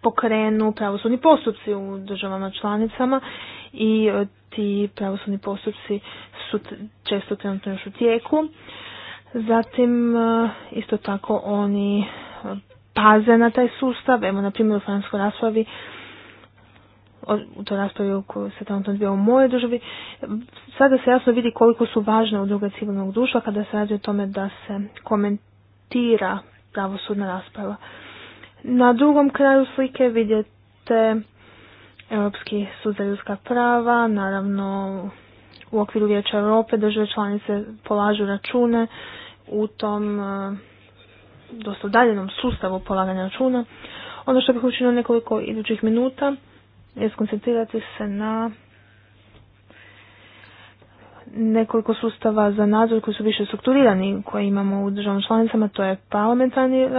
Speaker 5: pokrenu pravosudni postupci u državama članicama i e, ti pravosudni postupci su često trenutno još u tijeku. Zatim, e, isto tako oni e, paze na taj sustav. Evo, na primjer, u francuskoj raspravi, u toj raspravi kojoj se tamo dvije u mojoj državi, sada se jasno vidi koliko su važne udruge civilnog društva kada se radi o tome da se komentira pravosudna rasprava. Na drugom kraju slike vidite Europski sud za ljudska prava, naravno u okviru Vijeća Europe države članice polažu račune u tom e, dosta udaljenom sustavu polaganja računa. Ono što bih učinila nekoliko idućih minuta je skoncentrirati se na nekoliko sustava za nadzor koji su više strukturirani koje imamo u državnom članicama, to je parlamentarni e,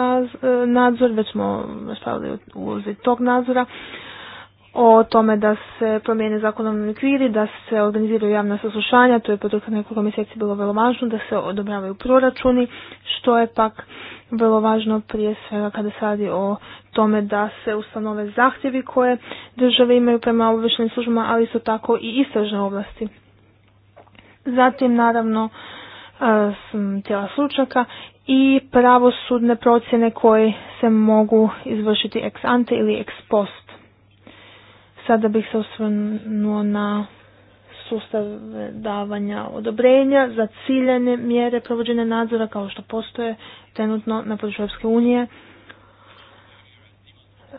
Speaker 5: nadzor, već smo raspravili u ulozi tog nadzora, o tome da se promijene zakonovni okviri, da se organiziraju javna saslušanja, to je podruka nekoliko mjeseci bilo vrlo važno, da se odobravaju proračuni, što je pak vrlo važno prije svega kada se radi o tome da se ustanove zahtjevi koje države imaju prema obavještenim službama, ali isto tako i istražne oblasti. Zatim, naravno, e, tijela slučaka i pravosudne procjene koje se mogu izvršiti ex ante ili ex post. Sada bih se osvrnuo na sustav davanja odobrenja za ciljene mjere provođenja nadzora kao što postoje trenutno na području Europske unije.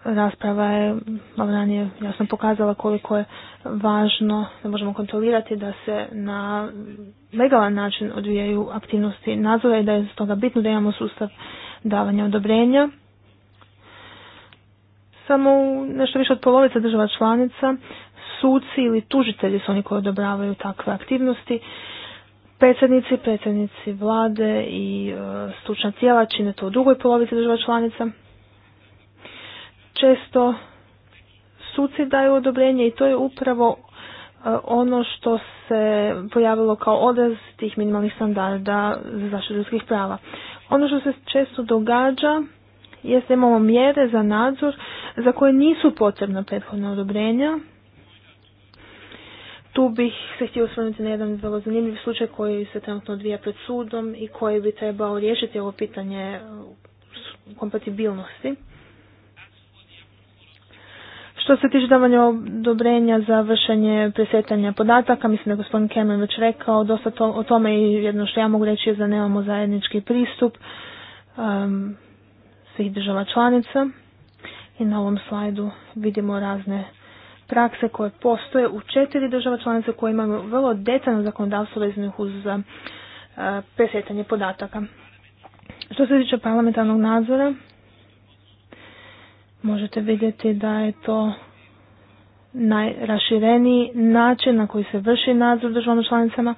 Speaker 5: Rasprava je, ranije jasno pokazala koliko je važno da možemo kontrolirati da se na legalan način odvijaju aktivnosti nadzora i da je stoga bitno da imamo sustav davanja odobrenja samo u nešto više od polovice država članica suci ili tužitelji su oni koji odobravaju takve aktivnosti. Predsjednici, predsjednici vlade i e, stručna tijela čine to u drugoj polovici država članica. Često suci daju odobrenje i to je upravo e, ono što se pojavilo kao odraz tih minimalnih standarda za zaštitu ljudskih prava. Ono što se često događa Jeste imamo mjere za nadzor za koje nisu potrebna prethodna odobrenja. Tu bih se htio osvrnuti na jedan vrlo zanimljiv slučaj koji se trenutno odvija pred sudom i koji bi trebao riješiti ovo pitanje kompatibilnosti. Što se tiče davanja odobrenja za vršenje presetanja podataka, mislim da je gospodin Kemen već rekao dosta to, o tome i jedno što ja mogu reći je da nemamo zajednički pristup svih država članica i na ovom slajdu vidimo razne prakse koje postoje u četiri država članica koje imaju vrlo detaljno zakonodavstvo vezano uz e, presjetanje podataka. Što se tiče parlamentarnog nadzora, možete vidjeti da je to najrašireniji način na koji se vrši nadzor državama članicama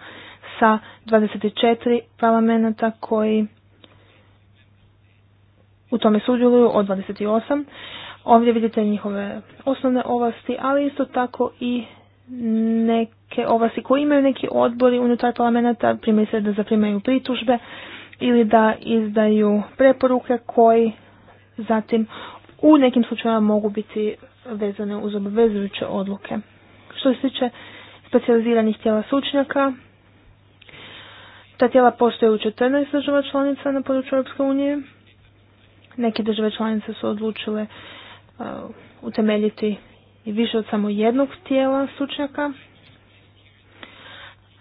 Speaker 5: sa 24 parlamenta koji u tome sudjeluju od 28. Ovdje vidite njihove osnovne ovlasti, ali isto tako i neke ovlasti koje imaju neki odbori unutar parlamenta, se da zaprimaju pritužbe ili da izdaju preporuke koji zatim u nekim slučajevima mogu biti vezane uz obvezujuće odluke. Što se tiče specijaliziranih tijela sučnjaka, ta tijela postoje u 14 država članica na području Europske unije Neke države članice su odlučile e, utemeljiti i više od samo jednog tijela stručnjaka.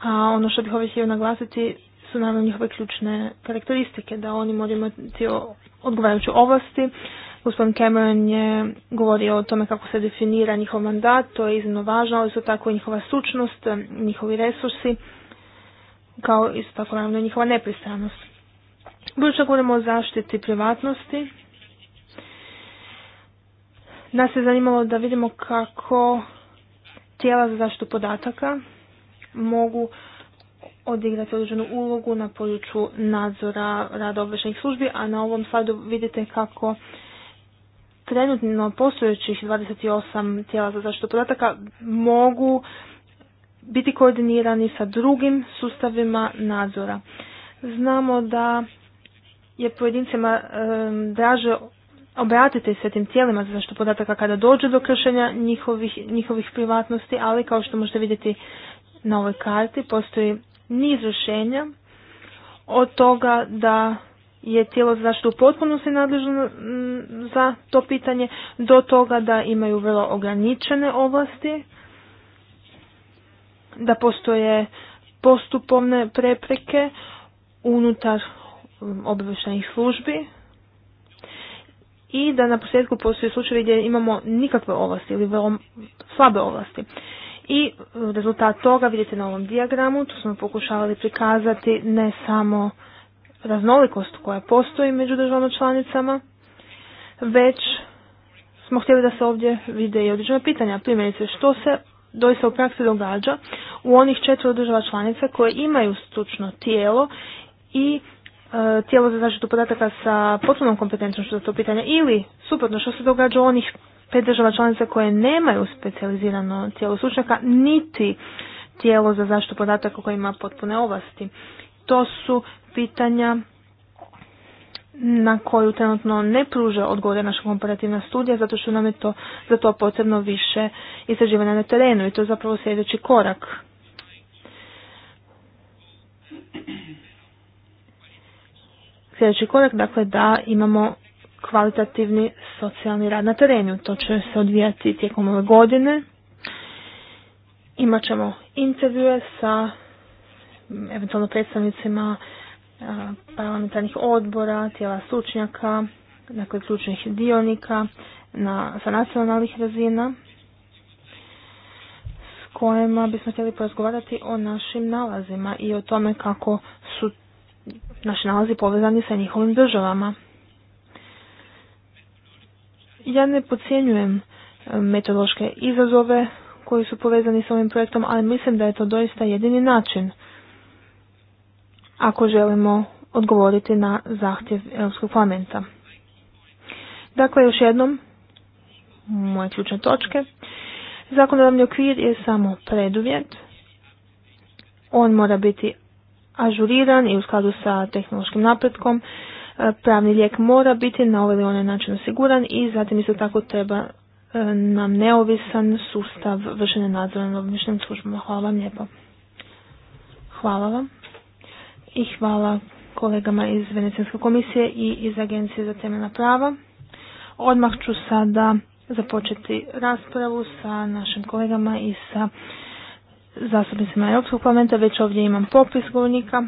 Speaker 5: A ono što bih ovdje htio naglasiti su naravno njihove ključne karakteristike, da oni moraju imati odgovarajuće ovlasti. Gospodin Cameron je govorio o tome kako se definira njihov mandat, to je iznimno važno, ali su tako i njihova sučnost, njihovi resursi, kao isto tako naravno njihova nepristranost. Budući govorimo o zaštiti privatnosti, nas je zanimalo da vidimo kako tijela za zaštitu podataka mogu odigrati određenu ulogu na području nadzora rada obvešenih službi, a na ovom slajdu vidite kako trenutno postojećih 28 tijela za zaštitu podataka mogu biti koordinirani sa drugim sustavima nadzora. Znamo da je pojedincima draže obratiti se tim tijelima za što podataka kada dođe do kršenja njihovih, njihovih privatnosti, ali kao što možete vidjeti na ovoj karti postoji niz rješenja od toga da je tijelo za zaštitu u potpunosti nadležno mm, za to pitanje do toga da imaju vrlo ograničene ovlasti, da postoje postupovne prepreke unutar obavještajnih službi i da na posljedku postoje slučajevi gdje imamo nikakve ovlasti ili vrlo slabe ovlasti. I e, rezultat toga vidite na ovom dijagramu, tu smo pokušavali prikazati ne samo raznolikost koja postoji među državama članicama, već smo htjeli da se ovdje vide i određena pitanja. Primjerice, što se doista u praksi događa u onih četiri država članica koje imaju stručno tijelo i E, tijelo za zaštitu podataka sa potpunom što za to pitanje ili suprotno što se događa u onih pet država članica koje nemaju specijalizirano tijelo slučnjaka, niti tijelo za zaštitu podataka koje ima potpune ovlasti. To su pitanja na koju trenutno ne pruža odgovore naša komparativna studija zato što nam je to, za to potrebno više istraživanja na terenu i to je zapravo sljedeći korak sljedeći korak, dakle da imamo kvalitativni socijalni rad na terenu. To će se odvijati tijekom ove godine. Imat ćemo intervjue sa mm, eventualno predstavnicima parlamentarnih odbora, tijela stručnjaka, dakle ključnih dionika na, sa nacionalnih razina s kojima bismo htjeli porazgovarati o našim nalazima i o tome kako su naši nalazi povezani sa njihovim državama. Ja ne podcjenjujem e, metodološke izazove koji su povezani s ovim projektom, ali mislim da je to doista jedini način ako želimo odgovoriti na zahtjev Europskog parlamenta. Dakle, još jednom, moje ključne točke. Zakonodavni okvir je samo preduvjet. On mora biti ažuriran i u skladu sa tehnološkim napretkom. E, pravni lijek mora biti na ovaj ili onaj način osiguran i zatim isto tako treba e, nam neovisan sustav vršenja nadzora na obnišnjim službama. Hvala vam lijepo. Hvala vam i hvala kolegama iz Venecijanske komisije i iz Agencije za temeljna prava. Odmah ću sada započeti raspravu sa našim kolegama i sa zastupnicima Europskog parlamenta, već ovdje imam popis govornika.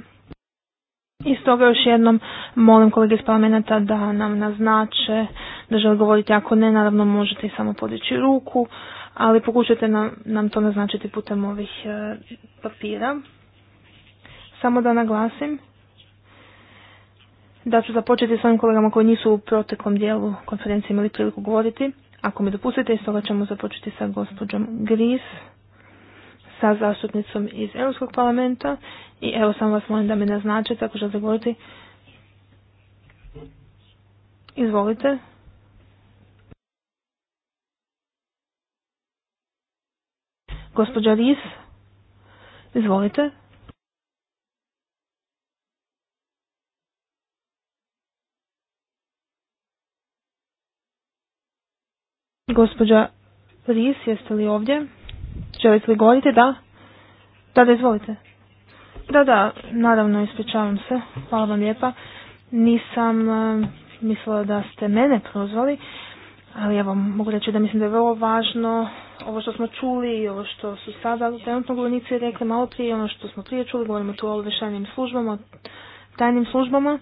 Speaker 5: I stoga još jednom molim kolege iz parlamenta da nam naznače da žele govoriti. Ako ne, naravno možete i samo podići ruku, ali pokušajte nam, nam to naznačiti putem ovih e, papira. Samo da naglasim da ću započeti s ovim kolegama koji nisu u proteklom dijelu konferencije imali priliku govoriti. Ako mi dopustite, iz toga ćemo započeti sa gospođom Gris sa zastupnicom iz Europskog parlamenta i evo samo vas molim da me naznačite ako želite govoriti. Izvolite. Gospođa Ris, izvolite. Gospođa Ris, jeste li ovdje? Želite li govoriti? Da? Da, da, izvolite. Da, da, naravno, ispričavam se. Hvala vam lijepa. Nisam e, mislila da ste mene prozvali, ali evo, mogu reći da mislim da je vrlo važno ovo što smo čuli i ovo što su sada trenutno govornici rekli malo prije, ono što smo prije čuli, govorimo tu o obveštajnim službama, tajnim službama.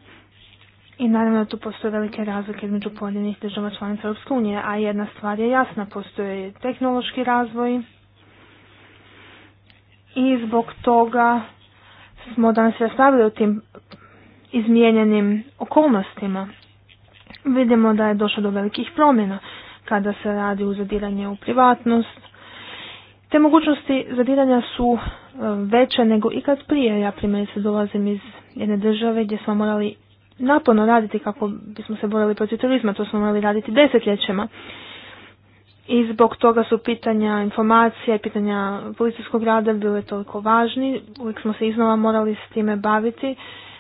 Speaker 5: I naravno da tu postoje velike razlike između pojedinih država članica Europske unije, a jedna stvar je jasna, postoje tehnološki razvoj, i zbog toga smo danas raspravili o tim izmijenjenim okolnostima. Vidimo da je došlo do velikih promjena kada se radi u zadiranje u privatnost. Te mogućnosti zadiranja su e, veće nego ikad prije. Ja primjerice dolazim iz jedne države gdje smo morali naporno raditi kako bismo se borili protiv turizma, to smo morali raditi desetljećima i zbog toga su pitanja informacija i pitanja policijskog rada bile toliko važni. Uvijek smo se iznova morali s time baviti.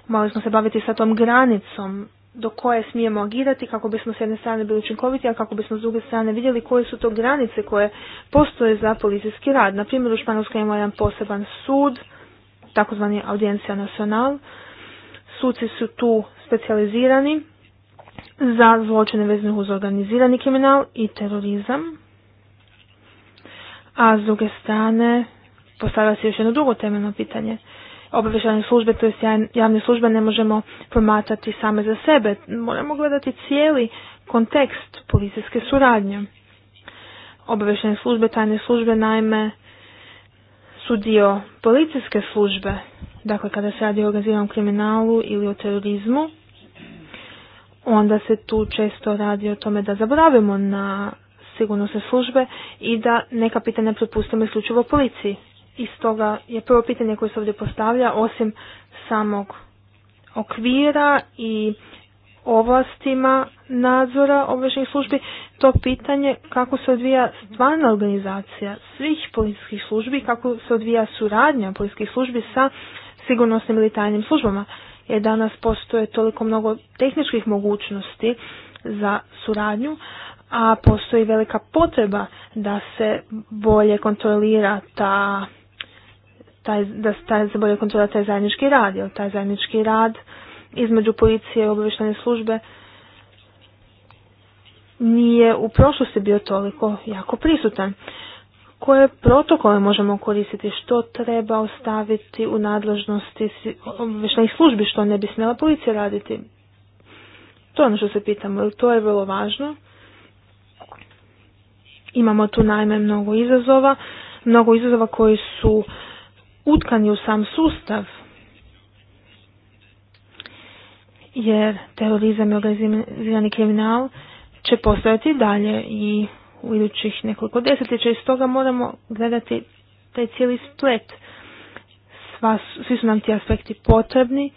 Speaker 5: Morali smo se baviti sa tom granicom do koje smijemo agirati kako bismo s jedne strane bili učinkoviti, a kako bismo s druge strane vidjeli koje su to granice koje postoje za policijski rad. Na primjer u Španjolskoj imamo jedan poseban sud, takozvani audiencija nacional. Suci su tu specijalizirani za zločine vezane uz organizirani kriminal i terorizam. A s druge strane postavlja se još jedno drugo temeljno pitanje. Obavještajne službe, to javne službe, ne možemo promatrati same za sebe. Moramo gledati cijeli kontekst policijske suradnje. Obavještajne službe, tajne službe, naime, su dio policijske službe. Dakle, kada se radi o organiziranom kriminalu ili o terorizmu, onda se tu često radi o tome da zaboravimo na sigurnosne službe i da neka pitanja propustimo isključivo policiji. I toga je prvo pitanje koje se ovdje postavlja, osim samog okvira i ovlastima nadzora obvešnjih službi, to pitanje kako se odvija stvarna organizacija svih policijskih službi, kako se odvija suradnja policijskih službi sa sigurnosnim ili tajnim službama jer danas postoje toliko mnogo tehničkih mogućnosti za suradnju, a postoji velika potreba da se bolje kontrolira ta, taj, da se bolje kontrolira taj zajednički rad, jer taj zajednički rad između policije i obavještajne službe nije u prošlosti bio toliko jako prisutan koje protokole možemo koristiti, što treba ostaviti u nadležnosti obveštenih službi, što ne bi smjela policija raditi. To je ono što se pitamo, to je vrlo važno. Imamo tu najme mnogo izazova, mnogo izazova koji su utkani u sam sustav, jer terorizam i organizirani kriminal će postojati dalje i u idućih nekoliko desetljeća i stoga moramo gledati taj cijeli splet. Sva, svi su nam ti aspekti potrebni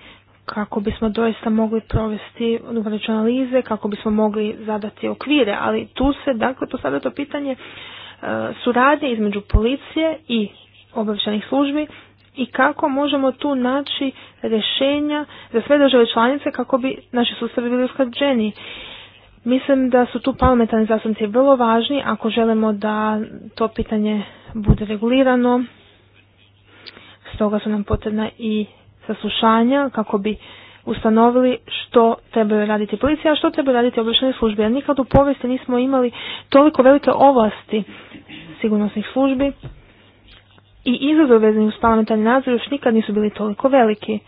Speaker 5: kako bismo doista mogli provesti odgovarajuće analize, kako bismo mogli zadati okvire, ali tu se dakle postavlja to pitanje e, suradnje između policije i obavještajnih službi i kako možemo tu naći rješenja za sve države članice kako bi naši sustavi bili usklađeni. Mislim da su tu parlamentarni zastupnici vrlo važni ako želimo da to pitanje bude regulirano. Stoga su nam potrebna i saslušanja kako bi ustanovili što trebaju raditi policija, a što trebaju raditi obične službe. Jer nikad u povijesti nismo imali toliko velike ovlasti sigurnosnih službi i izazove vezani uz parlamentarni nadzor još nikad nisu bili toliko veliki.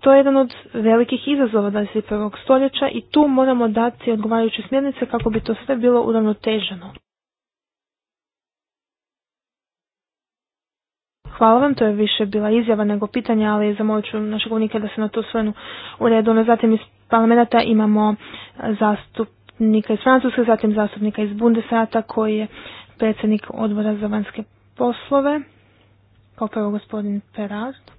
Speaker 5: To je jedan od velikih izazova 21. stoljeća i tu moramo dati odgovarajuće smjernice kako bi to sve bilo uravnoteženo. Hvala vam, to je više bila izjava nego pitanje, ali zamolit ću našeg unika da se na to svenu u redu. Ono, zatim iz parlamenta imamo e, zastupnika iz Francuske, zatim zastupnika iz Bundesrata koji je predsjednik odbora za vanjske poslove, kao prvo gospodin Perard.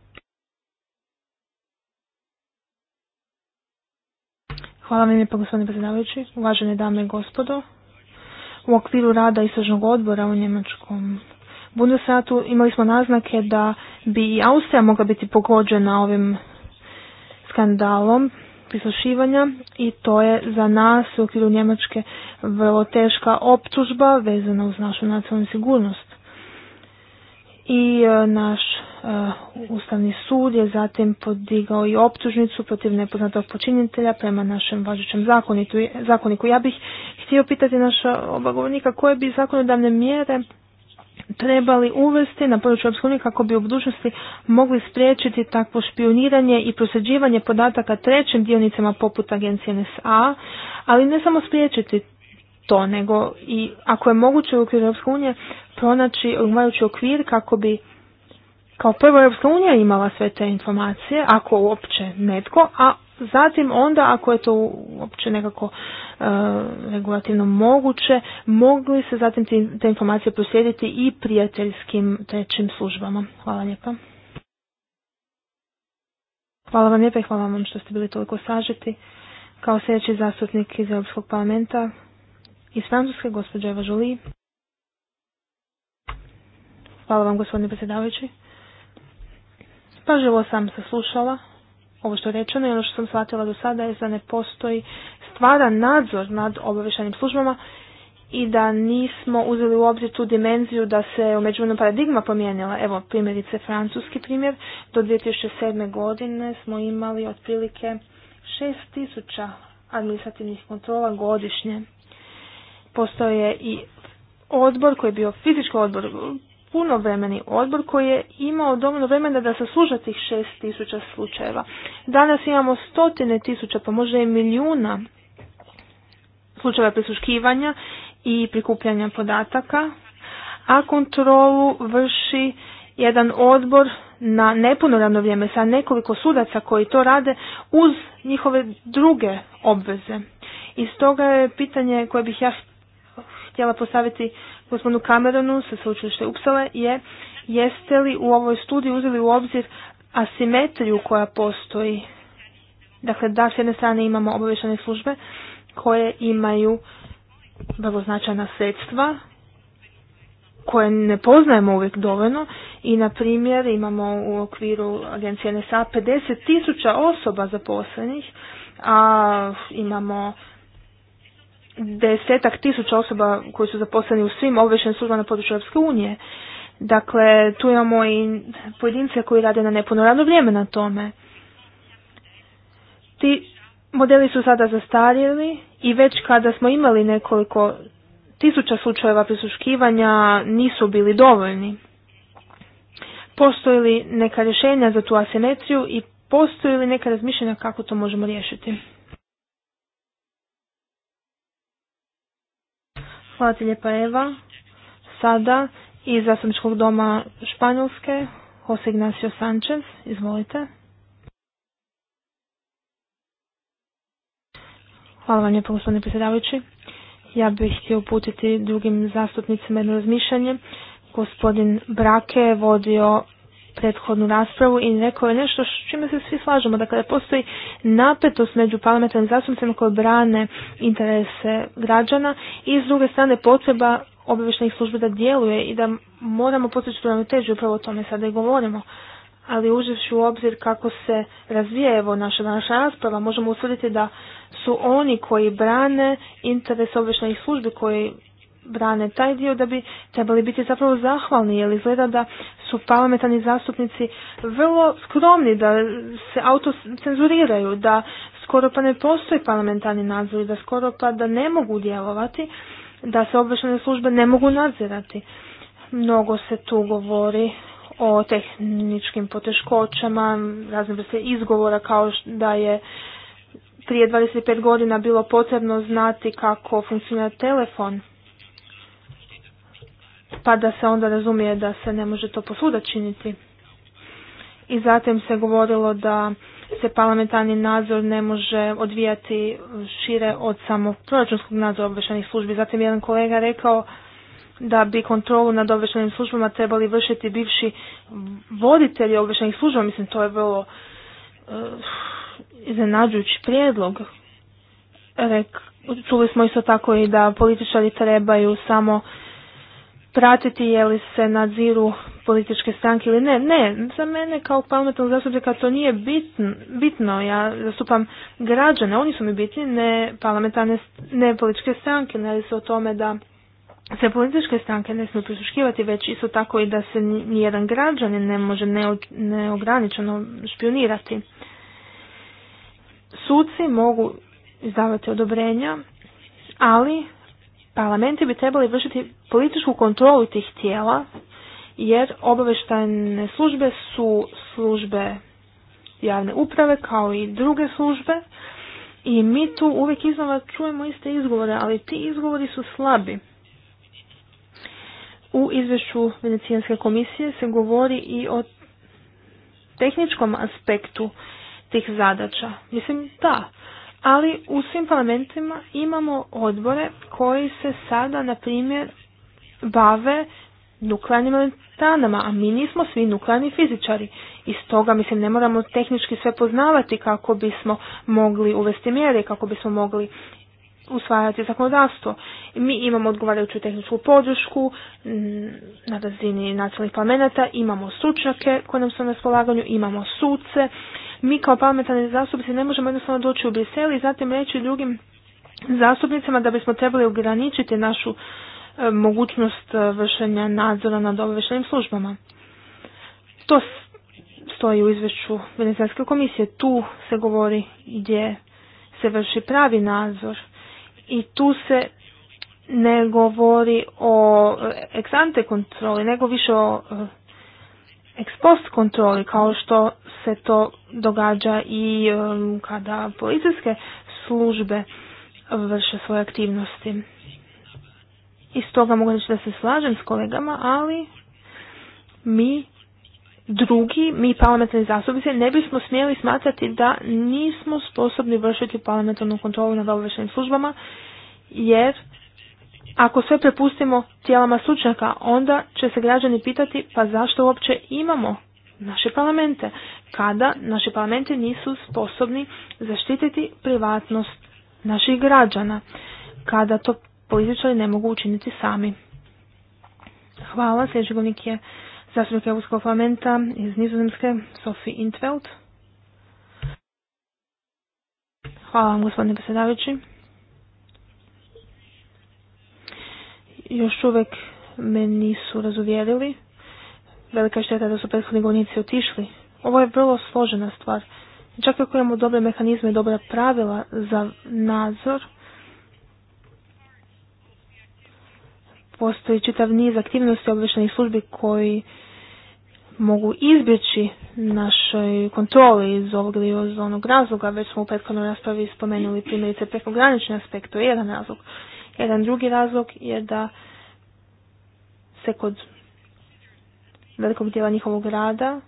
Speaker 5: Hvala vam lijepa gospodine predsjedavajući, uvažene dame i gospodo. U okviru rada istražnog odbora u Njemačkom Bundesratu imali smo naznake da bi i Austrija mogla biti pogođena ovim skandalom prislušivanja i to je za nas u okviru Njemačke vrlo teška optužba vezana uz našu nacionalnu sigurnost i e, naš e, Ustavni sud je zatim podigao i optužnicu protiv nepoznatog počinitelja prema našem važećem zakoniku. Ja bih htio pitati naša oba koje bi zakonodavne mjere trebali uvesti na području Europske kako bi u budućnosti mogli spriječiti takvo špioniranje i prosljeđivanje podataka trećim dionicama poput agencije NSA, ali ne samo spriječiti to, nego i ako je moguće u okviru Europske pronaći odgovarajući okvir kako bi kao prvo Europska unija imala sve te informacije, ako uopće netko, a zatim onda ako je to uopće nekako e, regulativno moguće, mogli se zatim te informacije proslijediti i prijateljskim trećim službama. Hvala lijepa. Hvala vam lijepa i hvala vam što ste bili toliko sažeti. Kao sljedeći zastupnik iz Europskog parlamenta, iz Francuske, gospođa Eva Žuli. Hvala vam, gospodine predsjedavajući. Pažljivo sam saslušala ovo što je rečeno i ono što sam shvatila do sada je da ne postoji stvaran nadzor nad obavešanim službama i da nismo uzeli u obzir tu dimenziju da se u paradigma pomijenila. Evo primjerice francuski primjer, do 2007. godine smo imali otprilike 6000 administrativnih kontrola godišnje. Postoje i odbor koji je bio fizički odbor, punovremeni odbor koji je imao dovoljno vremena da sasluša tih šest tisuća slučajeva. Danas imamo stotine tisuća, pa možda i milijuna slučajeva prisluškivanja i prikupljanja podataka, a kontrolu vrši jedan odbor na radno vrijeme sa nekoliko sudaca koji to rade uz njihove druge obveze. I stoga je pitanje koje bih ja htjela postaviti gospodinu Kameranu sa sveučilište Upsale je jeste li u ovoj studiji uzeli u obzir asimetriju koja postoji. Dakle, da s jedne strane imamo obavještajne službe koje imaju vrlo značajna sredstva koje ne poznajemo uvijek dovoljno i na primjer imamo u okviru agencije NSA 50 tisuća osoba zaposlenih, a imamo desetak tisuća osoba koji su zaposleni u svim obvešenim službama na području Europske unije. Dakle, tu imamo i pojedince koji rade na nepuno radno vrijeme na tome. Ti modeli su sada zastarjeli i već kada smo imali nekoliko tisuća slučajeva prisuškivanja nisu bili dovoljni. Postoji li neka rješenja za tu asimetriju i postoji li neka razmišljanja kako to možemo riješiti? Hvala ti lijepa Eva. Sada iz Zastupničkog doma Španjolske, Jose Ignacio Sanchez, izvolite. Hvala vam lijepo gospodine predsjedavajući. Ja bih htio uputiti drugim zastupnicima jedno razmišljanje. Gospodin Brake je vodio prethodnu raspravu i rekao je nešto s čime se svi slažemo. Dakle, da postoji napetost među parlamentarnim zastupnicima koji brane interese građana i s druge strane potreba obavještajnih službi da djeluje i da moramo postići teži upravo o tome sada i govorimo. Ali uzevši u obzir kako se razvija evo naša današnja rasprava, možemo usvrditi da su oni koji brane interes obavještajnih službi koji brane taj dio da bi trebali biti zapravo zahvalni jer izgleda da su parlamentarni zastupnici vrlo skromni da se auto cenzuriraju, da skoro pa ne postoji parlamentarni nadzor i da skoro pa da ne mogu djelovati, da se obvešene službe ne mogu nadzirati. Mnogo se tu govori o tehničkim poteškoćama, razne se izgovora kao da je prije 25 godina bilo potrebno znati kako funkcionira telefon pa da se onda razumije da se ne može to posuda činiti. I zatim se govorilo da se parlamentarni nadzor ne može odvijati šire od samog proračunskog nadzora obvešenih službi. Zatim jedan kolega rekao da bi kontrolu nad obvešenim službama trebali vršiti bivši voditelji obvešenih služba. Mislim, to je vrlo uh, iznenađujući prijedlog. Rek, čuli smo isto tako i da političari trebaju samo pratiti je li se nadziru političke stranke ili ne. Ne, za mene kao parlamentarnog zastupnika to nije bitno, bitno. Ja zastupam građane, oni su mi bitni, ne parlamentarne, ne političke stranke, ne li se o tome da se političke stranke ne smiju prisuškivati, već isto tako i da se nijedan građanin ne može neograničeno špionirati. Suci mogu izdavati odobrenja, ali parlamenti bi trebali vršiti političku kontrolu tih tijela jer obavještajne službe su službe javne uprave kao i druge službe i mi tu uvijek iznova čujemo iste izgovore, ali ti izgovori su slabi. U izvješću Venecijanske komisije se govori i o tehničkom aspektu tih zadaća. Mislim, da, ali u svim parlamentima imamo odbore koji se sada, na primjer, bave nuklearnim elektranama, a mi nismo svi nuklearni fizičari. I stoga, mislim, ne moramo tehnički sve poznavati kako bismo mogli uvesti mjere, kako bismo mogli usvajati zakonodavstvo. Mi imamo odgovarajuću tehničku podršku mm, na razini nacionalnih parlamenta, imamo stručnjake koje nam su na raspolaganju, imamo suce, mi kao parlamentarni zastupnici ne možemo jednostavno doći u Brisel i zatim reći drugim zastupnicama da bismo trebali ograničiti našu e, mogućnost e, vršenja nadzora nad obavještajnim službama. To stoji u izvješću Venecijanske komisije. Tu se govori gdje se vrši pravi nadzor i tu se ne govori o eksante kontroli, nego više o e, Ekspost post kontroli, kao što se to događa i um, kada policijske službe vrše svoje aktivnosti. I toga mogu reći da se slažem s kolegama, ali mi drugi, mi parlamentarni zastupnici, ne bismo smjeli smatrati da nismo sposobni vršiti parlamentarnu kontrolu nad obavještajnim službama, jer ako sve prepustimo tijelama stručnjaka, onda će se građani pitati pa zašto uopće imamo naše parlamente, kada naši parlamenti nisu sposobni zaštititi privatnost naših građana, kada to političari ne mogu učiniti sami. Hvala, sljedeći govornik je zastupnik Europskog parlamenta iz Nizozemske, Sophie Intveld. Hvala vam, gospodine predsjedavajući. još uvijek me nisu razuvjerili. Velika šteta da su prethodni govornici otišli. Ovo je vrlo složena stvar. Čak ako imamo dobre mehanizme i dobra pravila za nadzor, postoji čitav niz aktivnosti obveštenih službi koji mogu izbjeći našoj kontroli iz ovog ili iz onog razloga. Već smo u prethodnoj raspravi spomenuli primjerice prekogranični aspekt, to je jedan razlog. Jedan drugi razlog je da se kod velikog dijela njihovog rada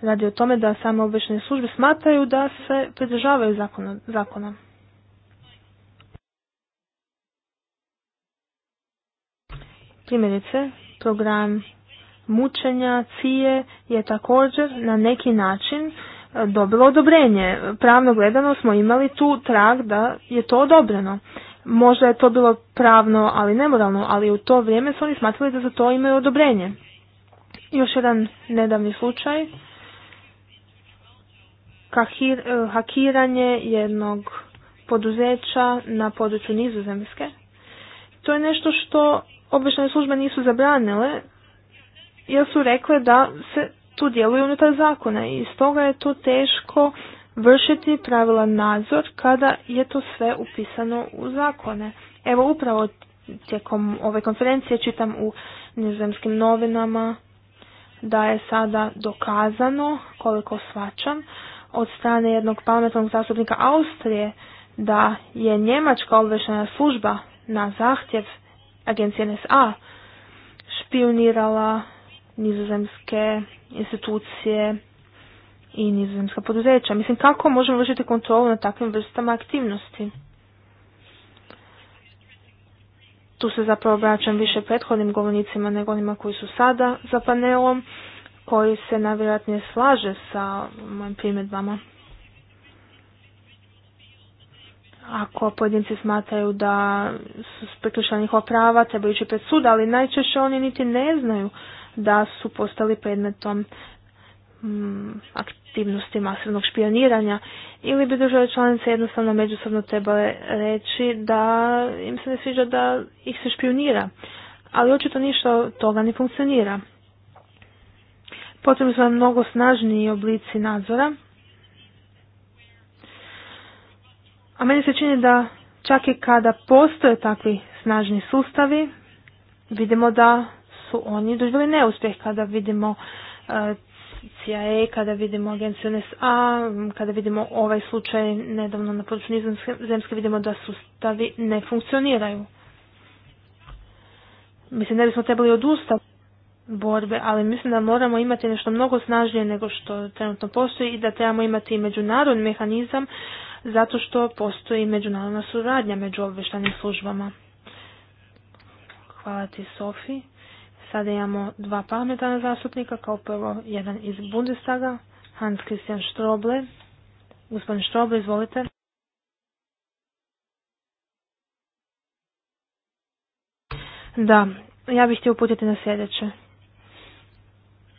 Speaker 5: radi o tome da same obične službe smatraju da se pridržavaju zakona. zakona. Primjerice, program mučenja cije je također na neki način e, dobilo odobrenje. Pravno gledano smo imali tu trag da je to odobreno. Možda je to bilo pravno, ali nemoralno, ali u to vrijeme su oni smatrali da za to imaju odobrenje. Još jedan nedavni slučaj. Kahir, eh, hakiranje jednog poduzeća na području nizozemske. To je nešto što obične službe nisu zabranile, jer su rekle da se tu djeluju unutar zakona i stoga je to teško vršiti pravilan nadzor kada je to sve upisano u zakone. Evo upravo tijekom ove konferencije čitam u nizozemskim novinama da je sada dokazano, koliko svačam, od strane jednog pametnog zastupnika Austrije da je njemačka obvešena služba na zahtjev agencije NSA špionirala nizozemske institucije, i nizozemska poduzeća. Mislim, kako možemo vršiti kontrolu na takvim vrstama aktivnosti? Tu se zapravo obraćam više prethodnim govornicima nego onima koji su sada za panelom, koji se najvjerojatnije slaže sa mojim primjedbama. Ako pojedinci smatraju da su prekršali njihova prava, treba ići pred sud, ali najčešće oni niti ne znaju da su postali predmetom Mm, aktivnosti masivnog špioniranja ili bi države članice jednostavno međusobno trebale reći da im se ne sviđa da ih se špionira, ali očito ništa od toga ne funkcionira. Potrebno su vam mnogo snažniji oblici nadzora, a meni se čini da čak i kada postoje takvi snažni sustavi, vidimo da su oni doživjeli neuspjeh kada vidimo e, CIA, e, kada vidimo agenciju NSA, kada vidimo ovaj slučaj nedavno na području nizozemske, vidimo da sustavi ne funkcioniraju. Mislim, ne bismo trebali odustati borbe, ali mislim da moramo imati nešto mnogo snažnije nego što trenutno postoji i da trebamo imati i međunarodni mehanizam zato što postoji međunarodna suradnja među obveštanim službama. Hvala ti, Sofi. Sada imamo dva parlamentarna zastupnika, kao prvo jedan iz Bundestaga, Hans Christian Stroble. Gospodin Stroble, izvolite. Da, ja bih htio uputiti na sljedeće.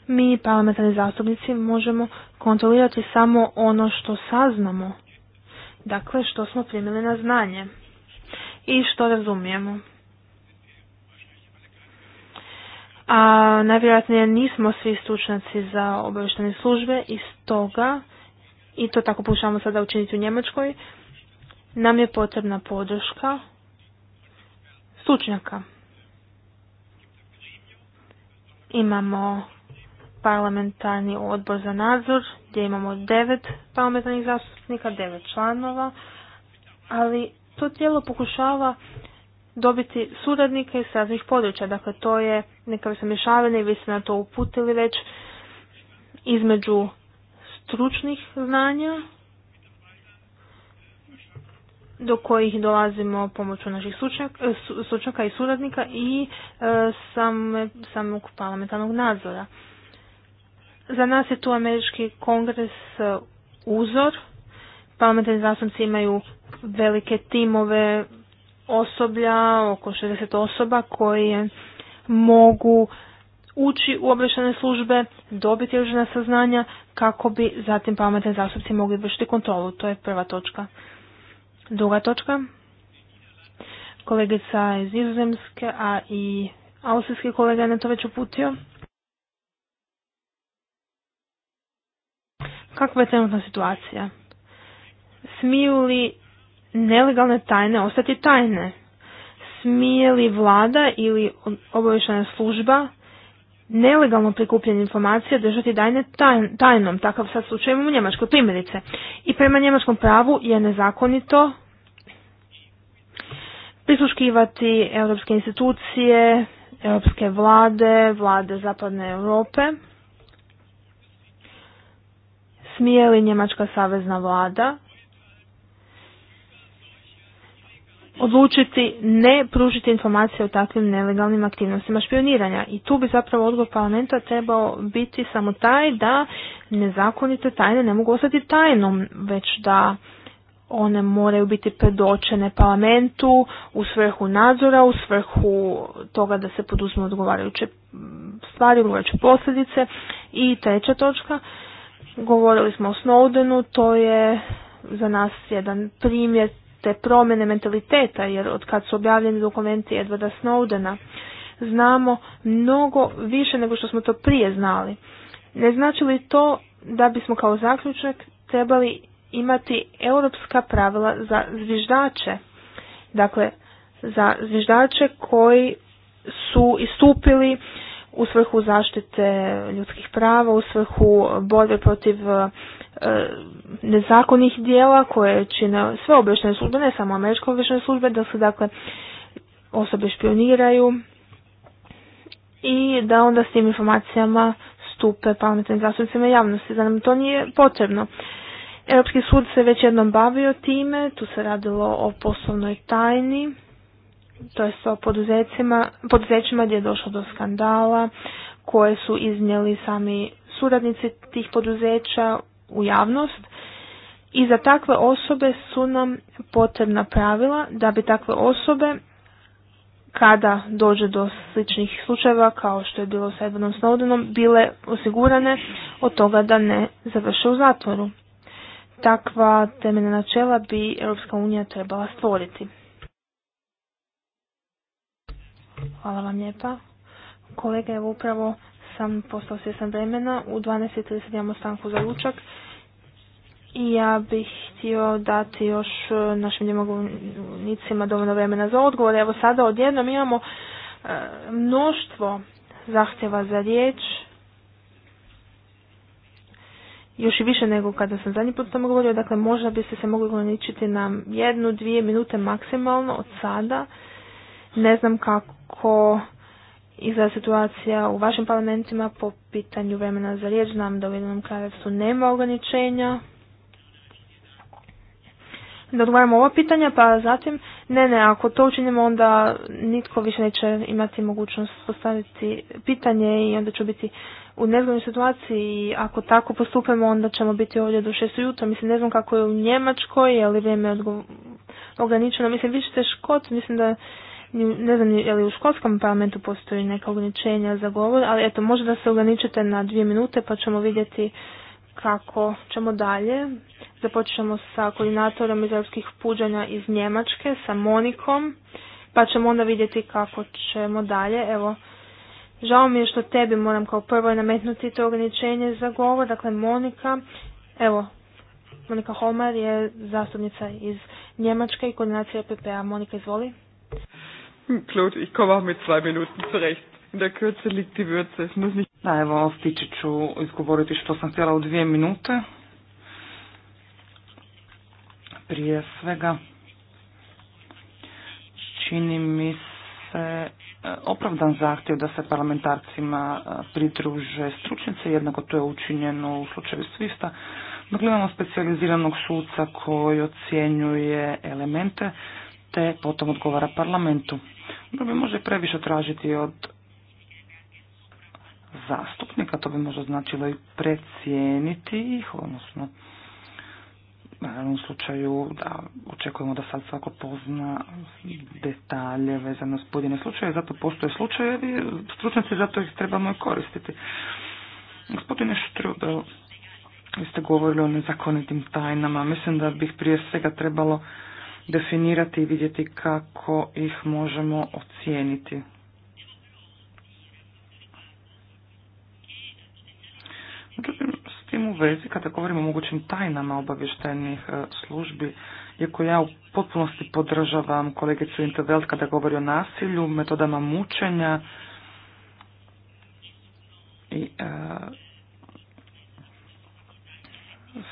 Speaker 5: Mi, parlamentarni zastupnici, možemo kontrolirati samo ono što saznamo. Dakle, što smo primili na znanje i što razumijemo. a najvjerojatnije nismo svi stručnjaci za obavještene službe i stoga, i to tako pokušavamo sada učiniti u Njemačkoj, nam je potrebna podrška stručnjaka. Imamo parlamentarni odbor za nadzor gdje imamo devet parlamentarnih zastupnika, devet članova, ali to tijelo pokušava dobiti suradnike iz raznih područja. Dakle, to je neka sam i vi ste na to uputili već između stručnih znanja do kojih dolazimo pomoću naših stručnjaka e, i suradnika i e, samog parlamentarnog nadzora. Za nas je tu američki kongres e, uzor. Parlamentarni zastupnici imaju velike timove osoblja, oko 60 osoba koje mogu ući u obrešene službe, dobiti određena saznanja kako bi zatim pametni zastupci mogli vršiti kontrolu. To je prva točka. Druga točka. Kolegica iz Nizozemske, a i austrijski kolega je na to već uputio. Kakva je trenutna situacija? Smiju li nelegalne tajne ostati tajne? Smije li vlada ili obavještajna služba nelegalno prikupljene informacije držati dajne tajnom, takav sad slučaj u Njemačkoj primjerice. I prema njemačkom pravu je nezakonito prisluškivati europske institucije, europske vlade, vlade zapadne Europe. Smije li njemačka savezna vlada odlučiti ne pružiti informacije o takvim nelegalnim aktivnostima špioniranja. I tu bi zapravo odgovor parlamenta trebao biti samo taj da nezakonite tajne ne mogu ostati tajnom, već da one moraju biti predočene parlamentu u svrhu nadzora, u svrhu toga da se poduzmu odgovarajuće stvari, odgovarajuće posljedice. I treća točka, govorili smo o Snowdenu, to je za nas jedan primjer te promjene mentaliteta, jer od kad su objavljeni dokumenti Edwarda Snowdena, znamo mnogo više nego što smo to prije znali. Ne znači li to da bismo kao zaključak trebali imati europska pravila za zviždače? Dakle, za zviždače koji su istupili u svrhu zaštite ljudskih prava, u svrhu borbe protiv E, nezakonih dijela koje čine sve obješne službe, ne samo američke obješne službe, da se dakle osobe špioniraju i da onda s tim informacijama stupe parlamentarnim zastupnicima javnosti, da nam to nije potrebno. Europski sud se već jednom bavio time, tu se radilo o poslovnoj tajni, to je o poduzećima gdje je došlo do skandala koje su iznijeli sami suradnici tih poduzeća u javnost i za takve osobe su nam potrebna pravila da bi takve osobe kada dođe do sličnih slučajeva kao što je bilo sa Edwardom Snowdenom bile osigurane od toga da ne završe u zatvoru. Takva temeljna načela bi Europska unija trebala stvoriti. Hvala vam lijepa. Kolega, je upravo sam postao vremena. U 12.30 imamo stanku za ručak. I ja bih htio dati još e, našim djemogovnicima dovoljno vremena za odgovor. Evo sada odjednom imamo e, mnoštvo zahtjeva za riječ. Još i više nego kada sam zadnji put tamo govorio, dakle možda biste se mogli ograničiti na jednu, dvije minute maksimalno od sada. Ne znam kako za situacija u vašim parlamentima po pitanju vremena za riječ. Znam da u jednom kraljevstvu nema ograničenja. Da odgovaramo ovo pitanja, pa zatim, ne, ne, ako to učinimo, onda nitko više neće imati mogućnost postaviti pitanje i onda će biti u nezgodnoj situaciji i ako tako postupimo, onda ćemo biti ovdje do 6 jutra, Mislim, ne znam kako je u Njemačkoj, je li vrijeme ograničeno. Mislim, vi ste škot, mislim da ne znam je li u školskom parlamentu postoji neka ograničenja za govor, ali eto, možda da se ograničite na dvije minute pa ćemo vidjeti kako ćemo dalje. Započnemo sa koordinatorom iz europskih puđanja iz Njemačke, sa Monikom, pa ćemo onda vidjeti kako ćemo dalje. Evo, žao mi je što tebi moram kao prvo nametnuti to ograničenje za govor, dakle Monika, evo, Monika Holmar je zastupnica iz Njemačke i koordinacija PPA. Monika, izvoli.
Speaker 3: Claude, ich komme auch mit zwei Minuten zurecht.
Speaker 2: In der Kürze liegt die Würze. Es muss nicht... Da, evo, stići ću izgovoriti što sam htjela u dvije minute. Prije svega, čini mi se e, opravdan zahtjev da se parlamentarcima e, pridruže stručnice, jednako to je učinjeno u slučaju Svista. Dakle, imamo specijaliziranog suca koji ocjenjuje elemente te potom odgovara parlamentu. To bi možda previše tražiti od zastupnika, to bi možda značilo i precijeniti ih, odnosno u u slučaju da očekujemo da sad svako pozna detalje vezano s pojedine slučaje, zato postoje slučajevi, stručnjaci zato ih trebamo i koristiti. Gospodine Štrudel, vi ste govorili o nezakonitim tajnama, mislim da bih prije svega trebalo definirati i vidjeti kako ih možemo ocijeniti. Međutim, s tim u vezi, kada govorimo o mogućim tajnama obavještajnih e, službi, iako ja u potpunosti podržavam kolegicu Intervelt kada govori o nasilju, metodama mučenja i e,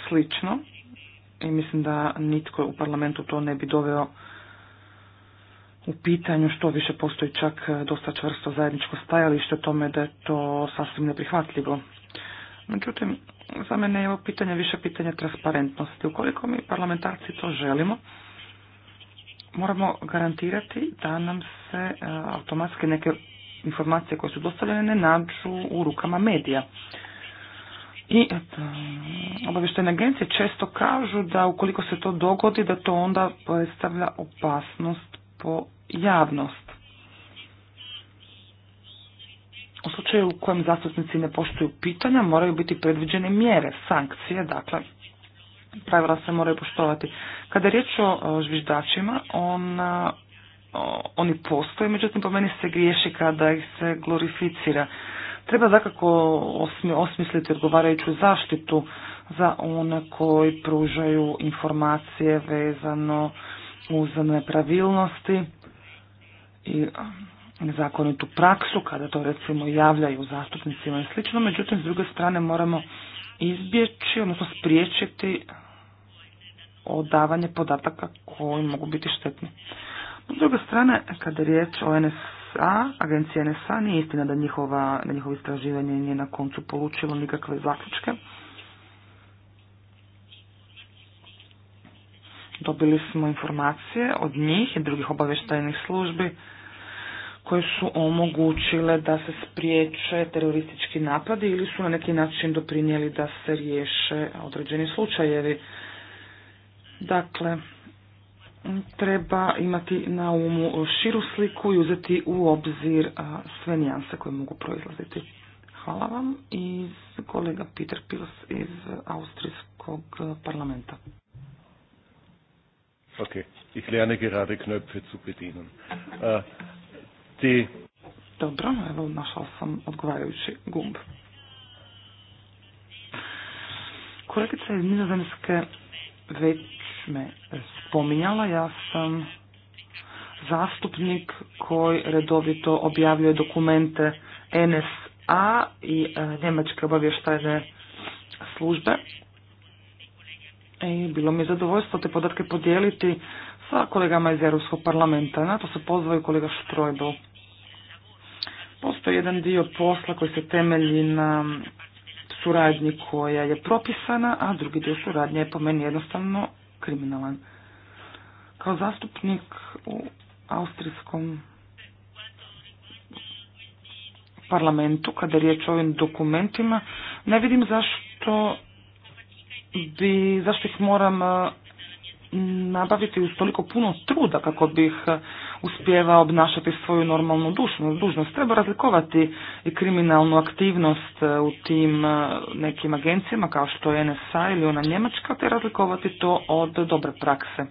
Speaker 2: slično, i mislim da nitko u parlamentu to ne bi doveo u pitanju što više postoji čak e, dosta čvrsto zajedničko stajalište o tome da je to sasvim neprihvatljivo. Međutim, za mene je ovo pitanje više pitanje transparentnosti. Ukoliko mi parlamentarci to želimo, moramo garantirati da nam se e, automatski neke informacije koje su dostavljene ne nađu u rukama medija. I obavještene agencije često kažu da ukoliko se to dogodi da to onda predstavlja opasnost po javnost. U slučaju u kojem zastupnici ne poštuju pitanja moraju biti predviđene mjere, sankcije, dakle pravila se moraju poštovati. Kada je riječ o žviždačima, ona, oni postoje, međutim po meni se griješi kada ih se glorificira. Treba zakako osmisliti odgovarajuću zaštitu za one koji pružaju informacije vezano uz nepravilnosti i nezakonitu praksu kada to recimo javljaju zastupnicima i slično. Međutim, s druge strane moramo izbjeći, odnosno spriječiti odavanje podataka koji mogu biti štetni. S druge strane, kada je riječ o NS NSA, agencija NSA, nije istina da njihova, da njihovo istraživanje nije na koncu polučilo nikakve zaključke. Dobili smo informacije od njih i drugih obavještajnih službi koje su omogućile da se spriječe teroristički napadi ili su na neki način doprinijeli da se riješe određeni slučajevi. Dakle, treba imati na umu širu sliku i uzeti u obzir sve nijanse koje mogu proizlaziti. Hvala vam i kolega Peter Pils
Speaker 3: iz Austrijskog parlamenta. ok ich lerne gerade Knöpfe zu bedienen. Uh, die... Dobro, evo našao sam
Speaker 2: odgovarajući gumb. Kolegica iz Nizozemske već me spominjala. Ja sam zastupnik koji redovito objavljuje dokumente NSA i e, Njemačke obavještajne službe. E, I bilo mi je zadovoljstvo te podatke podijeliti sa kolegama iz Europskog parlamenta. Na to se pozvao kolega Štrojbel. Postoji jedan dio posla koji se temelji na suradnji koja je propisana, a drugi dio suradnje je po meni jednostavno kriminalan. Kao zastupnik u austrijskom parlamentu, kada je riječ o ovim dokumentima, ne vidim zašto bi, zašto ih moram eh, nabaviti uz toliko puno truda kako bih eh, uspjeva obnašati svoju normalnu dužnost. Treba razlikovati i kriminalnu aktivnost e, u tim e, nekim agencijama kao što je NSA ili ona Njemačka te razlikovati to od dobre prakse.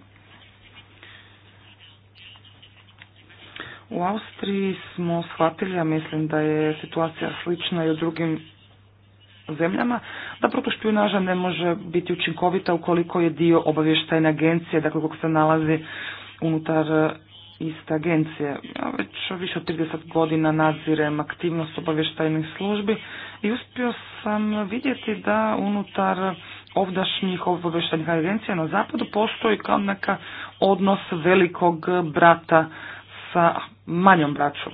Speaker 2: U Austriji smo shvatili, a mislim da je situacija slična i u drugim zemljama, da špionaža ne može biti učinkovita ukoliko je dio obavještajne agencije, dakle kog se nalazi unutar iste agencije. Ja već više od 30 godina nadzirem aktivnost obavještajnih službi i uspio sam vidjeti da unutar ovdašnjih obavještajnih agencija na zapadu postoji kao neka odnos velikog brata sa manjom braćom.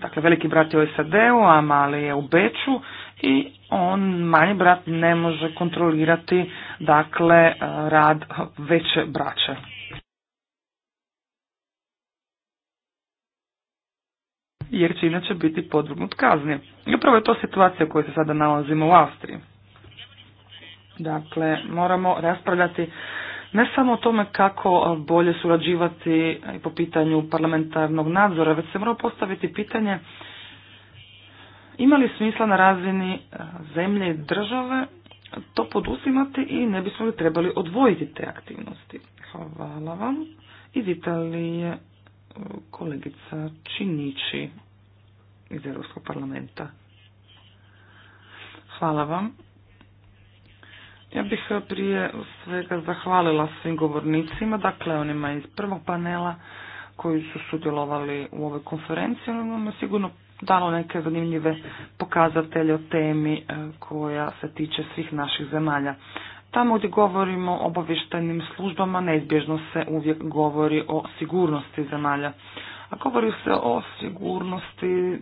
Speaker 2: Dakle, veliki brat je u SAD-u, a mali je u Beču i on, manji brat, ne može kontrolirati, dakle, rad veće braće. jer će inače biti podvrgnut kazni. I upravo je to situacija u kojoj se sada nalazimo u Austriji. Dakle, moramo raspravljati ne samo o tome kako bolje surađivati po pitanju parlamentarnog nadzora, već se mora postaviti pitanje ima li smisla na razini e, zemlje i države to poduzimati i ne bismo li trebali odvojiti te aktivnosti. Hvala vam. Iz Italije kolegica Činići iz Europskog parlamenta. Hvala vam. Ja bih prije svega zahvalila svim govornicima, dakle onima iz prvog panela koji su sudjelovali u ovoj konferenciji. Ono je sigurno dalo neke zanimljive pokazatelje o temi eh, koja se tiče svih naših zemalja. Tamo gdje govorimo o obavještajnim službama neizbježno se uvijek govori o sigurnosti zemalja. A govori se o sigurnosti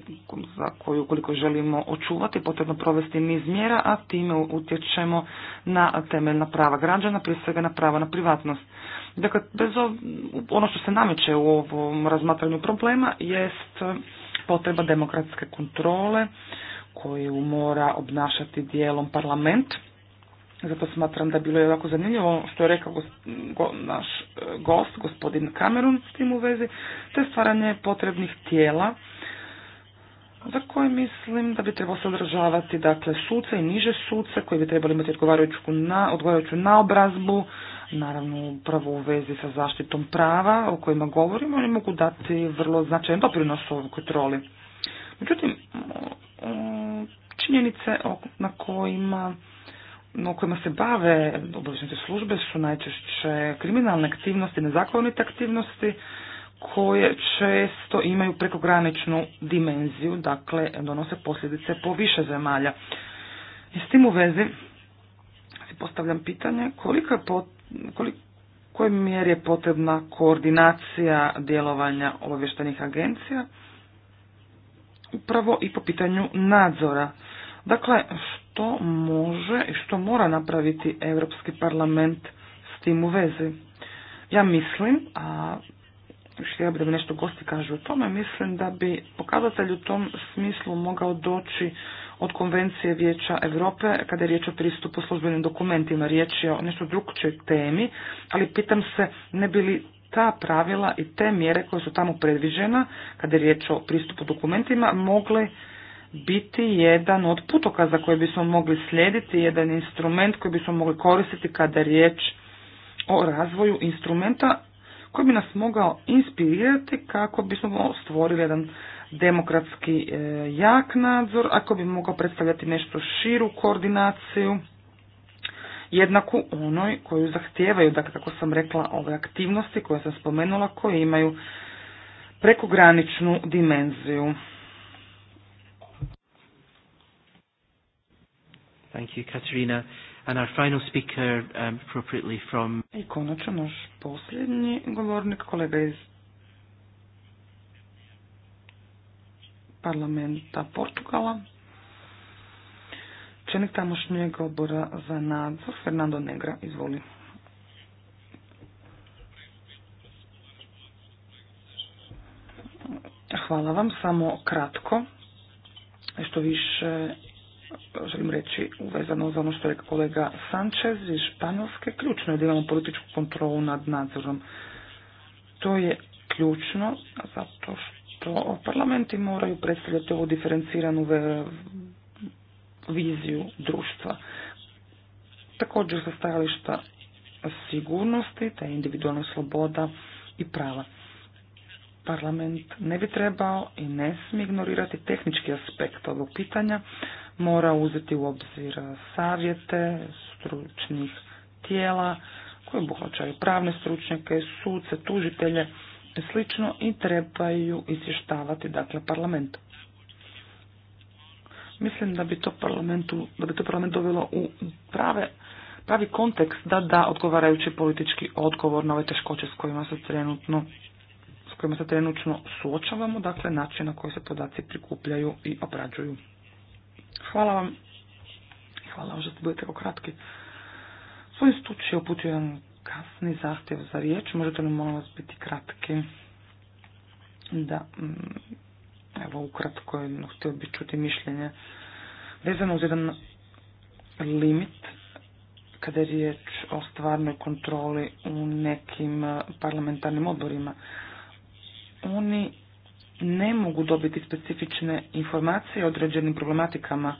Speaker 2: za koju ukoliko želimo očuvati potrebno provesti niz mjera, a time utječemo na temeljna prava građana, prije svega na pravo na privatnost. Dakle, bez ono što se nameće u ovom razmatranju problema jest potreba demokratske kontrole koju mora obnašati dijelom parlament zato smatram da je bilo jako zanimljivo što je rekao gos, naš e, gost, gospodin Kamerun s tim u vezi, te stvaranje potrebnih tijela za koje mislim da bi trebalo sadržavati dakle, suce i niže suce koji bi trebali imati odgovarajuću, na, odgovarajuću naobrazbu, naravno upravo u vezi sa zaštitom prava o kojima govorimo, oni mogu dati vrlo značajan doprinos ovoj kontroli. Međutim, činjenice na kojima no kojima se bave obavještajne službe su najčešće kriminalne aktivnosti, nezakonite aktivnosti koje često imaju prekograničnu dimenziju, dakle donose posljedice po više zemalja. I s tim u vezi si postavljam pitanje kolika je pot, kojoj mjeri je potrebna koordinacija djelovanja obavještajnih agencija upravo i po pitanju nadzora Dakle, što može i što mora napraviti Europski parlament s tim u vezi? Ja mislim, a što ja bi nešto gosti kažu o tome, mislim da bi pokazatelj u tom smislu mogao doći od Konvencije Vijeća Europe kada je riječ o pristupu službenim dokumentima. Riječ je o nešto drugčoj temi, ali pitam se ne bi li ta pravila i te mjere koje su tamo predviđena, kada je riječ o pristupu dokumentima, mogle biti jedan od za koje bismo mogli slijediti, jedan instrument koji bismo mogli koristiti kada je riječ o razvoju instrumenta koji bi nas mogao inspirirati kako bismo stvorili jedan demokratski e, jak nadzor, ako bi mogao predstavljati nešto širu koordinaciju, jednaku onoj koju zahtijevaju, dakle kako sam rekla, ove aktivnosti koje sam spomenula koje imaju prekograničnu dimenziju.
Speaker 1: Thank you, Katarina. And our final speaker, um, appropriately from... I konačno naš posljednji
Speaker 2: govornik, kolega iz parlamenta Portugala, Čenik tamošnjeg odbora za nadzor, Fernando Negra, izvoli. Hvala vam, samo kratko, što više želim reći uvezano za ono što je kolega Sanchez iz Španjolske, ključno je da imamo političku kontrolu nad nadzorom. To je ključno zato što parlamenti moraju predstavljati ovu diferenciranu viziju društva. Također sa stajališta sigurnosti, te individualna sloboda i prava. Parlament ne bi trebao i ne smije ignorirati tehnički aspekt ovog pitanja, mora uzeti u obzir savjete stručnih tijela koje obuhvaćaju pravne stručnjake, suce, tužitelje i slično i trebaju izvještavati dakle parlament. Mislim da bi to parlamentu, da bi to parlament dovelo u prave pravi kontekst da da odgovarajući politički odgovor na ove teškoće s kojima se trenutno s kojima se trenutno suočavamo, dakle način na koji se podaci prikupljaju i obrađuju. Hvala vam. Hvala vam što ste budete kratki. Svoj slučaju uputio jedan kasni zahtjev za riječ. Možete li molim vas biti kratki? Da, mm, evo ukratko, htio bih čuti mišljenje. Vezano uz jedan limit kada je riječ o stvarnoj kontroli u nekim eh, parlamentarnim odborima. Oni ne mogu dobiti specifične informacije o određenim problematikama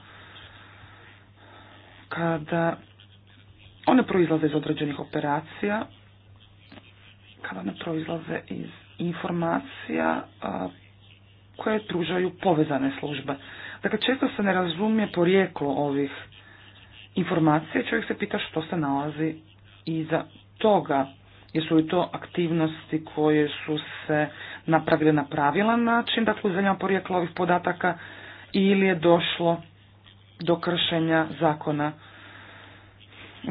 Speaker 2: kada one proizlaze iz određenih operacija, kada one proizlaze iz informacija koje pružaju povezane službe. Dakle, često se ne razumije porijeklo ovih informacija, čovjek se pita što se nalazi iza toga. Jesu li to aktivnosti koje su se napravile na pravilan način, dakle u porijekla ovih podataka, ili je došlo do kršenja zakona?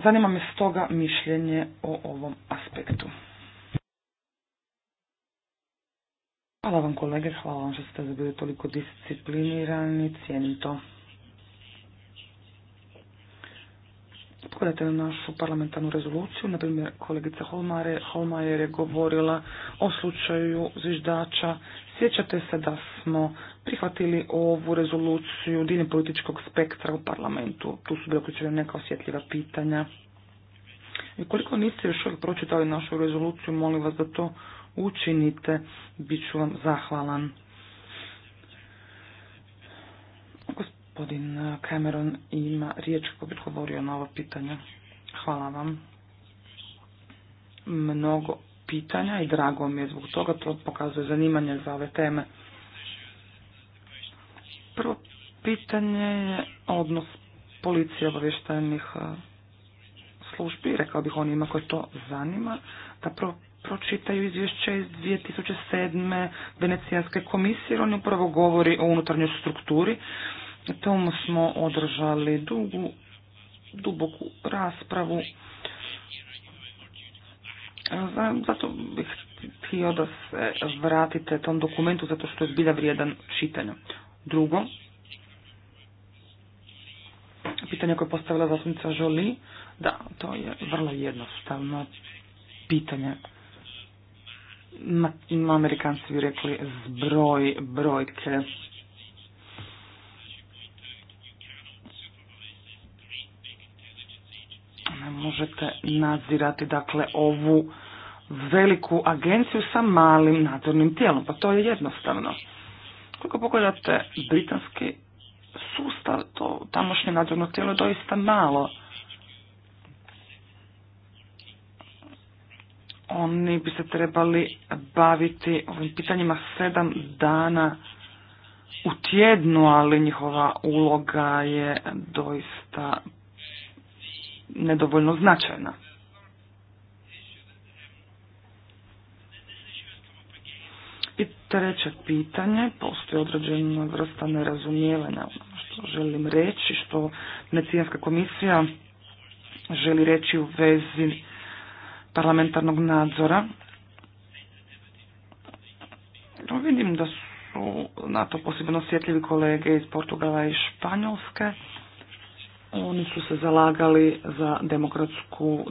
Speaker 2: Zanima me stoga mišljenje o ovom aspektu. Hvala vam kolege, hvala vam što ste bili toliko disciplinirani, cijenim to. Pogledajte na našu parlamentarnu rezoluciju, na primjer kolegica Holmare, Holmajer je govorila o slučaju zviždača. Sjećate se da smo prihvatili ovu rezoluciju diljem političkog spektra u parlamentu. Tu su bila neka osjetljiva pitanja. I koliko niste još uvijek pročitali našu rezoluciju, molim vas da to učinite, bit ću vam zahvalan. Gospodin e, Cameron ima riječ kako bi govorio na ovo pitanje. Hvala vam. Mnogo pitanja i drago mi je zbog toga, to pokazuje zanimanje za ove teme. Prvo pitanje je odnos policije obavještajnih e, službi, rekao bih onima koji to zanima, da pro, pročitaju izvješće iz 2007. Venecijanske komisije, jer on upravo govori o unutarnjoj strukturi tomu smo održali dugu, duboku raspravu. Zato bih htio da se vratite tom dokumentu zato što je zbilja vrijedan čitanja. Drugo, pitanje koje je postavila zastupnica Žoli, da, to je vrlo jednostavno pitanje. Ma, Amerikanci bi rekli zbroj brojke možete nadzirati dakle ovu veliku agenciju sa malim nadzornim tijelom. Pa to je jednostavno. Koliko pogledate britanski sustav, to tamošnje nadzorno tijelo je doista malo. Oni bi se trebali baviti ovim pitanjima sedam dana u tjednu, ali njihova uloga je doista nedovoljno značajna. I treće pitanje, postoji određena vrsta nerazumijevanja ono što želim reći, što medicinska komisija želi reći u vezi parlamentarnog nadzora. No, vidim da su na to posebno osjetljivi kolege iz Portugala i Španjolske. Oni su se zalagali za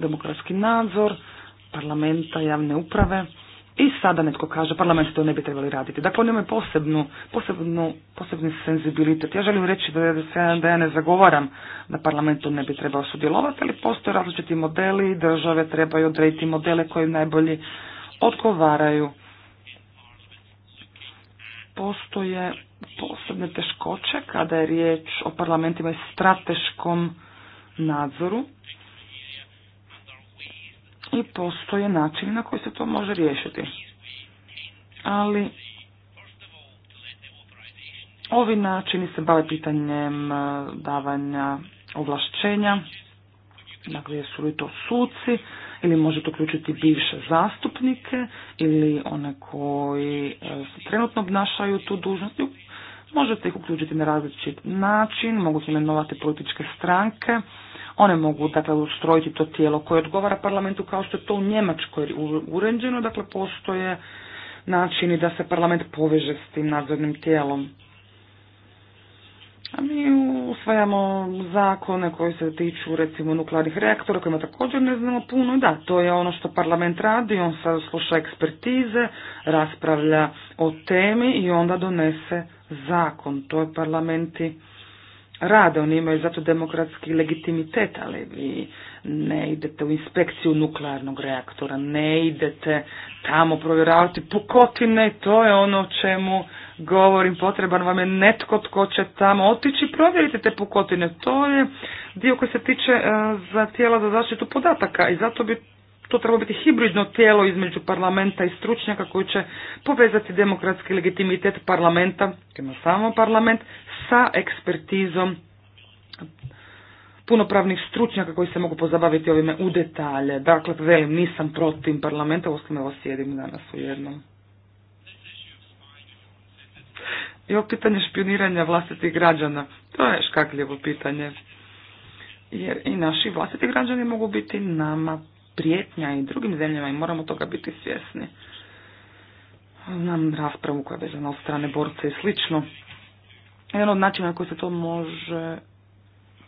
Speaker 2: demokratski nadzor parlamenta, javne uprave i sada netko kaže parlament to ne bi trebali raditi. Dakle, oni imaju posebnu, posebnu, posebni senzibilitet. Ja želim reći da, da ja ne zagovaram da parlament ne bi trebao sudjelovati, ali postoje različiti modeli, države trebaju odrediti modele koji najbolji odgovaraju postoje posebne teškoće kada je riječ o parlamentima i strateškom nadzoru i postoje način na koji se to može riješiti. Ali ovi načini se bave pitanjem e, davanja ovlašćenja, dakle jesu li to suci, ili možete uključiti bivše zastupnike ili one koji e, trenutno obnašaju tu dužnost. Možete ih uključiti na različit način, mogu se imenovati političke stranke. One mogu dakle ustrojiti to tijelo koje odgovara parlamentu kao što je to u Njemačkoj uređeno, dakle postoje načini da se parlament poveže s tim nadzornim tijelom. A mi usvajamo zakone koji se tiču recimo nuklearnih reaktora kojima također ne znamo puno. Da, to je ono što parlament radi, on sad sluša ekspertize, raspravlja o temi i onda donese zakon. To je parlamenti rade, oni imaju zato demokratski legitimitet, ali i ne idete u inspekciju nuklearnog reaktora, ne idete tamo provjeravati pukotine, to je ono o čemu govorim, potreban vam je netko tko će tamo otići, provjerite te pukotine, to je dio koji se tiče e, za tijela za zaštitu podataka i zato bi to treba biti hibridno tijelo između parlamenta i stručnjaka koji će povezati demokratski legitimitet parlamenta, samo parlament, sa ekspertizom punopravnih stručnjaka koji se mogu pozabaviti ovime u detalje. Dakle, velim, nisam protiv parlamenta, osim evo sjedim danas u jednom. I ovo pitanje špioniranja vlastitih građana, to je škakljivo pitanje. Jer i naši vlastiti građani mogu biti nama prijetnja i drugim zemljama i moramo toga biti svjesni. Nam raspravu koja je vezana od strane borca i slično. Jedan od načina na koji se to može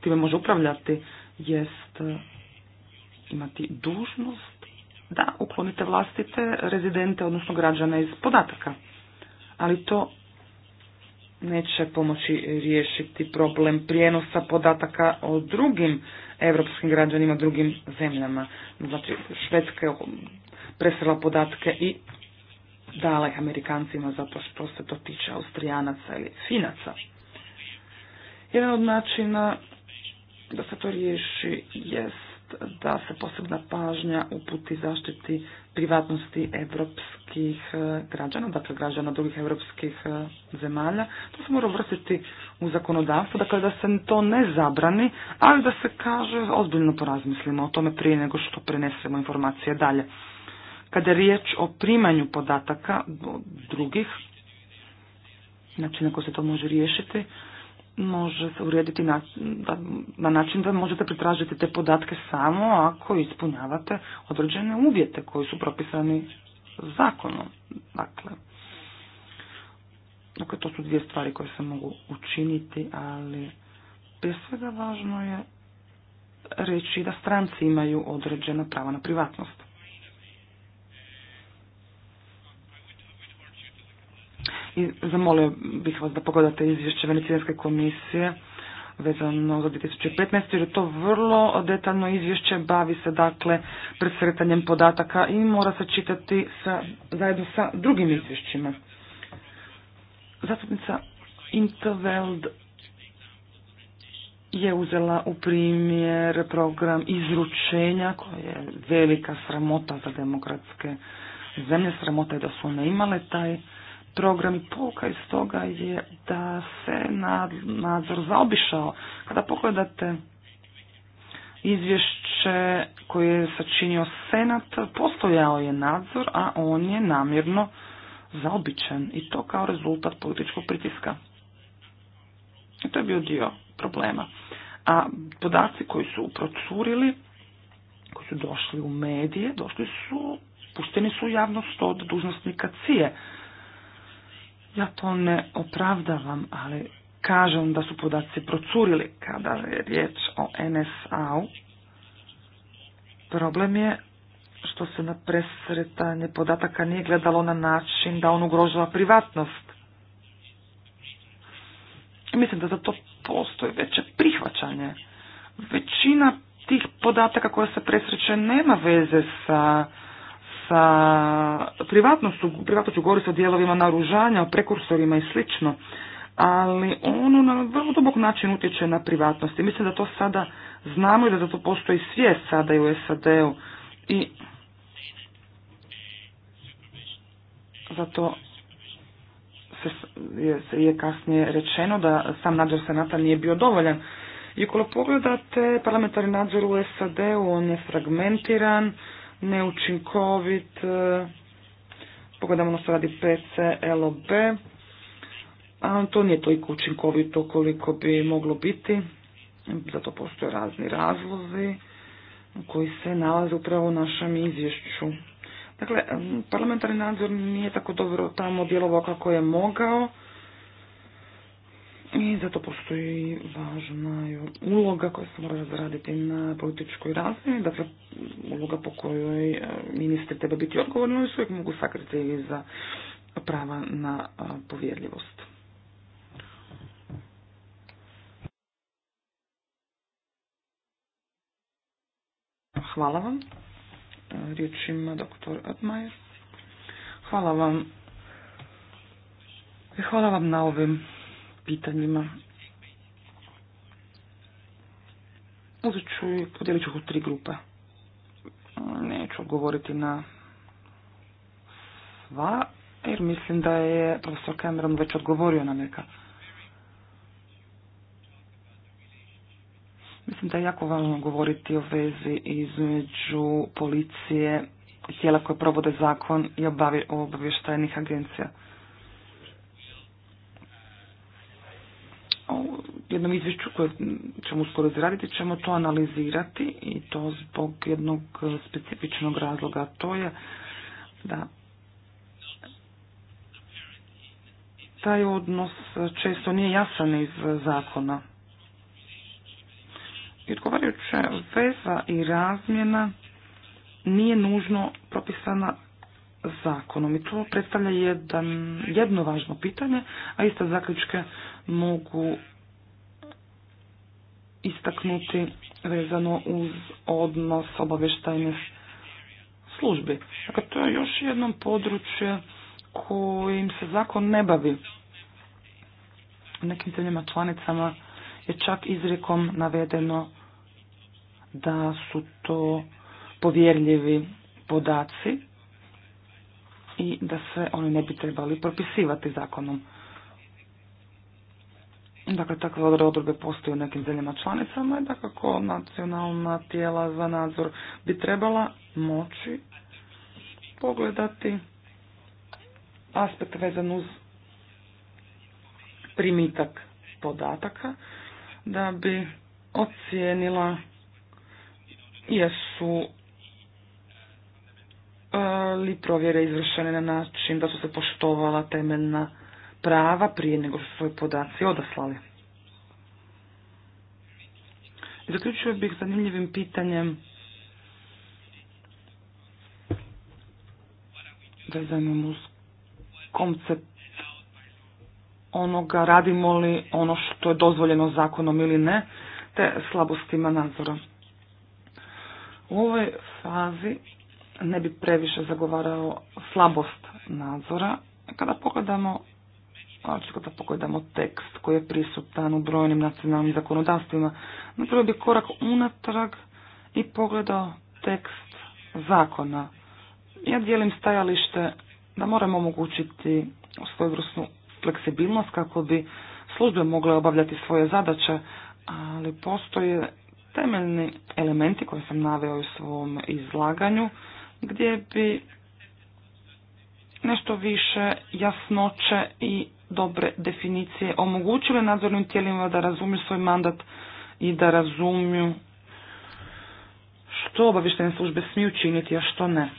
Speaker 2: time može upravljati jest e, imati dužnost da uklonite vlastite rezidente, odnosno građane iz podataka. Ali to neće pomoći riješiti problem prijenosa podataka o drugim evropskim građanima, drugim zemljama. Znači, Švedska je presrela podatke i dala ih Amerikancima zato što se to tiče Austrijanaca ili Finaca. Jedan od načina da se to riješi jest da se posebna pažnja uputi zaštiti privatnosti evropskih e, građana, dakle građana drugih evropskih e, zemalja. To se mora vrstiti u zakonodavstvo, dakle da se to ne zabrani, ali da se kaže ozbiljno porazmislimo o tome prije nego što prenesemo informacije dalje. Kada je riječ o primanju podataka drugih, znači koji se to može riješiti, može se urediti na, na način da možete pretražiti te podatke samo ako ispunjavate određene uvjete koji su propisani zakonom. Dakle, dakle, to su dvije stvari koje se mogu učiniti, ali prije svega važno je reći da stranci imaju određena prava na privatnost. I zamolio bih vas da pogledate izvješće Venecijanske komisije vezano za 2015. jer je to vrlo detaljno izvješće, bavi se dakle presretanjem podataka i mora se čitati sa, zajedno sa drugim izvješćima. Zastupnica Interveld je uzela u primjer program izručenja koja je velika sramota za demokratske zemlje. Sramota je da su one imale taj program i pouka iz toga je da se nadzor zaobišao. Kada pogledate izvješće koje je sačinio Senat, postojao je nadzor, a on je namjerno zaobičan i to kao rezultat političkog pritiska. I to je bio dio problema. A podaci koji su procurili, koji su došli u medije, došli su, pušteni su u javnost od dužnostnika cije ja to ne opravdavam, ali kažem da su podaci procurili kada je riječ o NSA-u. Problem je što se na presretanje podataka nije gledalo na način da on ugrožava privatnost. Mislim da za to postoji veće prihvaćanje. Većina tih podataka koja se presreće nema veze sa sa privatnošću, privatnošću govori sa dijelovima naružanja, o prekursorima i slično, ali ono na vrlo dubok način utječe na privatnost i mislim da to sada znamo i da za to postoji svijest sada i u SAD-u i zato se je, kasnije rečeno da sam nadzor senata nije bio dovoljan. I ukoliko pogledate parlamentarni nadzor u SAD-u, on je fragmentiran, neučinkovit. E, pogledamo ono se radi PCLOB. A to nije toliko učinkovito koliko bi moglo biti. Zato postoje razni razlozi koji se nalaze upravo u našem izvješću. Dakle, e, parlamentarni nadzor nije tako dobro tamo djelovao kako je mogao. I zato postoji važna uloga koja se mora razraditi na političkoj razini, dakle uloga po kojoj e, ministri treba biti odgovorni, i uvijek mogu sakriti za prava na e, povjerljivost. Hvala vam. E, riječ ima doktor Admajer. Hvala vam. Hvala vam na ovim pitanjima. Uzet ću i podijelit u tri grupe. Neću odgovoriti na sva, jer mislim da je profesor Cameron već odgovorio na neka. Mislim da je jako važno govoriti o vezi između policije, tijela koje provode zakon i obavještajnih agencija. jednom izvješću koje ćemo uskoro izraditi, ćemo to analizirati i to zbog jednog e, specifičnog razloga. To je da taj odnos često nije jasan iz zakona. I odgovarajuća veza i razmjena nije nužno propisana zakonom i to predstavlja jedan, jedno važno pitanje, a iste zaključke mogu istaknuti vezano uz odnos obavještajnih službi. Dakle, to je još jedno područje kojim se zakon ne bavi. U nekim zemljama članicama je čak izrijekom navedeno da su to povjerljivi podaci i da se oni ne bi trebali propisivati zakonom. Dakle, takve odredbe postoje u nekim zemljama članicama i dakako nacionalna tijela za nadzor bi trebala moći pogledati aspekt vezan uz primitak podataka da bi ocijenila jesu e, li provjere izvršene na način da su se poštovala temeljna prava prije nego su svoje podaci odaslali. Zaključio bih zanimljivim pitanjem vezano uz koncept onoga radimo li ono što je dozvoljeno zakonom ili ne, te slabostima nadzora. U ovoj fazi ne bi previše zagovarao slabost nadzora. Kada pogledamo ako kada pogledamo tekst koji je prisutan u brojnim nacionalnim zakonodavstvima, napravio bi korak unatrag i pogledao tekst zakona. Ja dijelim stajalište da moramo omogućiti svojevrsnu fleksibilnost kako bi službe mogle obavljati svoje zadaće, ali postoje temeljni elementi koje sam naveo u svom izlaganju gdje bi nešto više jasnoće i dobre definicije omogućile nadzornim tijelima da razumiju svoj mandat i da razumiju što obavištene službe smiju činiti, a što ne.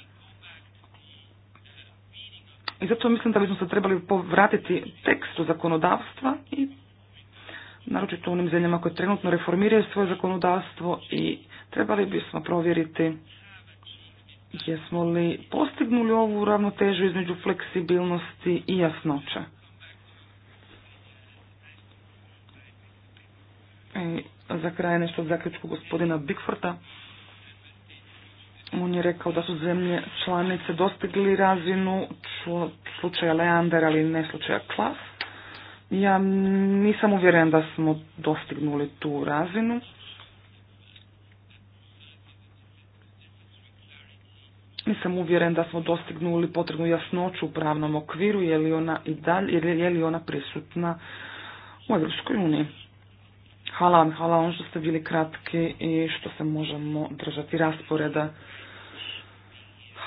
Speaker 2: I zato mislim da bismo se trebali povratiti tekstu zakonodavstva i naročito onim zemljama koje trenutno reformiraju svoje zakonodavstvo i trebali bismo provjeriti jesmo li postignuli ovu ravnotežu između fleksibilnosti i jasnoće. I za kraj nešto zaključku gospodina Bigforta. On je rekao da su zemlje članice dostigli razinu slučaja Leander, ali ne slučaja Klas. Ja nisam uvjeren da smo dostignuli tu razinu. Nisam uvjeren da smo dostignuli potrebnu jasnoću u pravnom okviru, je li ona, i dalje, je li ona prisutna u EU uniji. Hvala vam, hvala vam što ste bili kratki i što se možemo držati rasporeda.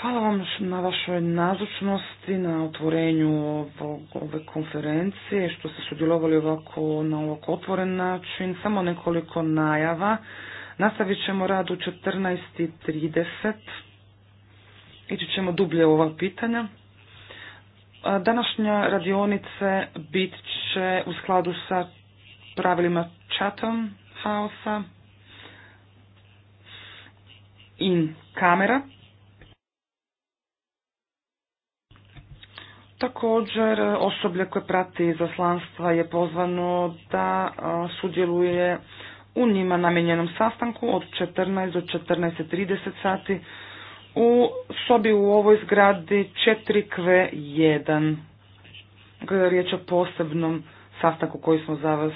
Speaker 2: Hvala vam na vašoj nazočnosti, na otvorenju ove konferencije, što ste sudjelovali ovako na ovako otvoren način. Samo nekoliko najava. Nastavit ćemo rad u 14.30. Ići ćemo dublje u ova pitanja. Današnja radionice bit će u skladu sa pravilima Chatham house i in kamera. Također, osoblje koje prati izaslanstva je pozvano da sudjeluje u njima namijenjenom sastanku od 14 do 14.30 sati u sobi u ovoj zgradi 4Q1. Riječ o posebnom sastanku koji smo za vas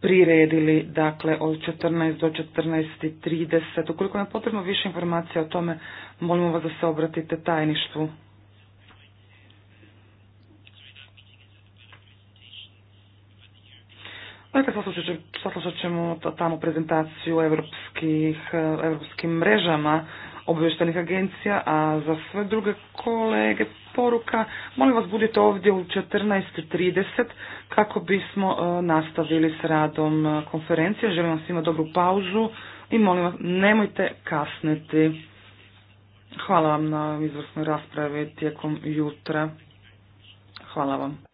Speaker 2: priredili dakle od 14 do 14.30. Ukoliko nam je potrebno više informacija o tome, molimo vas da se obratite tajništvu. Dakle, saslušat ćemo tamo prezentaciju europskih, europskim eh, mrežama obještenih agencija, a za sve druge kolege poruka, molim vas budite ovdje u 14.30 kako bismo e, nastavili s radom e, konferencije. Želim vam svima dobru pauzu i molim vas nemojte kasniti. Hvala vam na izvrsnoj raspravi tijekom jutra. Hvala vam.